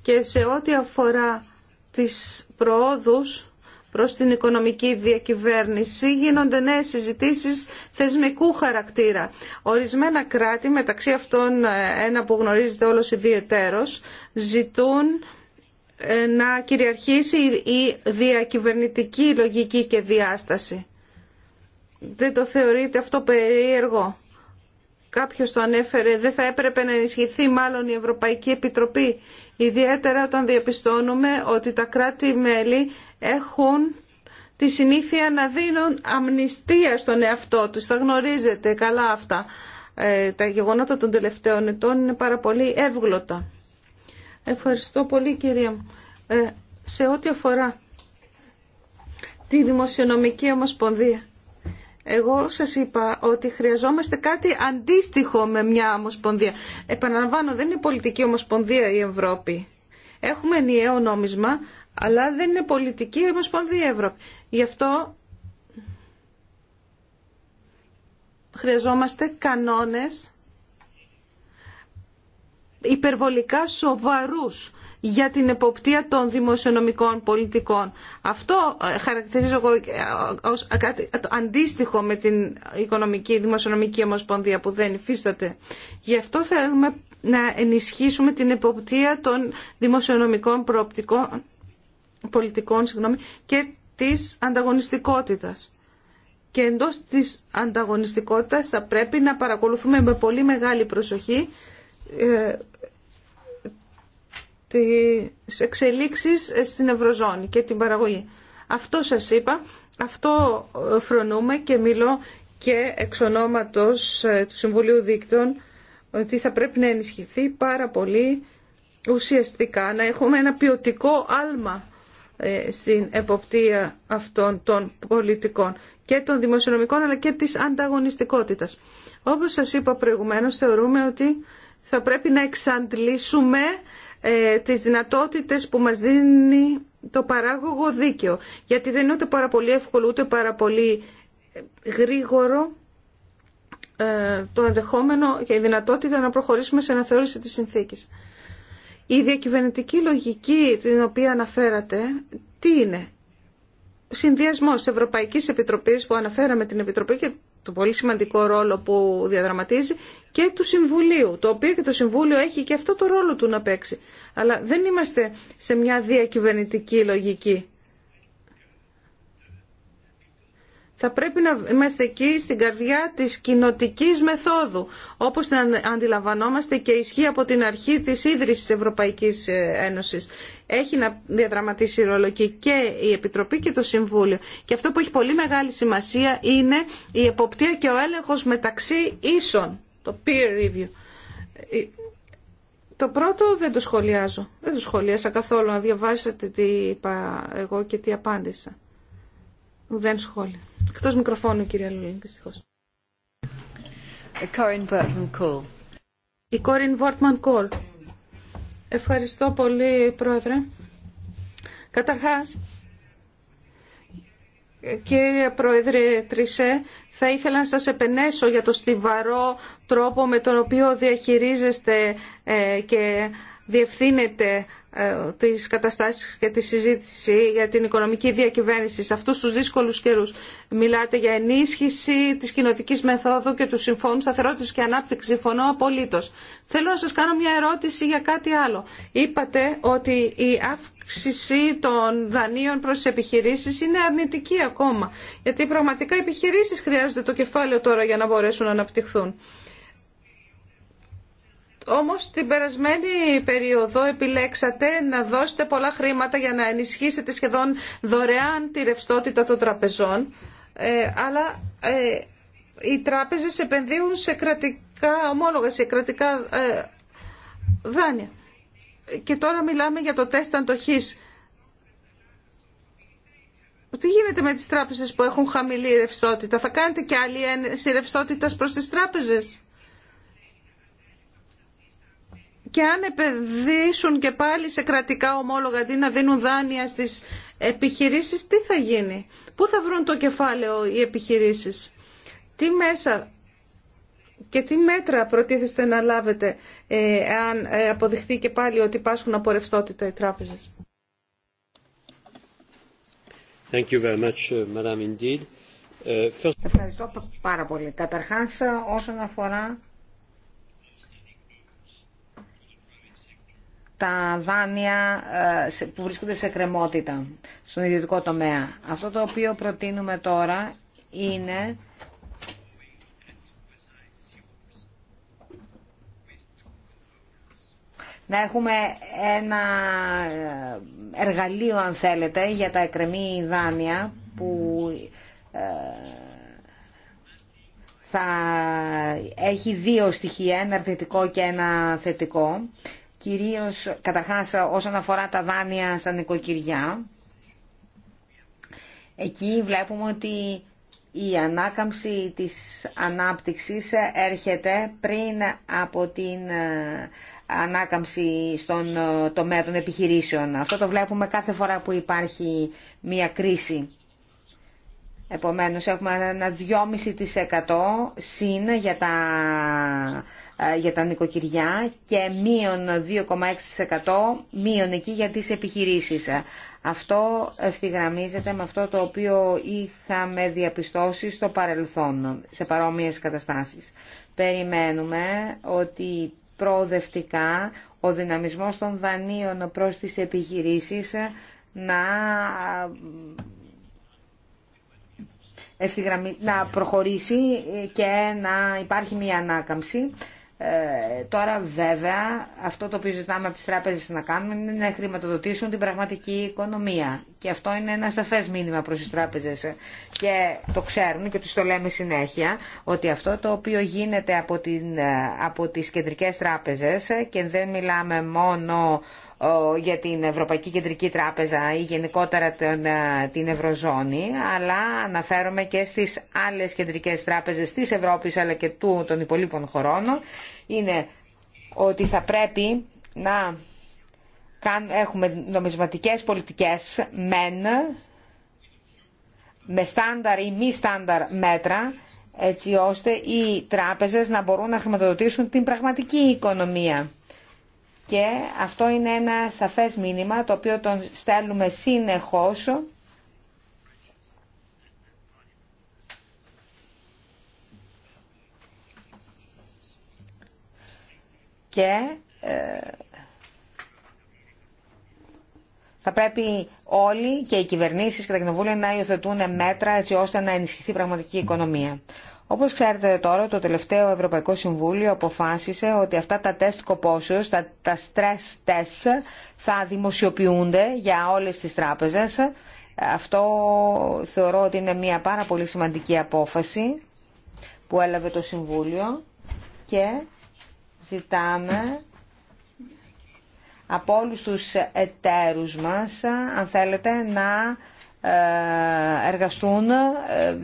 Speaker 3: Και σε ό,τι αφορά τις προόδους προς την οικονομική διακυβέρνηση γίνονται νέες συζητήσεις θεσμικού χαρακτήρα. Ορισμένα κράτη, μεταξύ αυτών ε, ένα που γνωρίζετε όλος ιδιαιτέρως, ζητούν ε, να κυριαρχήσει η διακυβερνητική λογική και διάσταση. Δεν το θεωρείτε αυτό περίεργο. Κάποιος το ανέφερε, δεν θα έπρεπε να ενισχυθεί μάλλον η Ευρωπαϊκή Επιτροπή, ιδιαίτερα όταν διαπιστώνουμε ότι τα κράτη-μέλη έχουν τη συνήθεια να δίνουν αμνηστία στον εαυτό τους. Θα γνωρίζετε καλά αυτά. Ε, τα γεγονότα των τελευταίων ετών είναι πάρα πολύ εύγλωτα. Ευχαριστώ πολύ κυρία μου. Ε, σε ό,τι αφορά τη Δημοσιονομική Ομοσπονδία. Εγώ σας είπα ότι χρειαζόμαστε κάτι αντίστοιχο με μια ομοσπονδία. Επαναλαμβάνω, δεν είναι πολιτική ομοσπονδία η Ευρώπη. Έχουμε ενιαίο νόμισμα, αλλά δεν είναι πολιτική ομοσπονδία η Ευρώπη. Γι' αυτό χρειαζόμαστε κανόνες υπερβολικά σοβαρούς για την εποπτεία των δημοσιονομικών πολιτικών. Αυτό ε, χαρακτηρίζω εγώ ε, ως αντίστοιχο με την οικονομική δημοσιονομική ομοσπονδία που δεν υφίσταται. Γι' αυτό θέλουμε να ενισχύσουμε την εποπτεία των δημοσιονομικών πολιτικών συγγνώμη, και της ανταγωνιστικότητας. Και εντός της ανταγωνιστικότητας θα πρέπει να παρακολουθούμε με πολύ μεγάλη προσοχή ε, τις εξελίξεις στην Ευρωζώνη και την παραγωγή. Αυτό σας είπα, αυτό ε, φρονούμε και μιλώ και εξ ονόματος ε, του Συμβουλίου Δίκτων ότι θα πρέπει να ενισχυθεί πάρα πολύ ουσιαστικά να έχουμε ένα ποιοτικό άλμα στην εποπτεία αυτών των πολιτικών και των δημοσιονομικών αλλά και της ανταγωνιστικότητας. Όπως σας είπα προηγουμένως θεωρούμε ότι θα πρέπει να εξαντλήσουμε ε, τις δυνατότητες που μας δίνει το παράγωγο δίκαιο. Γιατί δεν είναι ούτε πάρα πολύ εύκολο, ούτε πάρα πολύ ε, γρήγορο ε, το ενδεχόμενο και η δυνατότητα να προχωρήσουμε σε αναθεώρηση της συνθήκης. Η διακυβερνητική λογική την οποία αναφέρατε, τι είναι. Συνδυασμός Ευρωπαϊκής Επιτροπής που αναφέραμε την Επιτροπή και το πολύ σημαντικό ρόλο που διαδραματίζει και του Συμβουλίου, το οποίο και το Συμβούλιο έχει και αυτό το ρόλο του να παίξει. Αλλά δεν είμαστε σε μια διακυβερνητική λογική. θα πρέπει να είμαστε εκεί στην καρδιά της κοινοτική μεθόδου, όπως την αντιλαμβανόμαστε και ισχύει από την αρχή της ίδρυσης Ευρωπαϊκής ε, Ένωσης. Έχει να διαδραματίσει ρόλο και, και η Επιτροπή και το Συμβούλιο. Και αυτό που έχει πολύ μεγάλη σημασία είναι η εποπτεία και ο έλεγχος μεταξύ ίσων, το peer review. Ε, το πρώτο δεν το σχολιάζω. Δεν το σχολιάσα καθόλου, να διαβάσετε τι είπα εγώ και τι απάντησα. Ουδέν σχόλια. Εκτός μικροφώνου, κυρία Λούλη, δυστυχώς. Ε, Η Κόριν Βόρτμαν Κόλ. Ευχαριστώ πολύ, Πρόεδρε. Καταρχάς, ε, κύριε Πρόεδρε Τρισέ, θα ήθελα να σας επενέσω για το στιβαρό τρόπο με τον οποίο διαχειρίζεστε ε, και διευθύνεται ε, τις καταστάσεις και τη συζήτηση για την οικονομική διακυβέρνηση σε αυτούς τους δύσκολους καιρούς. Μιλάτε για ενίσχυση της κοινοτική μεθόδου και του Συμφώνου Σταθερότητας και Ανάπτυξη. Συμφωνώ απολύτως. Θέλω να σας κάνω μια ερώτηση για κάτι άλλο. Είπατε ότι η αύξηση των δανείων προς τι επιχειρήσεις είναι αρνητική ακόμα. Γιατί πραγματικά οι επιχειρήσεις χρειάζονται το κεφάλαιο τώρα για να μπορέσουν να αναπτυχθούν. Όμως την περασμένη περίοδο επιλέξατε να δώσετε πολλά χρήματα για να ενισχύσετε σχεδόν δωρεάν τη ρευστότητα των τραπεζών, ε, αλλά ε, οι τράπεζες επενδύουν σε κρατικά ομόλογα, σε κρατικά ε, δάνεια. Και τώρα μιλάμε για το τεστ αντοχής. Τι γίνεται με τις τράπεζες που έχουν χαμηλή ρευστότητα. Θα κάνετε και άλλη ένεση ρευστότητας προς τις τράπεζες. και αν επενδύσουν και πάλι σε κρατικά ομόλογα αντί να δίνουν δάνεια στις επιχειρήσεις, τι θα γίνει. Πού θα βρουν το κεφάλαιο οι επιχειρήσεις. Τι μέσα και τι μέτρα προτίθεστε να λάβετε ε, αν ε, αποδειχθεί και πάλι ότι πάσχουν από ρευστότητα οι τράπεζες.
Speaker 1: Thank uh, uh,
Speaker 4: Ευχαριστώ πάρα πολύ. Καταρχάς ε, όσον αφορά τα δάνεια ε, που βρίσκονται σε κρεμότητα στον ιδιωτικό τομέα. Αυτό το οποίο προτείνουμε τώρα είναι να έχουμε ένα ε, εργαλείο, αν θέλετε, για τα εκρεμή δάνεια που ε, θα έχει δύο στοιχεία, ένα αρνητικό και ένα θετικό κυρίως καταρχάς όσον αφορά τα δάνεια στα νοικοκυριά. Εκεί βλέπουμε ότι η ανάκαμψη της ανάπτυξης έρχεται πριν από την ε, ανάκαμψη στον ε, τομέα των επιχειρήσεων. Αυτό το βλέπουμε κάθε φορά που υπάρχει μια κρίση. Επομένως έχουμε ένα 2,5% συν για τα, ε, για τα νοικοκυριά και μείον 2,6% μείον εκεί για τις επιχειρήσεις. Αυτό ευθυγραμμίζεται με αυτό το οποίο είχαμε διαπιστώσει στο παρελθόν σε παρόμοιες καταστάσεις. Περιμένουμε ότι προοδευτικά ο δυναμισμός των δανείων προς τις επιχειρήσεις να να προχωρήσει και να υπάρχει μια ανάκαμψη. Ε, τώρα βέβαια αυτό το οποίο ζητάμε από τις τράπεζες να κάνουν είναι να χρηματοδοτήσουν την πραγματική οικονομία και αυτό είναι ένα σαφές μήνυμα προς τις τράπεζες και το ξέρουν και τους το λέμε συνέχεια ότι αυτό το οποίο γίνεται από, την, ε, από τις κεντρικές τράπεζες ε, και δεν μιλάμε μόνο για την Ευρωπαϊκή Κεντρική Τράπεζα ή γενικότερα ε, την Ευρωζώνη, αλλά αναφέρομαι και στις άλλες κεντρικές τράπεζες της Ευρώπης αλλά και του, των υπολείπων χωρών, είναι ότι θα πρέπει να έχουμε νομισματικές πολιτικές μεν, με στάνταρ ή μη στάνταρ μέτρα, έτσι ώστε οι τράπεζες να μπορούν να χρηματοδοτήσουν την πραγματική οικονομία και αυτό είναι ένα σαφές μήνυμα το οποίο τον στέλνουμε συνεχώς και ε, θα πρέπει όλοι και οι κυβερνήσεις και τα κοινοβούλια να υιοθετούν μέτρα έτσι ώστε να ενισχυθεί η πραγματική οικονομία. Όπως ξέρετε τώρα, το τελευταίο Ευρωπαϊκό Συμβούλιο αποφάσισε ότι αυτά τα τεστ κοπόσεως, τα, stress tests, θα δημοσιοποιούνται για όλες τις τράπεζες. Αυτό θεωρώ ότι είναι μια πάρα πολύ σημαντική απόφαση που έλαβε το Συμβούλιο και ζητάμε από όλους τους εταίρους μας, αν θέλετε, να ε, εργαστούν ε,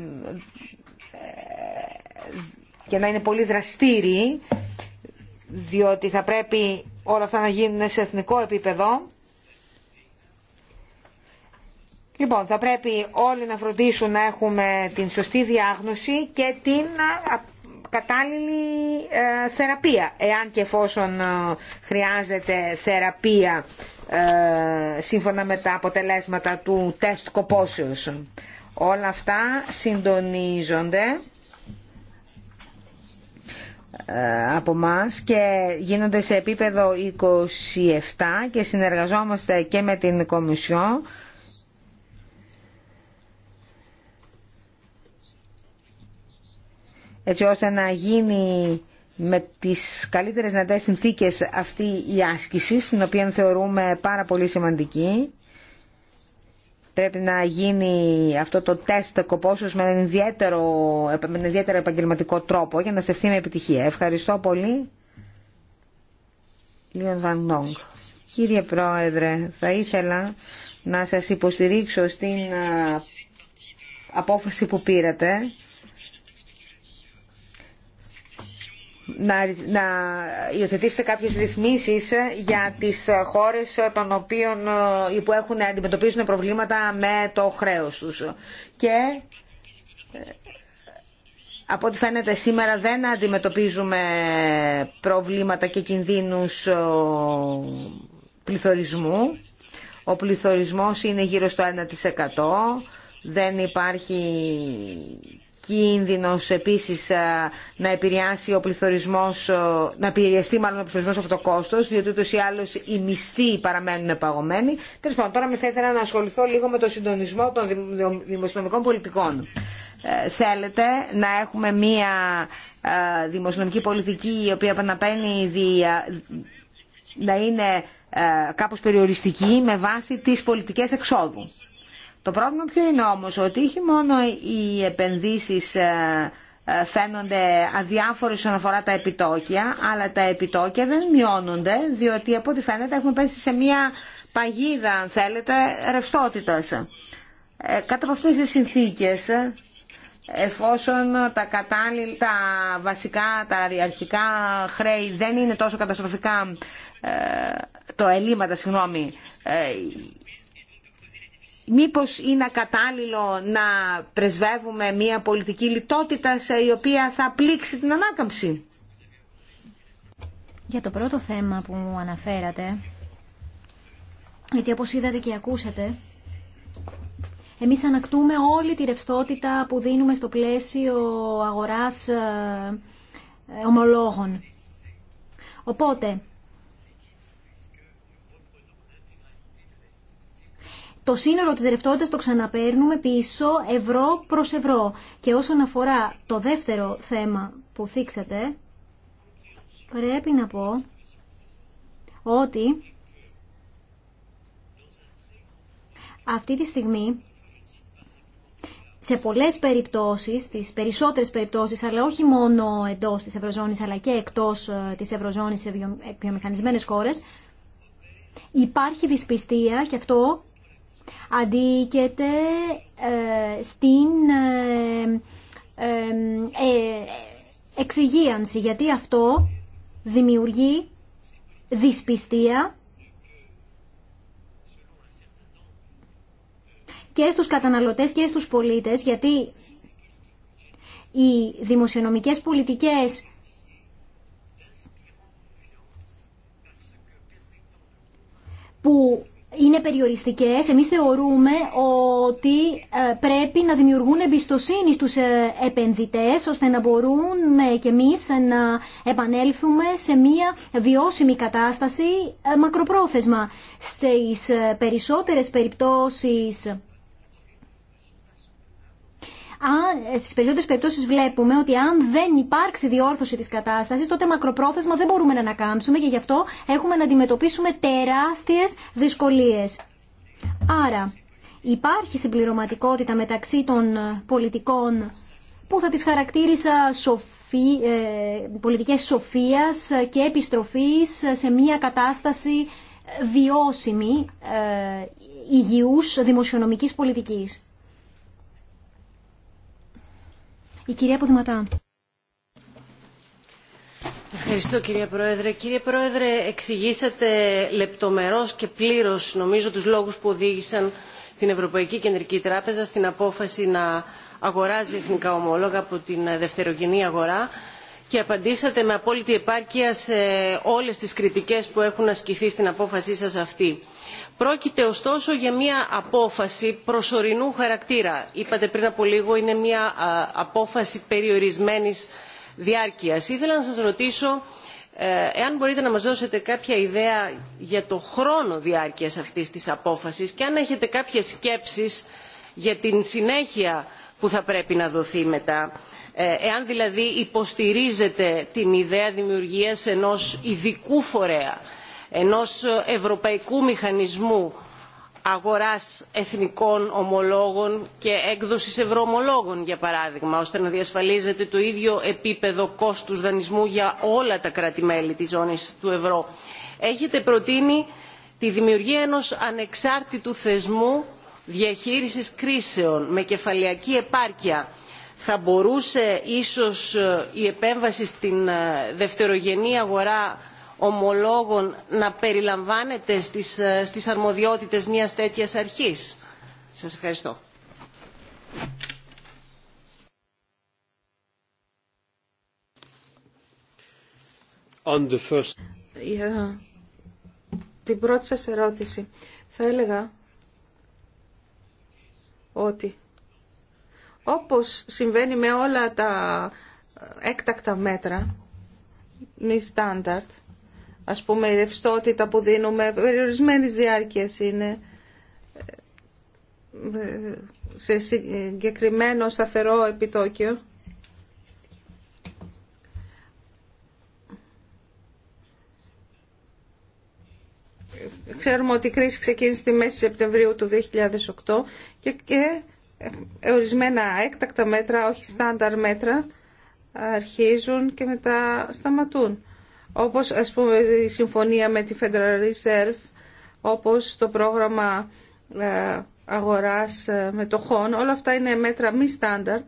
Speaker 4: και να είναι πολύ δραστήριοι, διότι θα πρέπει όλα αυτά να γίνουν σε εθνικό επίπεδο. Λοιπόν, θα πρέπει όλοι να φροντίσουν να έχουμε την σωστή διάγνωση και την κατάλληλη ε, θεραπεία, εάν και εφόσον ε, χρειάζεται θεραπεία ε, σύμφωνα με τα αποτελέσματα του τεστ κοπόσεως. Όλα αυτά συντονίζονται ε, από μας και γίνονται σε επίπεδο 27 και συνεργαζόμαστε και με την Κομισιό. έτσι ώστε να γίνει με τις καλύτερες δυνατές συνθήκες αυτή η άσκηση, την οποία θεωρούμε πάρα πολύ σημαντική πρέπει να γίνει αυτό το τεστ κοπόσεως με, έναν ιδιαίτερο επαγγελματικό τρόπο για να στεφθεί με επιτυχία. Ευχαριστώ πολύ. Λίον Βαν Κύριε Πρόεδρε, θα ήθελα να σας υποστηρίξω στην απόφαση που πήρατε να, να υιοθετήσετε κάποιες ρυθμίσεις για τις χώρες των οποίων, ε, που έχουν, αντιμετωπίζουν προβλήματα με το χρέος τους. Και ε, από ό,τι φαίνεται σήμερα δεν αντιμετωπίζουμε προβλήματα και κινδύνους ε, πληθωρισμού. Ο πληθωρισμός είναι γύρω στο 1%. Δεν υπάρχει κίνδυνος επίσης να επηρεάσει ο πληθωρισμός, να επηρεαστεί μάλλον ο πληθωρισμός από το κόστος, διότι ούτως ή άλλως οι μισθοί παραμένουν παγωμένοι. Τέλος πάντων, τώρα θα ήθελα να ασχοληθώ λίγο με το συντονισμό των δημοσιονομικών πολιτικών. Ε, θέλετε να έχουμε μία ε, δημοσιονομική πολιτική η οποία να, δια, ε, να είναι ε, κάπως περιοριστική με βάση τις πολιτικές εξόδου. Το πρόβλημα ποιο είναι όμως, ότι όχι μόνο οι επενδύσεις ε, ε, φαίνονται αδιάφορες όσον αφορά τα επιτόκια, αλλά τα επιτόκια δεν μειώνονται, διότι από ό,τι φαίνεται έχουμε πέσει σε μια παγίδα, αν θέλετε, ρευστότητας. Ε, κάτω από αυτές τις συνθήκες, εφόσον τα κατάλληλα, τα βασικά, τα αρχικά χρέη δεν είναι τόσο καταστροφικά, το ελλείμματα, συγγνώμη, μήπως είναι κατάλληλο να πρεσβεύουμε μια πολιτική λιτότητα η οποία θα πλήξει
Speaker 2: την ανάκαμψη. Για το πρώτο θέμα που μου αναφέρατε, γιατί όπως είδατε και ακούσατε, εμείς ανακτούμε όλη τη ρευστότητα που δίνουμε στο πλαίσιο αγοράς ε, ομολόγων. Οπότε, το σύνολο της ρευτότητας το ξαναπαίρνουμε πίσω ευρώ προς ευρώ. Και όσον αφορά το δεύτερο θέμα που θίξατε, πρέπει να πω ότι αυτή τη στιγμή σε πολλές περιπτώσεις, τις περισσότερες περιπτώσεις, αλλά όχι μόνο εντός της Ευρωζώνης, αλλά και εκτός ε, της Ευρωζώνης σε ε, βιομηχανισμένες χώρες, υπάρχει δυσπιστία και αυτό αντίκεται ε, στην ε, ε, εξυγίανση, γιατί αυτό δημιουργεί δυσπιστία και στους καταναλωτές και στους πολίτες, γιατί οι δημοσιονομικές πολιτικές που είναι περιοριστικές, εμείς θεωρούμε ότι ε, πρέπει να δημιουργούν εμπιστοσύνη στους ε, επενδυτές ώστε να μπορούμε και εμείς να επανέλθουμε σε μια βιώσιμη κατάσταση ε, μακροπρόθεσμα. Στις περισσότερες περιπτώσεις αν, ε, στις περιπτώσει βλέπουμε ότι αν δεν υπάρξει διόρθωση της κατάστασης, τότε μακροπρόθεσμα δεν μπορούμε να ανακάμψουμε και γι' αυτό έχουμε να αντιμετωπίσουμε τεράστιες δυσκολίες. Άρα, υπάρχει συμπληρωματικότητα μεταξύ των ε, πολιτικών που θα τις χαρακτήρισα σοφή, ε, πολιτικές σοφίας και επιστροφής σε μια κατάσταση βιώσιμη υγιούς δημοσιονομικής πολιτικής. Η κυρία Ποδηματά.
Speaker 5: Ευχαριστώ κυρία Πρόεδρε. Κύριε Πρόεδρε, εξηγήσατε λεπτομερώς και πλήρως νομίζω τους λόγους που οδήγησαν την Ευρωπαϊκή Κεντρική Τράπεζα στην απόφαση να αγοράζει εθνικά ομόλογα από την δευτερογενή αγορά και απαντήσατε με απόλυτη επάρκεια σε όλες τις κριτικές που έχουν ασκηθεί στην απόφασή σας αυτή Πρόκειται ωστόσο για μια απόφαση προσωρινού χαρακτήρα. Είπατε πριν από λίγο είναι μια απόφαση περιορισμένης διάρκειας. Ήθελα να σας ρωτήσω ε, εάν μπορείτε να μας δώσετε κάποια ιδέα για το χρόνο διάρκειας αυτής της απόφασης και αν έχετε κάποιες σκέψεις για την συνέχεια που θα πρέπει να δοθεί μετά ε, εάν δηλαδή υποστηρίζετε την ιδέα δημιουργίας ενός ειδικού φορέα ενός ευρωπαϊκού μηχανισμού αγοράς εθνικών ομολόγων και έκδοσης ευρωομολόγων για παράδειγμα ώστε να διασφαλίζεται το ίδιο επίπεδο κόστους δανεισμού για όλα τα κράτη μέλη της ζώνης του ευρώ. έχετε προτείνει τη δημιουργία ενός ανεξάρτητου θεσμού διαχείρισης κρίσεων με κεφαλαιακή επάρκεια. θα μπορούσε ίσως η επέμβαση στην δευτερογενή αγορά ομολόγων να περιλαμβάνεται στις, ε, στις αρμοδιότητες μιας τέτοιας αρχής. Σας ευχαριστώ.
Speaker 1: the
Speaker 3: Την πρώτη σας ερώτηση. Θα έλεγα ότι όπως συμβαίνει με όλα τα έκτακτα μέτρα, μη στάνταρτ, Ας πούμε η ρευστότητα που δίνουμε περιορισμένης διάρκεια είναι ε, σε συγκεκριμένο σταθερό επιτόκιο. Ξέρουμε ότι η κρίση ξεκίνησε τη μέση Σεπτεμβρίου του 2008 και, και ε, ορισμένα έκτακτα μέτρα, όχι στάνταρ μέτρα, αρχίζουν και μετά σταματούν όπως ας πούμε η συμφωνία με τη Federal Reserve, όπως το πρόγραμμα ε, αγοράς ε, μετοχών, όλα αυτά είναι μέτρα μη στάνταρτ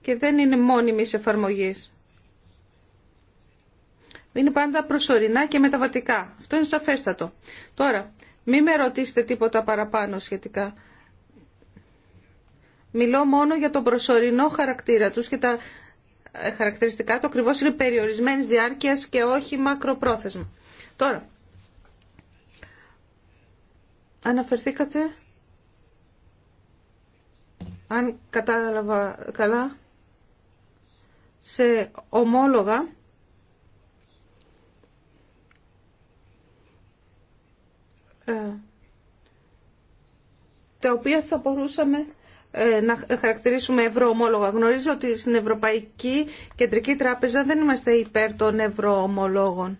Speaker 3: και δεν είναι μόνιμης εφαρμογής. Είναι πάντα προσωρινά και μεταβατικά. Αυτό είναι σαφέστατο. Τώρα, μην με ρωτήσετε τίποτα παραπάνω σχετικά. Μιλώ μόνο για τον προσωρινό χαρακτήρα τους και τα χαρακτηριστικά του ακριβώς είναι περιορισμένης διάρκειας και όχι μακροπρόθεσμα. Τώρα, αναφερθήκατε, αν κατάλαβα καλά, σε ομόλογα ε, τα οποία θα μπορούσαμε ε, να χαρακτηρίσουμε ευρωομόλογα. Γνωρίζω ότι στην Ευρωπαϊκή Κεντρική Τράπεζα δεν είμαστε υπέρ των ευρωομολόγων.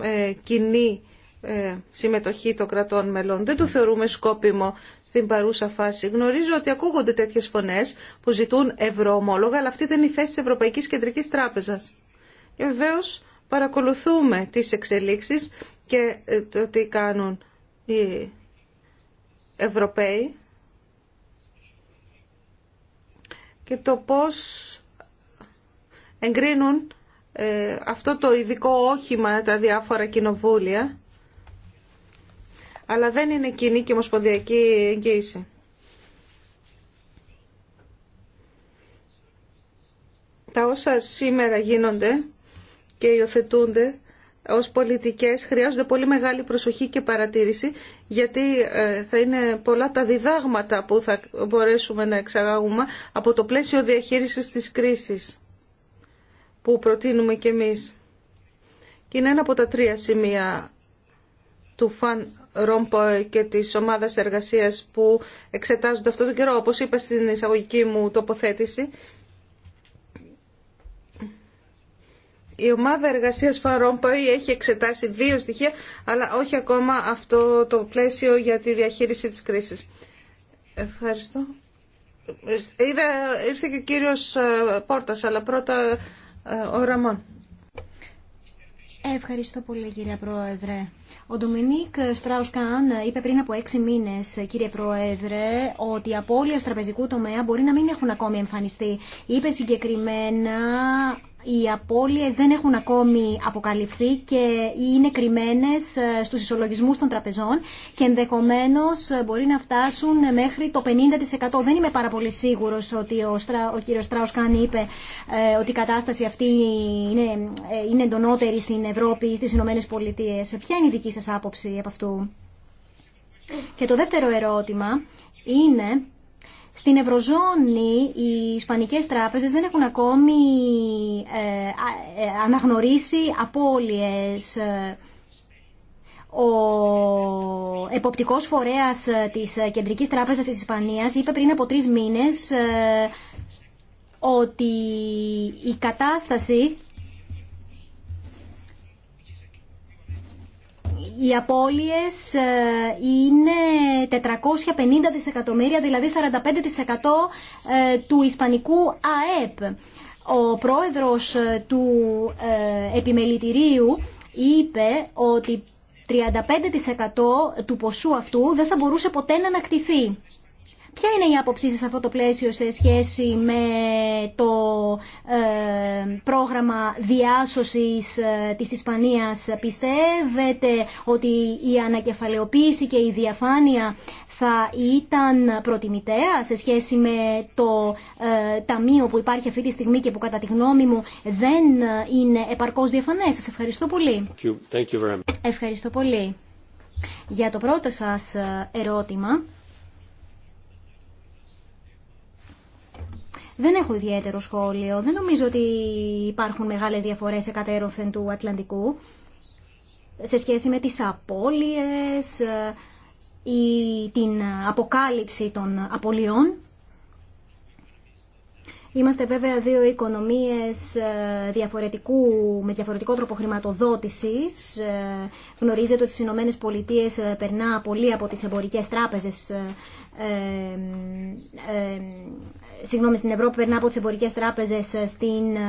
Speaker 3: Ε, ε κοινή ε, συμμετοχή των κρατών μελών. Δεν το θεωρούμε σκόπιμο στην παρούσα φάση. Γνωρίζω ότι ακούγονται τέτοιες φωνές που ζητούν ευρωομόλογα, αλλά αυτή δεν είναι η θέση της Ευρωπαϊκής Κεντρικής Τράπεζας. Και βεβαίω παρακολουθούμε τις εξελίξεις και το τι κάνουν οι Ευρωπαίοι και το πώς εγκρίνουν ε, αυτό το ειδικό όχημα τα διάφορα κοινοβούλια αλλά δεν είναι κοινή και ομοσπονδιακή εγγύηση. Τα όσα σήμερα γίνονται και υιοθετούνται ως πολιτικές χρειάζονται πολύ μεγάλη προσοχή και παρατήρηση γιατί ε, θα είναι πολλά τα διδάγματα που θα μπορέσουμε να εξαγάγουμε από το πλαίσιο διαχείρισης της κρίσης που προτείνουμε κι εμείς. Και είναι ένα από τα τρία σημεία του Φαν Ρόμπο και της ομάδας εργασίας που εξετάζονται αυτόν τον καιρό, όπως είπα στην εισαγωγική μου τοποθέτηση, Η ομάδα εργασίας Φαρόμπαϊ έχει εξετάσει δύο στοιχεία, αλλά όχι ακόμα αυτό το πλαίσιο για τη διαχείριση τη κρίση. Ευχαριστώ. Είδα, ήρθε και ο κύριο ε, Πόρτας, αλλά πρώτα ε, ο Ραμόν.
Speaker 2: Ευχαριστώ πολύ κύριε Πρόεδρε. Ο Ντομινίκ Στράουσκαν είπε πριν από έξι μήνε, κύριε Πρόεδρε, ότι οι απώλειε τραπεζικού τομέα μπορεί να μην έχουν ακόμη εμφανιστεί. Είπε συγκεκριμένα οι απώλειες δεν έχουν ακόμη αποκαλυφθεί και είναι κρυμμένες ε, στους ισολογισμούς των τραπεζών και ενδεχομένως ε, μπορεί να φτάσουν μέχρι το 50%. Δεν είμαι πάρα πολύ σίγουρος ότι ο, ο κύριος είπε ε, ότι η κατάσταση αυτή είναι, είναι εντονότερη στην Ευρώπη ή στις Ηνωμένες Πολιτείες. Ποια είναι η δική σας άποψη από αυτού. Και το δεύτερο ερώτημα είναι στην Ευρωζώνη οι Ισπανικές τράπεζες δεν έχουν ακόμη ε, ε, αναγνωρίσει απώλειες. Ο εποπτικός φορέας της Κεντρικής Τράπεζας της Ισπανίας είπε πριν από τρεις μήνες ε, ότι η κατάσταση οι απώλειες ε, είναι 450 δισεκατομμύρια, δηλαδή 45% ε, του ισπανικού ΑΕΠ. Ο πρόεδρος ε, του επιμελητηρίου είπε ότι 35% του ποσού αυτού δεν θα μπορούσε ποτέ να ανακτηθεί. Ποια είναι η άποψή σας σε αυτό το πλαίσιο σε σχέση με το ε, πρόγραμμα διάσωσης ε, της Ισπανίας. Πιστεύετε ότι η ανακεφαλαιοποίηση και η διαφάνεια θα ήταν προτιμητέα σε σχέση με το ε, ταμείο που υπάρχει αυτή τη στιγμή και που κατά τη γνώμη μου δεν είναι επαρκώς διαφανές. Σας ευχαριστώ πολύ.
Speaker 1: Thank you. Thank you very much.
Speaker 2: Ευχαριστώ πολύ. Για το πρώτο σας ερώτημα, Δεν έχω ιδιαίτερο σχόλιο. Δεν νομίζω ότι υπάρχουν μεγάλες διαφορές εκατέρωθεν του Ατλαντικού σε σχέση με τις απώλειες ε, ή την αποκάλυψη των απολειών. Είμαστε βέβαια δύο οικονομίες ε, διαφορετικού, με διαφορετικό τρόπο χρηματοδότησης. Ε, γνωρίζετε ότι στις Ηνωμένε Πολιτείε περνά πολύ από τις εμπορικές τράπεζες συγγνώμη, στην Ευρώπη περνά από τι εμπορικέ τράπεζες, ε, στην ε,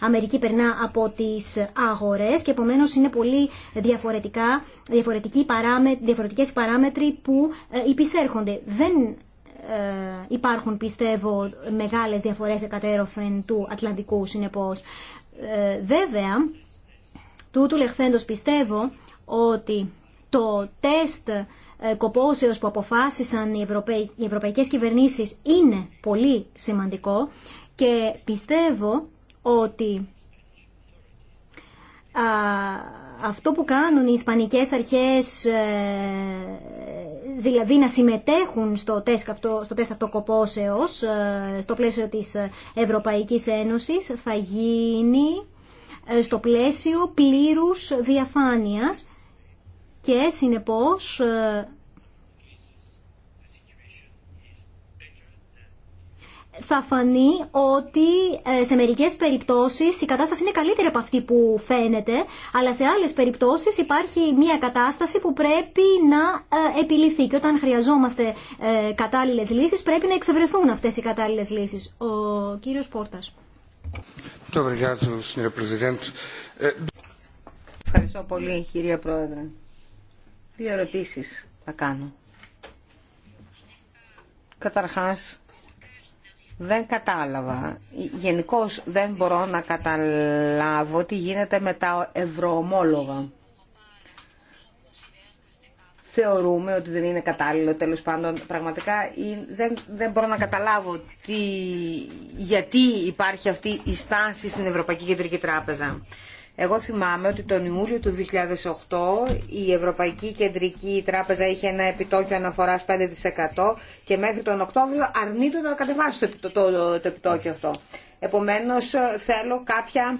Speaker 2: Αμερική περνά από τις άγορε και επομένως είναι πολύ διαφορετικά, διαφορετικοί διαφορετικές παράμετροι που ε, υπησέρχονται. Δεν υπάρχουν πιστεύω μεγάλες διαφορές εκατέρωθεν του Ατλαντικού συνεπώς. βέβαια, τούτου λεχθέντος πιστεύω ότι το τεστ ε, κοπόσεως που αποφάσισαν οι, οι ευρωπαϊκές κυβερνήσεις είναι πολύ σημαντικό και πιστεύω ότι αυτό που κάνουν οι Ισπανικές αρχές, ε, δηλαδή να συμμετέχουν στο τεστ αυτό, στο αυτό κοπόσεως, ε, στο πλαίσιο της Ευρωπαϊκής Ένωσης, θα γίνει στο πλαίσιο πλήρους διαφάνειας και συνεπώς θα φανεί ότι ε, σε μερικές περιπτώσεις η κατάσταση είναι καλύτερη από αυτή που φαίνεται, αλλά σε άλλες περιπτώσεις υπάρχει μια κατάσταση που πρέπει να ε, επιληθεί και όταν χρειαζόμαστε ε, κατάλληλε λύσεις πρέπει να εξευρεθούν αυτές οι κατάλληλε λύσεις. Ο κύριος Πόρτας.
Speaker 4: Ευχαριστώ πολύ κυρία Πρόεδρε. Δύο ερωτήσει θα κάνω. Καταρχάς, δεν κατάλαβα. Γενικώ δεν μπορώ να καταλάβω τι γίνεται με τα ευρωομόλογα. Θεωρούμε ότι δεν είναι κατάλληλο τέλος πάντων. Πραγματικά δεν, δεν μπορώ να καταλάβω τι, γιατί υπάρχει αυτή η στάση στην Ευρωπαϊκή Κεντρική Τράπεζα. Εγώ θυμάμαι ότι τον Ιούλιο του 2008 η Ευρωπαϊκή Κεντρική Τράπεζα είχε ένα επιτόκιο αναφοράς 5% και μέχρι τον Οκτώβριο αρνείται να κατεβάσει το, το, επιτόκιο αυτό. Επομένως ε, θέλω κάποια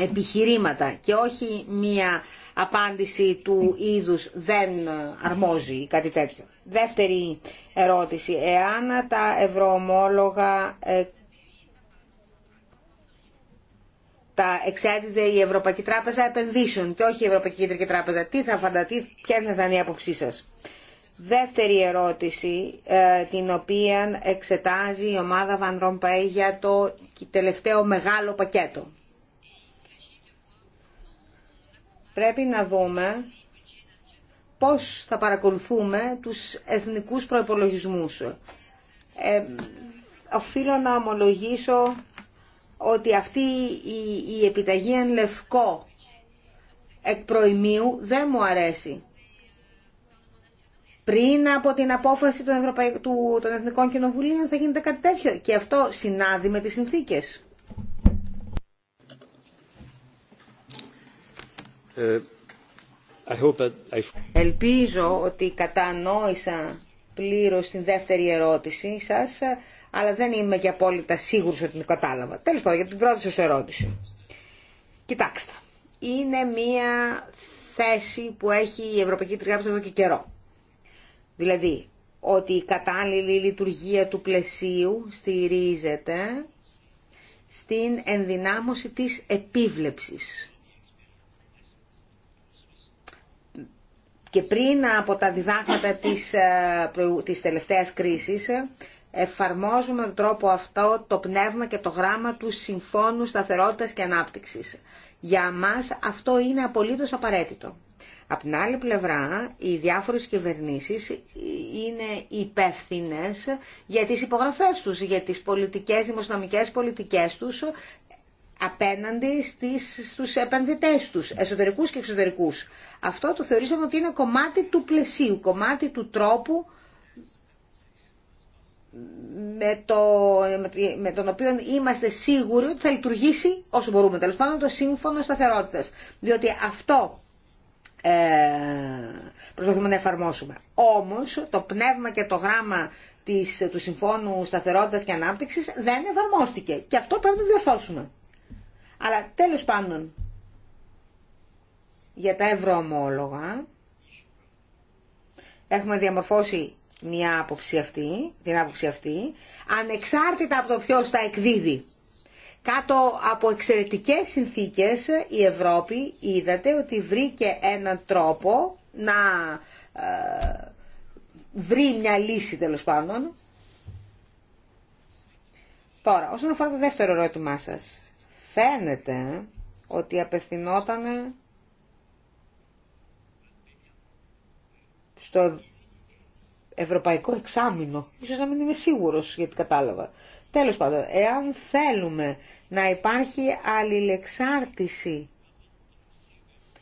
Speaker 4: επιχειρήματα και όχι μία απάντηση του είδους δεν αρμόζει κάτι τέτοιο. Δεύτερη ερώτηση. Εάν τα ευρωομόλογα ε, τα εξέδιδε η Ευρωπαϊκή Τράπεζα Επενδύσεων και όχι η Ευρωπαϊκή Κεντρική Τράπεζα. Τι θα φανταστεί, ποια θα είναι η άποψή σα. Δεύτερη ερώτηση, ε, την οποία εξετάζει η ομάδα Van Rompuy για το τελευταίο μεγάλο πακέτο. Πρέπει να δούμε πώς θα παρακολουθούμε τους εθνικούς προϋπολογισμούς. Ε, οφείλω να ομολογήσω ότι αυτή η, επιταγή εν λευκό εκ προημίου δεν μου αρέσει. Πριν από την απόφαση των, του... των Εθνικών Κοινοβουλίων θα γίνεται κάτι τέτοιο και αυτό συνάδει με τις συνθήκες.
Speaker 1: Ε, I hope
Speaker 4: Ελπίζω ότι κατανόησα πλήρως την δεύτερη ερώτηση σας αλλά δεν είμαι και απόλυτα σίγουρος ότι την κατάλαβα. Τέλος πάντων, για την πρώτη σας ερώτηση. Κοιτάξτε, είναι μία θέση που έχει η Ευρωπαϊκή Τριγράψη εδώ και καιρό. Δηλαδή, ότι η κατάλληλη λειτουργία του πλαισίου στηρίζεται στην ενδυνάμωση της επίβλεψης. Και πριν από τα διδάγματα της, ε, της τελευταίας κρίσης, ε, εφαρμόζουμε τον τρόπο αυτό το πνεύμα και το γράμμα του Συμφώνου Σταθερότητας και Ανάπτυξης. Για μας αυτό είναι απολύτως απαραίτητο. Απ' την άλλη πλευρά, οι διάφορες κυβερνήσεις είναι υπεύθυνε για τις υπογραφές τους, για τις πολιτικές, δημοσιονομικές πολιτικές τους απέναντι στις, στους επενδυτές τους, εσωτερικούς και εξωτερικούς. Αυτό το θεωρήσαμε ότι είναι κομμάτι του πλαισίου, κομμάτι του τρόπου με, το, με τον οποίο είμαστε σίγουροι ότι θα λειτουργήσει όσο μπορούμε τέλο πάντων το σύμφωνο σταθερότητα. Διότι αυτό ε, προσπαθούμε να εφαρμόσουμε. Όμω το πνεύμα και το γράμμα της, του Συμφώνου Σταθερότητα και Ανάπτυξη δεν εφαρμόστηκε. Και αυτό πρέπει να το διασώσουμε. Αλλά τέλο πάντων για τα ευρωομόλογα έχουμε διαμορφώσει μια άποψη αυτή, την άποψη αυτή, ανεξάρτητα από το ποιο τα εκδίδει. Κάτω από εξαιρετικές συνθήκες η Ευρώπη είδατε ότι βρήκε έναν τρόπο να
Speaker 2: ε, βρει
Speaker 4: μια λύση τέλος πάντων. Τώρα, όσον αφορά το δεύτερο ερώτημά σας, φαίνεται ότι απευθυνόταν στο ευρωπαϊκό εξάμεινο. Ίσως να μην είμαι σίγουρος γιατί κατάλαβα. Τέλος πάντων, εάν θέλουμε να υπάρχει αλληλεξάρτηση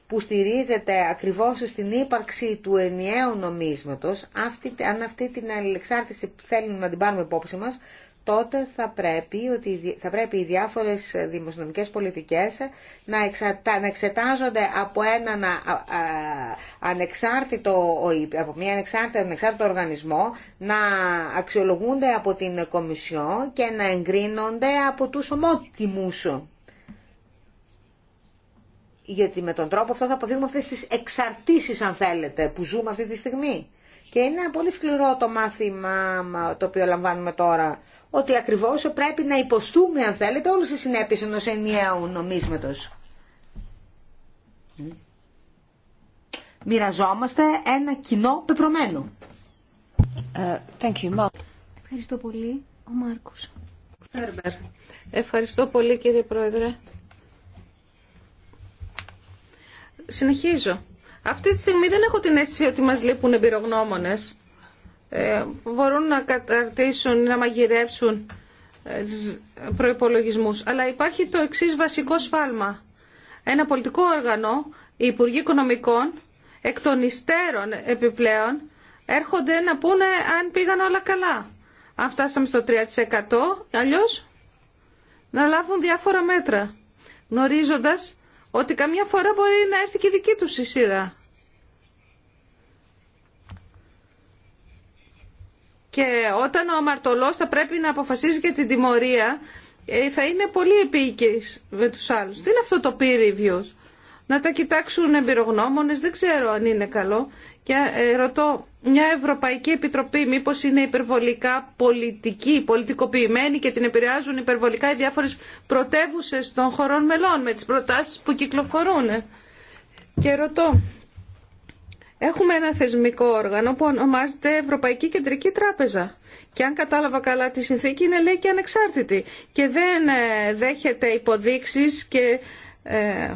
Speaker 4: που στηρίζεται ακριβώς στην ύπαρξη του ενιαίου νομίσματος, αν αυτή την αλληλεξάρτηση θέλουμε να την πάρουμε υπόψη μας, τότε θα πρέπει, ότι, θα πρέπει οι διάφορες δημοσιονομικές πολιτικές να, εξετάζονται από έναν ανεξάρτητο, από μια ανεξάρτητο, ανεξάρτητο οργανισμό, να αξιολογούνται από την Κομισιό και να εγκρίνονται από τους ομότιμους. Γιατί με τον τρόπο αυτό θα αποφύγουμε αυτές τις εξαρτήσεις, αν θέλετε, που ζούμε αυτή τη στιγμή. Και είναι πολύ σκληρό το μάθημα το οποίο λαμβάνουμε τώρα. Ότι ακριβώς πρέπει να υποστούμε, αν θέλετε, όλε τι συνέπειες ενό ενιαίου νομίσματο. Μοιραζόμαστε ένα κοινό πεπρωμένο. Ε,
Speaker 2: Ευχαριστώ πολύ,
Speaker 4: ο Μάρκος.
Speaker 3: Ευχαριστώ πολύ, κύριε Πρόεδρε. Συνεχίζω αυτή τη στιγμή δεν έχω την αίσθηση ότι μας λείπουν εμπειρογνώμονες. Ε, μπορούν να καταρτήσουν, να μαγειρέψουν ε, προϋπολογισμούς. Αλλά υπάρχει το εξή βασικό σφάλμα. Ένα πολιτικό όργανο, οι Υπουργοί Οικονομικών, εκ των υστέρων επιπλέον, έρχονται να πούνε αν πήγαν όλα καλά. Αν φτάσαμε στο 3%, αλλιώς να λάβουν διάφορα μέτρα, γνωρίζοντας ότι καμιά φορά μπορεί να έρθει και δική τους η σειρά. Και όταν ο αμαρτωλός θα πρέπει να αποφασίζει για την τιμωρία, ε, θα είναι πολύ επίοικης με τους άλλους. Τι είναι αυτό το peer να τα κοιτάξουν εμπειρογνώμονες, δεν ξέρω αν είναι καλό. Και ε, ρωτώ, μια Ευρωπαϊκή Επιτροπή μήπως είναι υπερβολικά πολιτική, πολιτικοποιημένη και την επηρεάζουν υπερβολικά οι διάφορες πρωτεύουσε των χωρών μελών με τις προτάσεις που κυκλοφορούν. Και ρωτώ, έχουμε ένα θεσμικό όργανο που ονομάζεται Ευρωπαϊκή Κεντρική Τράπεζα. Και αν κατάλαβα καλά τη συνθήκη είναι λέει και ανεξάρτητη. Και δεν ε, δέχεται υποδείξεις και... Ε,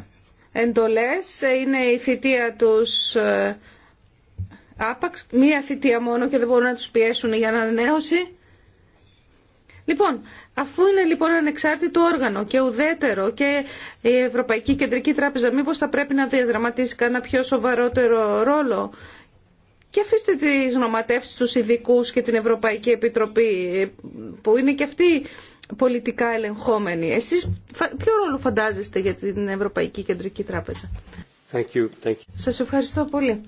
Speaker 3: εντολές. Είναι η θητεία τους ε, άπαξ, μία θητεία μόνο και δεν μπορούν να τους πιέσουν για ανανέωση. Λοιπόν, αφού είναι λοιπόν ανεξάρτητο όργανο και ουδέτερο και η Ευρωπαϊκή Κεντρική Τράπεζα μήπως θα πρέπει να διαδραματίσει κανένα πιο σοβαρότερο ρόλο και αφήστε τις γνωματεύσεις τους ειδικού και την Ευρωπαϊκή Επιτροπή που είναι και αυτή πολιτικά ελεγχόμενη. Εσείς ποιο ρόλο φαντάζεστε για την Ευρωπαϊκή Κεντρική Τράπεζα.
Speaker 1: Thank
Speaker 3: Σας ευχαριστώ πολύ.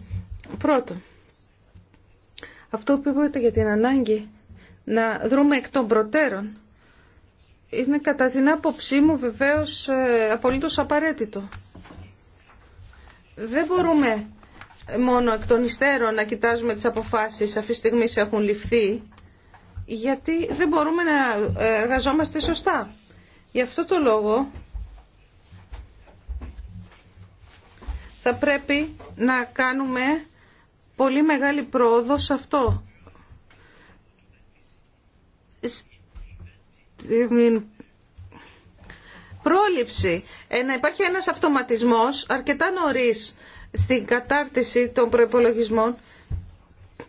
Speaker 3: Πρώτον, αυτό που είπατε για την ανάγκη να δρούμε εκ των προτέρων είναι κατά την άποψή μου βεβαίως ε, απολύτως απαραίτητο. Δεν μπορούμε μόνο εκ των υστέρων να κοιτάζουμε τις αποφάσεις αυτή τη στιγμή έχουν ληφθεί γιατί δεν μπορούμε να ε, εργαζόμαστε σωστά. Γι' αυτό το λόγο θα πρέπει να κάνουμε πολύ μεγάλη πρόοδο σε αυτό. Στην πρόληψη, ε, να υπάρχει ένας αυτοματισμός αρκετά νωρίς στην κατάρτιση των προϋπολογισμών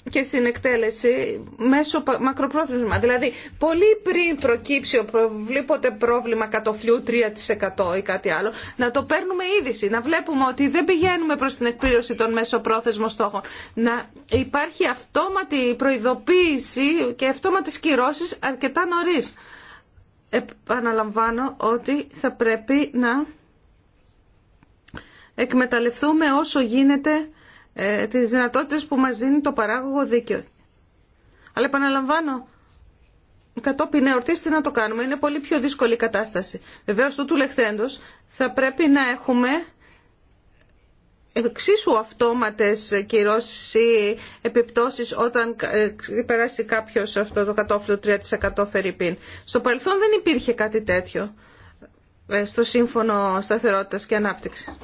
Speaker 3: και στην εκτέλεση μέσω μακροπρόθεσμα. Δηλαδή, πολύ πριν προκύψει οποιοδήποτε πρόβλημα κατοφλιού 3% ή κάτι άλλο, να το παίρνουμε είδηση, να βλέπουμε ότι δεν πηγαίνουμε προς την εκπλήρωση των πρόθεσμων στόχων. Να υπάρχει αυτόματη προειδοποίηση και αυτόματες κυρώσει αρκετά νωρί Επαναλαμβάνω ότι θα πρέπει να εκμεταλλευτούμε όσο γίνεται ε, τις δυνατότητες που μας δίνει το παράγωγο δίκαιο. Αλλά επαναλαμβάνω, κατόπιν εορτής τι να το κάνουμε, είναι πολύ πιο δύσκολη η κατάσταση. Βεβαίως, του λεχθέντος θα πρέπει να έχουμε εξίσου αυτόματες κυρώσει ή επιπτώσεις όταν ε, περάσει κάποιος αυτό το κατόφλιο 3% φερρυπίν. Στο παρελθόν δεν υπήρχε κάτι τέτοιο ε, στο Σύμφωνο Σταθερότητας και Ανάπτυξης.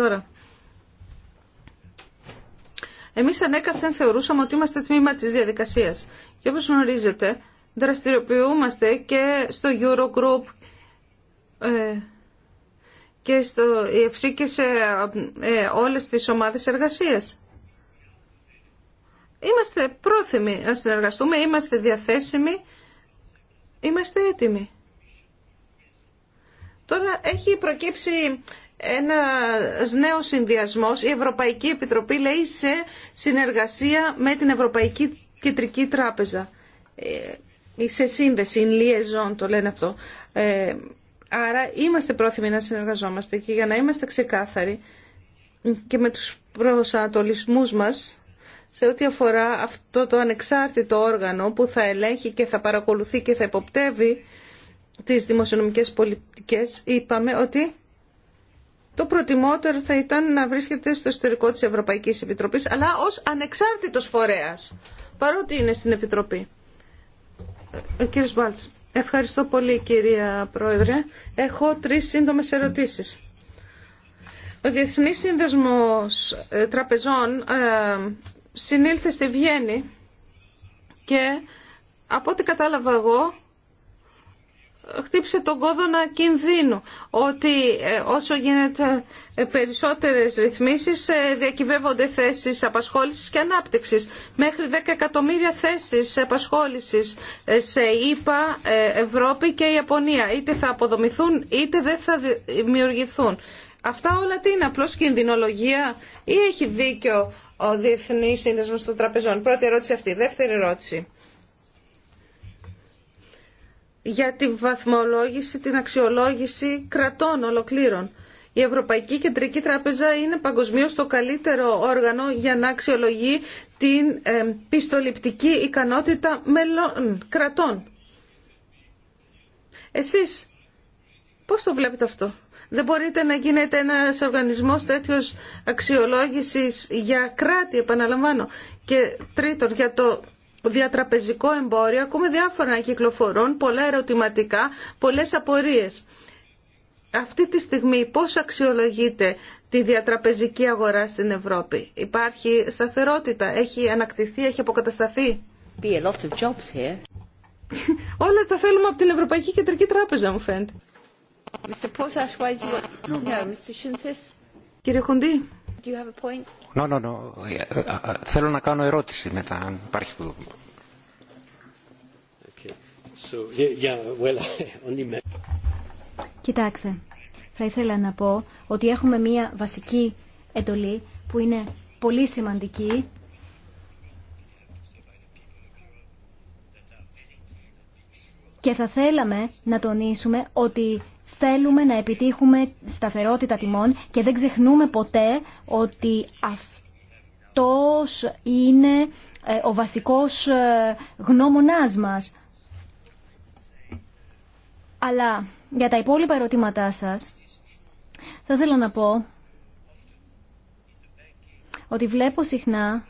Speaker 3: Τώρα, εμείς ανέκαθεν θεωρούσαμε ότι είμαστε τμήμα της διαδικασίας. Και όπως γνωρίζετε, δραστηριοποιούμαστε και στο Eurogroup ε, και στο ΕΦΣΥ και σε ε, όλες τις ομάδες εργασίας. Είμαστε πρόθυμοι να συνεργαστούμε, είμαστε διαθέσιμοι, είμαστε έτοιμοι. Τώρα έχει προκύψει ένα νέο συνδυασμό, Η Ευρωπαϊκή Επιτροπή λέει σε συνεργασία με την Ευρωπαϊκή Κεντρική Τράπεζα. Ε, σε σύνδεση, in liaison το λένε αυτό. Ε, άρα είμαστε πρόθυμοι να συνεργαζόμαστε και για να είμαστε ξεκάθαροι και με τους προσανατολισμούς μας σε ό,τι αφορά αυτό το ανεξάρτητο όργανο που θα ελέγχει και θα παρακολουθεί και θα υποπτεύει τις δημοσιονομικές πολιτικές, είπαμε ότι το προτιμότερο θα ήταν να βρίσκεται στο ιστορικό της Ευρωπαϊκής Επιτροπής, αλλά ως ανεξάρτητος φορέας, παρότι είναι στην Επιτροπή. Ε, Κύριε Σμπάλτς, ευχαριστώ πολύ κυρία Πρόεδρε. Έχω τρεις σύντομες ερωτήσεις. Ο Διεθνής Σύνδεσμος ε, Τραπεζών ε, συνήλθε στη Βιέννη και από ό,τι κατάλαβα εγώ χτύπησε τον κόδωνα κινδύνου ότι ε, όσο γίνεται ε, περισσότερες ρυθμίσεις ε, διακυβεύονται θέσεις απασχόλησης και ανάπτυξης. Μέχρι 10 εκατομμύρια θέσεις απασχόλησης σε ΙΠΑ, Ευρώπη και Ιαπωνία. Είτε θα αποδομηθούν είτε δεν θα δημιουργηθούν. Αυτά όλα τι είναι, απλώς κινδυνολογία ή έχει δίκιο ο Διεθνής Σύνδεσμος των Τραπεζών. Πρώτη ερώτηση αυτή. Δεύτερη ερώτηση για τη βαθμολόγηση, την αξιολόγηση κρατών ολοκλήρων. Η Ευρωπαϊκή Κεντρική Τράπεζα είναι παγκοσμίω το καλύτερο όργανο για να αξιολογεί την ε, πιστοληπτική ικανότητα μελών, κρατών. Εσείς πώς το βλέπετε αυτό. Δεν μπορείτε να γίνεται ένας οργανισμός τέτοιος αξιολόγησης για κράτη, επαναλαμβάνω. Και τρίτον, για το διατραπεζικό εμπόριο, ακούμε διάφορα να κυκλοφορούν, πολλά ερωτηματικά, πολλές απορίες. Αυτή τη στιγμή πώς αξιολογείται τη διατραπεζική αγορά στην Ευρώπη. Υπάρχει σταθερότητα, έχει ανακτηθεί, έχει αποκατασταθεί. Όλα τα θέλουμε από την Ευρωπαϊκή Κεντρική Τράπεζα, μου φαίνεται. Κύριε Χοντή.
Speaker 1: Θέλω να κάνω ερώτηση μετά, αν υπάρχει
Speaker 2: Κοιτάξτε, θα ήθελα να πω ότι έχουμε μία βασική εντολή που είναι πολύ σημαντική και θα θέλαμε να τονίσουμε ότι θέλουμε να επιτύχουμε σταθερότητα τιμών και δεν ξεχνούμε ποτέ ότι αυτός είναι ε, ο βασικός ε, γνώμονάς μας. Αλλά για τα υπόλοιπα ερωτήματά σας, θα ήθελα να πω ότι βλέπω συχνά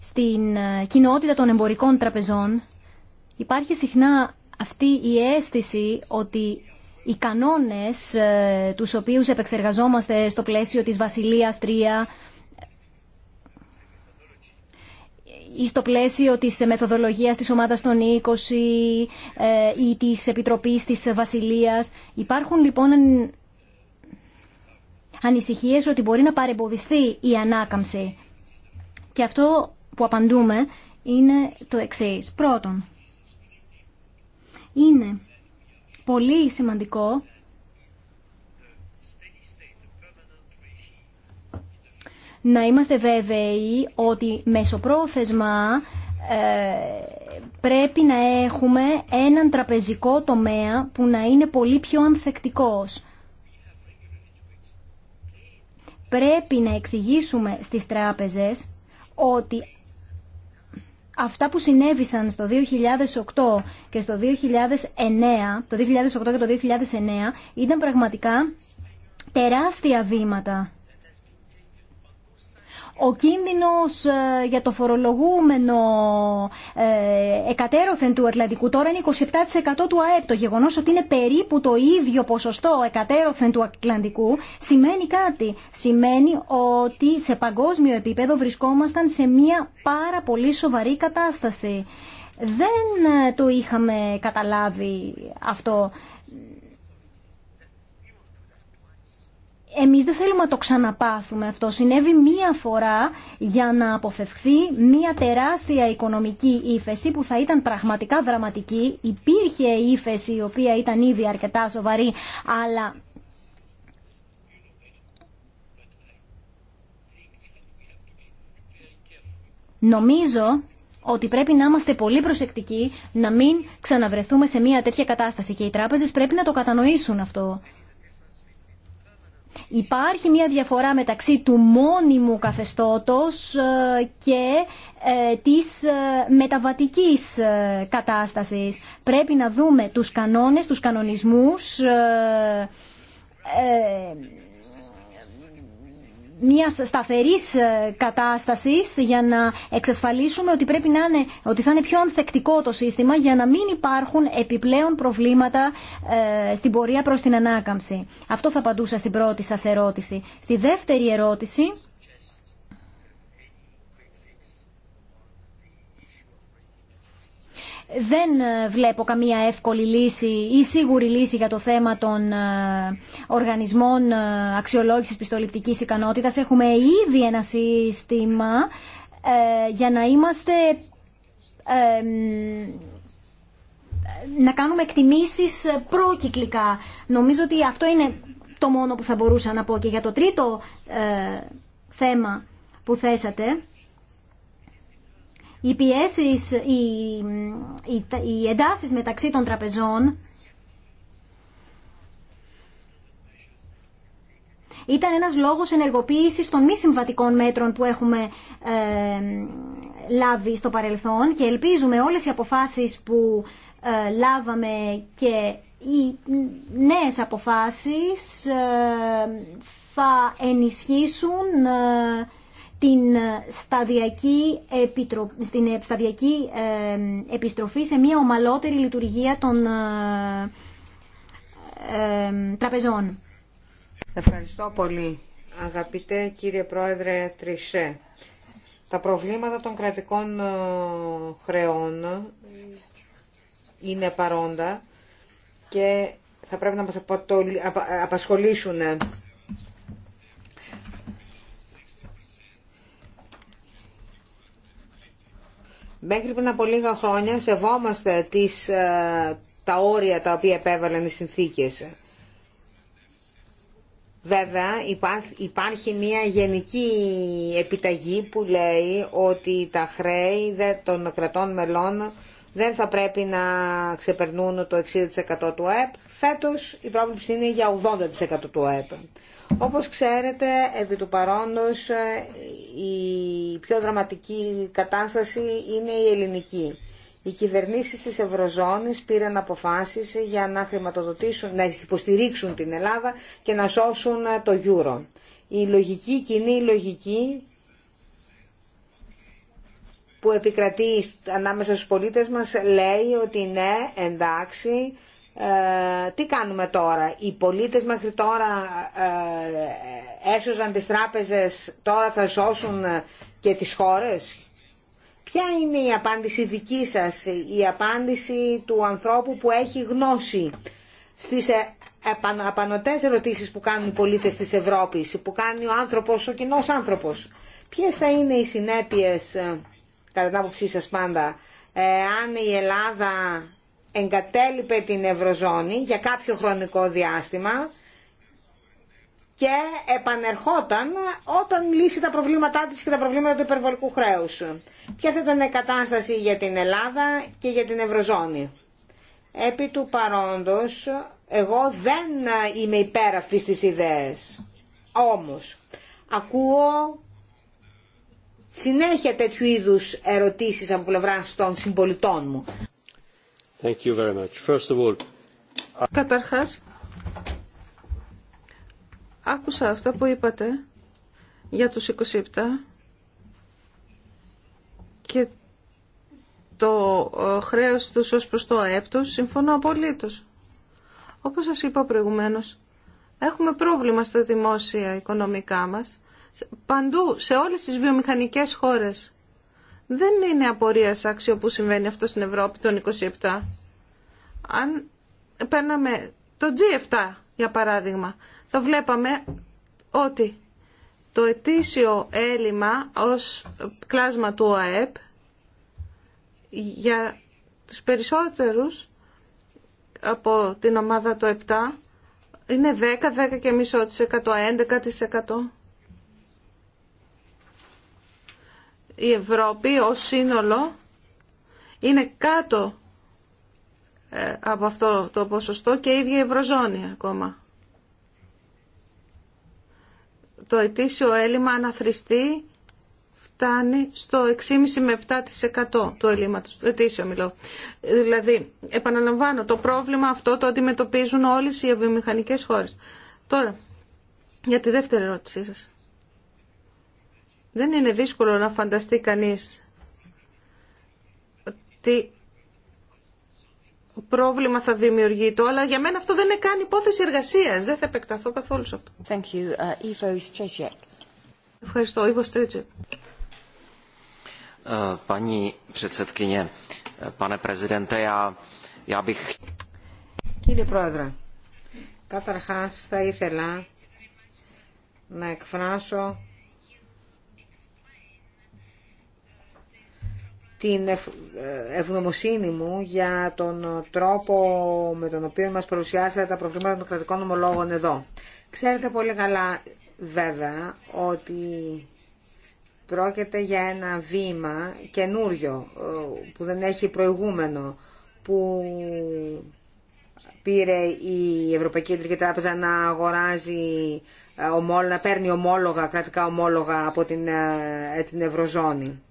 Speaker 2: στην ε, κοινότητα των εμπορικών τραπεζών υπάρχει συχνά αυτή η αίσθηση ότι οι κανόνες ε, τους οποίους επεξεργαζόμαστε στο πλαίσιο της Βασιλείας 3 ή στο πλαίσιο της μεθοδολογίας της ομάδας των 20 ε, ή της Επιτροπής της Βασιλείας. Υπάρχουν λοιπόν ανησυχίες ότι μπορεί να παρεμποδιστεί η ανάκαμψη. Και αυτό που απαντούμε είναι το εξής. Πρώτον, είναι πολύ σημαντικό να είμαστε βέβαιοι ότι μεσοπρόθεσμα ε, πρέπει να έχουμε έναν τραπεζικό τομέα που να είναι πολύ πιο ανθεκτικός. Πρέπει να εξηγήσουμε στις τράπεζες ότι αυτά που συνέβησαν στο 2008 και στο 2009, το 2008 και το 2009 ήταν πραγματικά τεράστια βήματα. Ο κίνδυνος ε, για το φορολογούμενο ε, εκατέρωθεν του Ατλαντικού τώρα είναι 27% του ΑΕΠ. Το γεγονός ότι είναι περίπου το ίδιο ποσοστό εκατέρωθεν του Ατλαντικού σημαίνει κάτι. Σημαίνει ότι σε παγκόσμιο επίπεδο βρισκόμασταν σε μια πάρα πολύ σοβαρή κατάσταση. Δεν ε, το είχαμε καταλάβει αυτό. εμείς δεν θέλουμε να το ξαναπάθουμε αυτό. Συνέβη μία φορά για να αποφευχθεί μία τεράστια οικονομική ύφεση που θα ήταν πραγματικά δραματική. Υπήρχε ύφεση η οποία ήταν ήδη αρκετά σοβαρή, αλλά νομίζω ότι πρέπει να είμαστε πολύ προσεκτικοί να μην ξαναβρεθούμε σε μια τέτοια κατάσταση και οι τράπεζες πρέπει να το κατανοήσουν αυτό. Υπάρχει μια διαφορά μεταξύ του μόνιμου καθεστώτος ε, και ε, της ε, μεταβατικής κατάστασης. Πρέπει να δούμε τους κανόνες, τους κανονισμούς Μία σταθερή ε, κατάσταση για να εξασφαλίσουμε ότι, πρέπει να είναι, ότι θα είναι πιο ανθεκτικό το σύστημα για να μην υπάρχουν επιπλέον προβλήματα ε, στην πορεία προ την ανάκαμψη. Αυτό θα απαντούσα στην πρώτη σα ερώτηση. Στη δεύτερη ερώτηση δεν ε, βλέπω καμία εύκολη λύση ή σίγουρη λύση για το θέμα των ε, οργανισμών ε, αξιολόγησης πιστοληπτικής ικανότητας. Έχουμε ήδη ένα σύστημα για να είμαστε να κάνουμε εκτιμήσεις προκυκλικά. Νομίζω ότι αυτό είναι το μόνο που θα μπορούσα να πω. Και για το τρίτο θέμα που θέσατε, οι πιέσεις, οι, οι, εντάσεις μεταξύ των τραπεζών ήταν ένας λόγος ενεργοποίησης των μη συμβατικών μέτρων που έχουμε ε, λάβει στο παρελθόν και ελπίζουμε όλες οι αποφάσεις που ε, λάβαμε και οι νέες αποφάσεις ε, θα ενισχύσουν ε, σταδιακή επιτρο... στην ε, σταδιακή ε, επιστροφή σε μια ομαλότερη λειτουργία των τραπεζών.
Speaker 4: Ευχαριστώ πολύ. Αγαπητέ κύριε Πρόεδρε Τρισέ, τα προβλήματα των κρατικών χρεών είναι παρόντα και θα πρέπει να μας απασχολήσουν Μέχρι πριν από λίγα χρόνια σεβόμαστε τις, ε, τα όρια τα οποία επέβαλαν οι συνθήκες. Βέβαια υπάρχει μια γενική επιταγή που λέει ότι τα χρέη των κρατών μελών δεν θα πρέπει να ξεπερνούν το 60% του ΑΕΠ. Φέτος η πρόβληψη είναι για 80% του ΑΕΠ. Όπως ξέρετε, επί του παρόντος ε, η πιο δραματική κατάσταση είναι η ελληνική. Οι κυβερνήσεις της Ευρωζώνης πήραν αποφάσεις για να χρηματοδοτήσουν, να υποστηρίξουν την Ελλάδα και να σώσουν το γιούρο. Η λογική, η κοινή λογική που επικρατεί ανάμεσα στους πολίτες μας λέει ότι ναι, εντάξει, ε, τι κάνουμε τώρα. Οι πολίτες μέχρι τώρα ε, έσωζαν τις τράπεζες, τώρα θα σώσουν ε, και τις χώρες. Ποια είναι η απάντηση δική σας, η απάντηση του ανθρώπου που έχει γνώση στις ε, απανοτές ερωτήσεις που κάνουν οι πολίτες της Ευρώπης, που κάνει ο άνθρωπος, ο κοινός άνθρωπος. Ποιες θα είναι οι συνέπειες κατά την άποψή σας πάντα, αν η Ελλάδα εγκατέλειπε την Ευρωζώνη για κάποιο χρονικό διάστημα και επανερχόταν όταν λύσει τα προβλήματά της και τα προβλήματα του υπερβολικού χρέους. Ποια θα ήταν η κατάσταση για την Ελλάδα και για την Ευρωζώνη. Επί του παρόντος, εγώ δεν είμαι υπέρ αυτής της ιδέας. Όμως, ακούω συνέχεια τέτοιου είδους ερωτήσεις από πλευρά των συμπολιτών
Speaker 1: μου. Thank you very much. First of all... Καταρχάς,
Speaker 3: άκουσα αυτά που είπατε για τους 27 και το ε, χρέος τους ως προς το ΑΕΠ συμφωνώ απολύτως. Όπως σας είπα προηγουμένως, έχουμε πρόβλημα στα δημόσια οικονομικά μας παντού, σε όλες τις βιομηχανικές χώρες. Δεν είναι απορία άξιο που συμβαίνει αυτό στην Ευρώπη τον 27. Αν παίρναμε το G7 για παράδειγμα, θα βλέπαμε ότι το ετήσιο έλλειμμα ως κλάσμα του ΑΕΠ για τους περισσότερους από την ομάδα το 7 είναι 10, 10 και μισό 11%. η Ευρώπη ως σύνολο είναι κάτω ε, από αυτό το ποσοστό και η ίδια η Ευρωζώνη ακόμα. Το ετήσιο έλλειμμα αναθρηστεί φτάνει στο 6,5 με 7% του ελλείμματος, ετήσιο μιλώ. Δηλαδή, επαναλαμβάνω, το πρόβλημα αυτό το αντιμετωπίζουν όλες οι βιομηχανικές χώρες. Τώρα, για τη δεύτερη ερώτησή σας. Δεν είναι δύσκολο να φανταστεί κανείς τι πρόβλημα θα δημιουργεί το, αλλά για μένα αυτό δεν είναι καν υπόθεση εργασίας. Δεν θα επεκταθώ καθόλου σε αυτό. Thank you. Uh, Ευχαριστώ. Ιβο Στρίτζεκ.
Speaker 5: Uh, uh,
Speaker 4: Κύριε Πρόεδρε, καταρχάς θα ήθελα να εκφράσω την ε, ευγνωμοσύνη μου για τον τρόπο με τον οποίο μας παρουσιάσατε τα προβλήματα των κρατικών ομολόγων εδώ. Ξέρετε πολύ καλά βέβαια ότι πρόκειται για ένα βήμα καινούριο ε, που δεν έχει προηγούμενο που πήρε η Ευρωπαϊκή Κεντρική Τράπεζα να αγοράζει ε, να παίρνει ομόλογα, κρατικά ομόλογα από την, την Ευρωζώνη.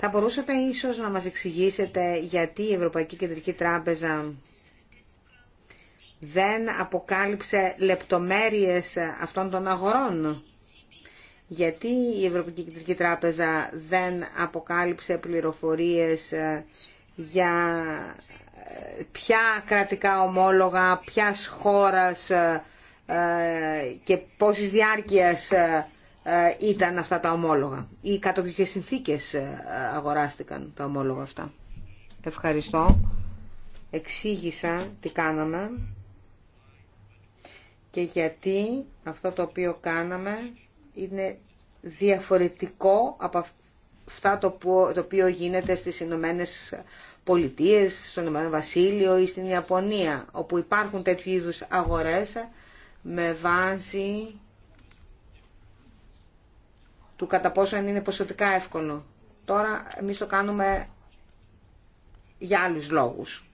Speaker 4: Θα μπορούσατε ίσως να μας εξηγήσετε γιατί η Ευρωπαϊκή Κεντρική Τράπεζα δεν αποκάλυψε λεπτομέρειες αυτών των αγορών. Γιατί η Ευρωπαϊκή Κεντρική Τράπεζα δεν αποκάλυψε πληροφορίες ε, για ε, ποια κρατικά ομόλογα, ποιας χώρας ε, και πόσης διάρκειας ε, ήταν αυτά τα ομόλογα ή κατά ποιε συνθήκε συνθήκες ε, αγοράστηκαν τα ομόλογα αυτά. Ευχαριστώ. Εξήγησα τι κάναμε και γιατί αυτό το οποίο κάναμε είναι διαφορετικό από αυτά το, που, το οποίο γίνεται στις Ηνωμένε Πολιτείες, στον Ηνωμένο Βασίλειο ή στην Ιαπωνία, όπου υπάρχουν τέτοιου είδους αγορές με βάση του κατά πόσο είναι ποσοτικά εύκολο. Τώρα εμείς το κάνουμε για άλλους λόγους.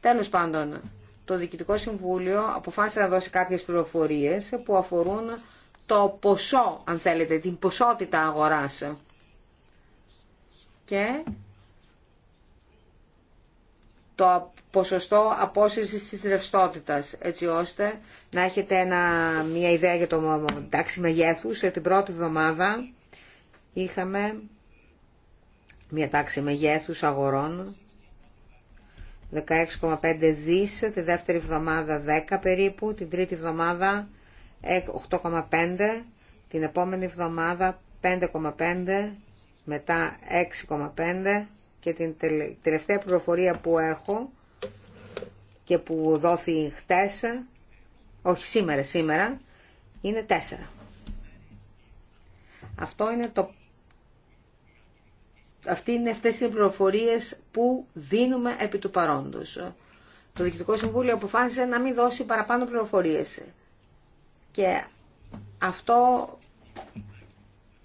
Speaker 4: Τέλος πάντων, το Διοικητικό Συμβούλιο αποφάσισε να δώσει κάποιες πληροφορίες που αφορούν το ποσό, αν θέλετε, την ποσότητα αγοράς. Και το ποσοστό απόσυρσης τη ρευστότητα, έτσι ώστε να έχετε ένα, μια ιδέα για το τάξη μεγέθους. Ε, την πρώτη εβδομάδα είχαμε μια τάξη μεγέθου αγορών 16,5 δις, τη δεύτερη εβδομάδα 10 περίπου, την τρίτη εβδομάδα 8,5, την επόμενη εβδομάδα 5,5, μετά 6,5 και την τελευταία πληροφορία που έχω και που δόθη χτες, όχι σήμερα, σήμερα, είναι τέσσερα. Αυτό είναι το... Αυτή είναι αυτές οι πληροφορίες που δίνουμε επί του παρόντος. Το Διοικητικό Συμβούλιο αποφάσισε να μην δώσει παραπάνω πληροφορίες. Και αυτό,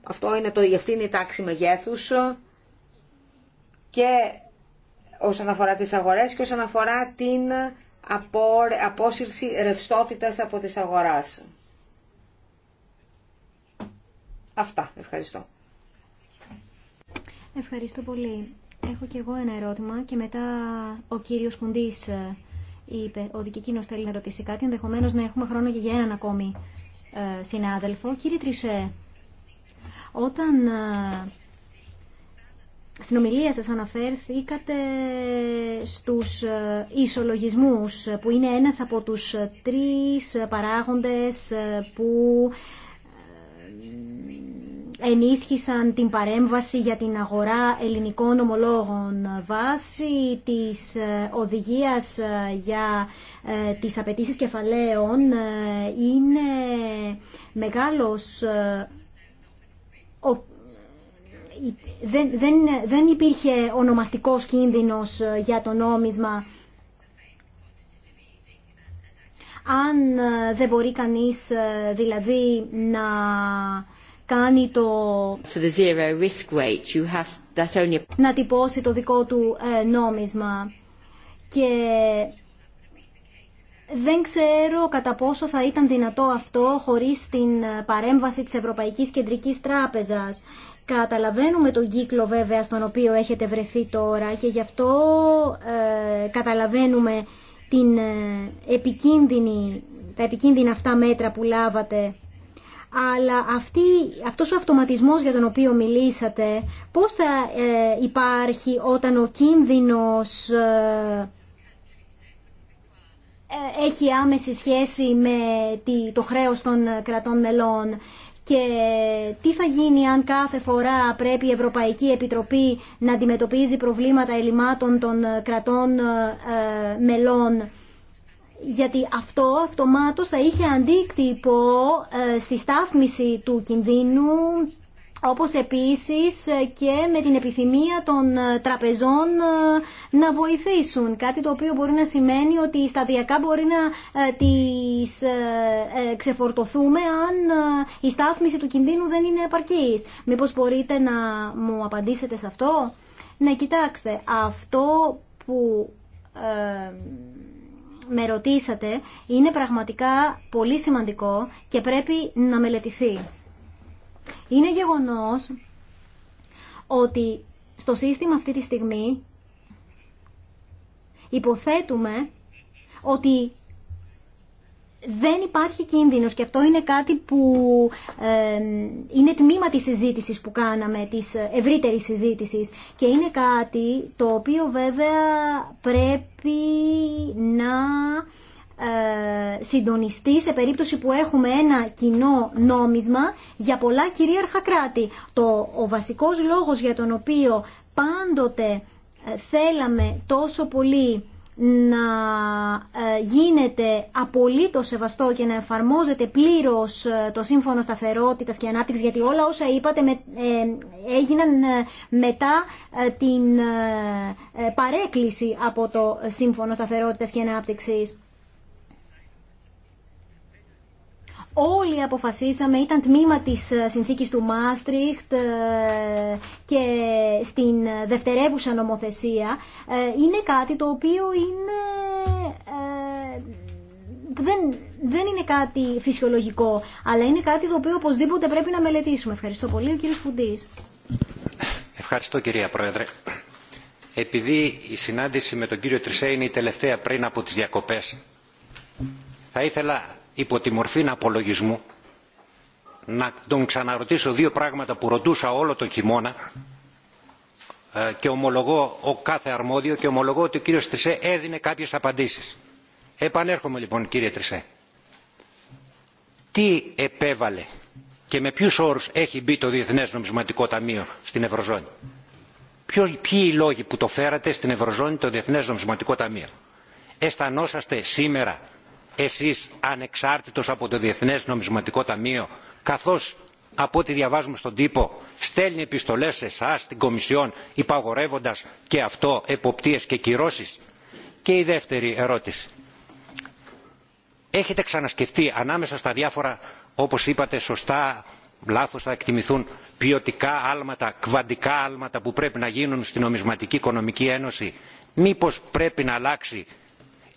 Speaker 4: αυτό είναι το, αυτή είναι η τάξη μεγέθους και όσον αφορά τις αγορές και όσον αφορά την απόσυρση ρευστότητας από τις αγοράς. Αυτά. Ευχαριστώ.
Speaker 2: Ευχαριστώ πολύ. Έχω και εγώ ένα ερώτημα και μετά ο κύριος Κουντής ε, είπε ότι και εκείνος θέλει να ρωτήσει κάτι, ενδεχομένως να έχουμε χρόνο και για έναν ακόμη ε, συνάδελφο. Κύριε Τρισέ, όταν ε, στην ομιλία σας αναφέρθηκατε στους ε, ισολογισμούς ε, που είναι ένας από τους ε, τρεις παράγοντες που ενίσχυσαν την παρέμβαση για την αγορά ελληνικών ομολόγων Βάση της οδηγίας για τις απαιτήσεις κεφαλαίων είναι μεγάλος ο δεν, δεν, δεν υπήρχε ονομαστικός κίνδυνος ε, για το νόμισμα αν ε, δεν μπορεί κανείς ε, δηλαδή να κάνει το... να τυπώσει το δικό του νόμισμα και δεν ξέρω κατά πόσο θα ήταν δυνατό αυτό χωρίς την παρέμβαση της Ευρωπαϊκής Κεντρικής Τράπεζας. Καταλαβαίνουμε τον κύκλο βέβαια στον οποίο έχετε βρεθεί τώρα και γι' αυτό ε, καταλαβαίνουμε την, ε, επικίνδυνη, τα επικίνδυνα αυτά μέτρα που λάβατε. Αλλά αυτή, αυτός ο αυτοματισμός για τον οποίο μιλήσατε, πώς θα ε, υπάρχει όταν ο κίνδυνος έχει άμεση σχέση με το χρέος των κρατών μελών και τι θα γίνει αν κάθε φορά πρέπει η Ευρωπαϊκή Επιτροπή να αντιμετωπίζει προβλήματα ελλημάτων των ε, κρατών ε, ε, μελών γιατί αυτό αυτομάτως θα είχε αντίκτυπο στη στάθμιση του κινδύνου, όπως επίσης και με την επιθυμία των ε, τραπεζών ε, να βοηθήσουν. Κάτι το οποίο μπορεί να σημαίνει ότι σταδιακά μπορεί να ε, τις ξεφορτωθούμε αν η στάθμιση του κινδύνου δεν είναι επαρκής. Μήπως μπορείτε να μου απαντήσετε σε αυτό. Ναι, κοιτάξτε, αυτό που με ρωτήσατε είναι πραγματικά πολύ σημαντικό και πρέπει να μελετηθεί. Είναι γεγονός ότι στο σύστημα αυτή τη στιγμή υποθέτουμε ότι δεν υπάρχει κίνδυνος και αυτό είναι κάτι που είναι τμήμα της συζήτησης που κάναμε, της ευρύτερης συζήτησης και είναι κάτι το οποίο βέβαια πρέπει να ε, συντονιστεί σε περίπτωση που έχουμε ένα κοινό νόμισμα για πολλά κυρίαρχα κράτη. Το, ο βασικός λόγος για τον οποίο πάντοτε ε, θέλαμε τόσο πολύ να ε, γίνεται απολύτως σεβαστό και να εφαρμόζεται πλήρως το Σύμφωνο Σταθερότητας και Ανάπτυξης γιατί όλα όσα είπατε έγιναν μετά την παρέκκληση από το Σύμφωνο Σταθερότητας και Ανάπτυξης. όλοι αποφασίσαμε, ήταν τμήμα της ε, συνθήκης του Μάστριχτ ε, και στην δευτερεύουσα νομοθεσία, ε, είναι κάτι το οποίο είναι... Δεν, δεν είναι κάτι φυσιολογικό, αλλά είναι κάτι το οποίο οπωσδήποτε πρέπει να μελετήσουμε. Ευχαριστώ πολύ, ο κύριος Φουντής.
Speaker 1: Ευχαριστώ κυρία Πρόεδρε. Επειδή η συνάντηση με τον κύριο Τρισέ είναι η τελευταία πριν από τις διακοπές, θα ήθελα υπό τη μορφή απολογισμού να τον ξαναρωτήσω δύο πράγματα που ρωτούσα όλο τον χειμώνα ε, και ομολογώ ο κάθε αρμόδιο και ομολογώ ότι ο κύριος Τρισέ έδινε κάποιες απαντήσεις. Επανέρχομαι λοιπόν κύριε Τρισέ. Τι επέβαλε και με ποιους όρους έχει μπει το Διεθνές Νομισματικό Ταμείο στην Ευρωζώνη. Ποιος, ποιοι οι λόγοι που το φέρατε στην Ευρωζώνη το Διεθνές Νομισματικό Ταμείο. Αισθανόσαστε σήμερα εσείς ανεξάρτητος από το Διεθνές Νομισματικό Ταμείο καθώς από ό,τι διαβάζουμε στον τύπο στέλνει επιστολές σε εσά στην Κομισιόν υπαγορεύοντας και αυτό εποπτείες και κυρώσεις. Και η δεύτερη ερώτηση. Έχετε ξανασκεφτεί ανάμεσα στα διάφορα όπως είπατε σωστά λάθος θα εκτιμηθούν ποιοτικά άλματα, κβαντικά άλματα που πρέπει να γίνουν στην Νομισματική Οικονομική Ένωση μήπως πρέπει να αλλάξει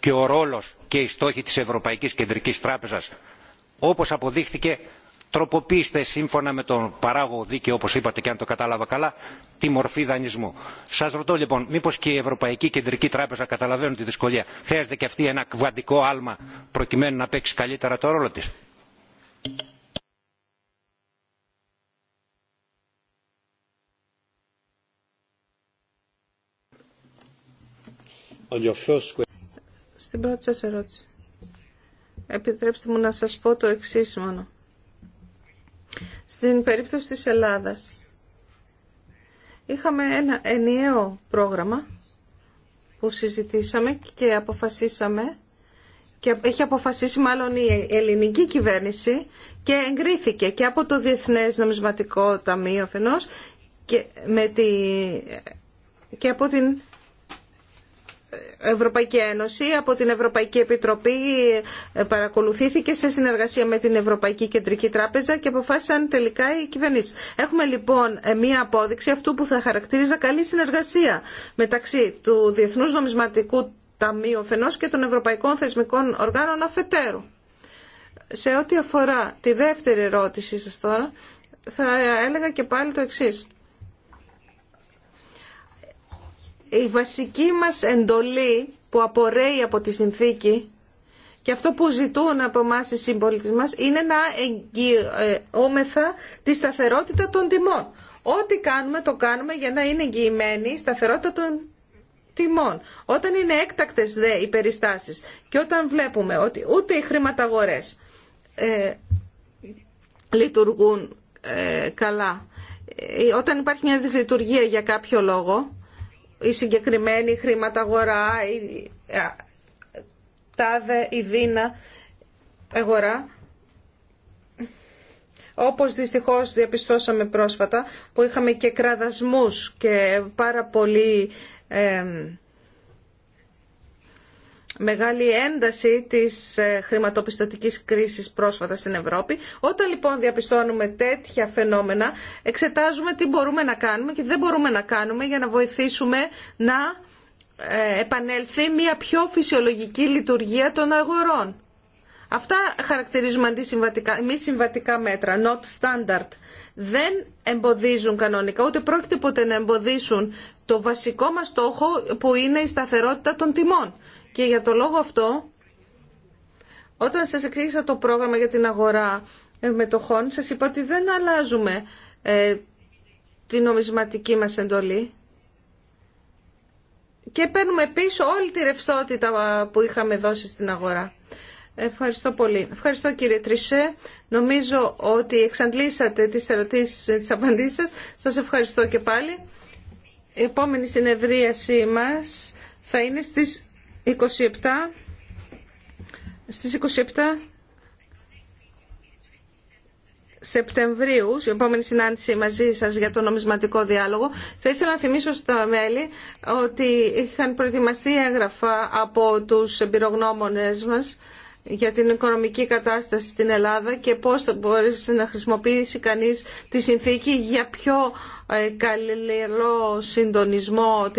Speaker 1: και ο ρόλος και οι στόχοι της Ευρωπαϊκής Κεντρικής Τράπεζας όπως αποδείχθηκε τροποποιήστε σύμφωνα με τον παράγωγο δίκαιο όπως είπατε και αν το κατάλαβα καλά τη μορφή δανεισμού. Σας ρωτώ λοιπόν μήπως και η Ευρωπαϊκή Κεντρική Τράπεζα καταλαβαίνουν τη δυσκολία χρειάζεται και αυτή ένα κβαντικό άλμα προκειμένου να παίξει καλύτερα το ρόλο της
Speaker 3: στην πρώτη σας ερώτηση. Επιτρέψτε μου να σας πω το εξή μόνο. Στην περίπτωση της Ελλάδας είχαμε ένα ενιαίο πρόγραμμα που συζητήσαμε και αποφασίσαμε και έχει αποφασίσει μάλλον η ελληνική κυβέρνηση και εγκρίθηκε και από το Διεθνές Νομισματικό Ταμείο φενός και, με τη, και από την Ευρωπαϊκή Ένωση από την Ευρωπαϊκή Επιτροπή ε, παρακολουθήθηκε σε συνεργασία με την Ευρωπαϊκή Κεντρική Τράπεζα και αποφάσισαν τελικά οι κυβερνήσει. Έχουμε λοιπόν ε, μία απόδειξη αυτού που θα χαρακτηρίζα καλή συνεργασία μεταξύ του Διεθνούς Νομισματικού Ταμείου Φενό και των Ευρωπαϊκών Θεσμικών Οργάνων αφετέρου. Σε ό,τι αφορά τη δεύτερη ερώτηση σα τώρα, θα έλεγα και πάλι το εξή. η βασική μας εντολή που απορρέει από τη συνθήκη και αυτό που ζητούν από εμά οι συμπολίτε μα είναι να εγγυόμεθα τη σταθερότητα των τιμών. Ό,τι κάνουμε, το κάνουμε για να είναι εγγυημένη η σταθερότητα των τιμών. Όταν είναι έκτακτε δε οι περιστάσει και όταν βλέπουμε ότι ούτε οι χρηματαγορέ ε, λειτουργούν ε, καλά, ε, όταν υπάρχει μια δυσλειτουργία για κάποιο λόγο, η συγκεκριμένη χρηματαγορά, η ε, τάδε, η δίνα αγορά, όπως δυστυχώς διαπιστώσαμε πρόσφατα, που είχαμε και κραδασμούς και πάρα πολύ... Ε, μεγάλη ένταση της ε, χρηματοπιστωτικής κρίσης πρόσφατα στην Ευρώπη. Όταν λοιπόν διαπιστώνουμε τέτοια φαινόμενα, εξετάζουμε τι μπορούμε να κάνουμε και τι δεν μπορούμε να κάνουμε για να βοηθήσουμε να ε, επανέλθει μια πιο φυσιολογική λειτουργία των αγορών. Αυτά χαρακτηρίζουμε αντισυμβατικά, μη συμβατικά μέτρα, not standard. Δεν εμποδίζουν κανονικά, ούτε πρόκειται ποτέ να εμποδίσουν το βασικό μας στόχο που είναι η σταθερότητα των τιμών. Και για το λόγο αυτό, όταν σας εξήγησα το πρόγραμμα για την αγορά ε, μετοχών, σας είπα ότι δεν αλλάζουμε ε, την νομισματική μας εντολή και παίρνουμε πίσω όλη τη ρευστότητα που είχαμε δώσει στην αγορά. Ευχαριστώ πολύ. Ευχαριστώ κύριε Τρισέ. Νομίζω ότι εξαντλήσατε τις ερωτήσεις, ε, τις απαντήσεις σας. Σας ευχαριστώ και πάλι. Η επόμενη συνεδρίασή μας θα είναι στις 27 στις 27 Σεπτεμβρίου, η επόμενη συνάντηση μαζί σας για το νομισματικό διάλογο, θα ήθελα να θυμίσω στα μέλη ότι είχαν προετοιμαστεί έγγραφα από τους εμπειρογνώμονες μας για την οικονομική κατάσταση στην Ελλάδα και πώς θα μπορέσει να χρησιμοποιήσει κανείς τη συνθήκη για πιο ε, καλό συντονισμό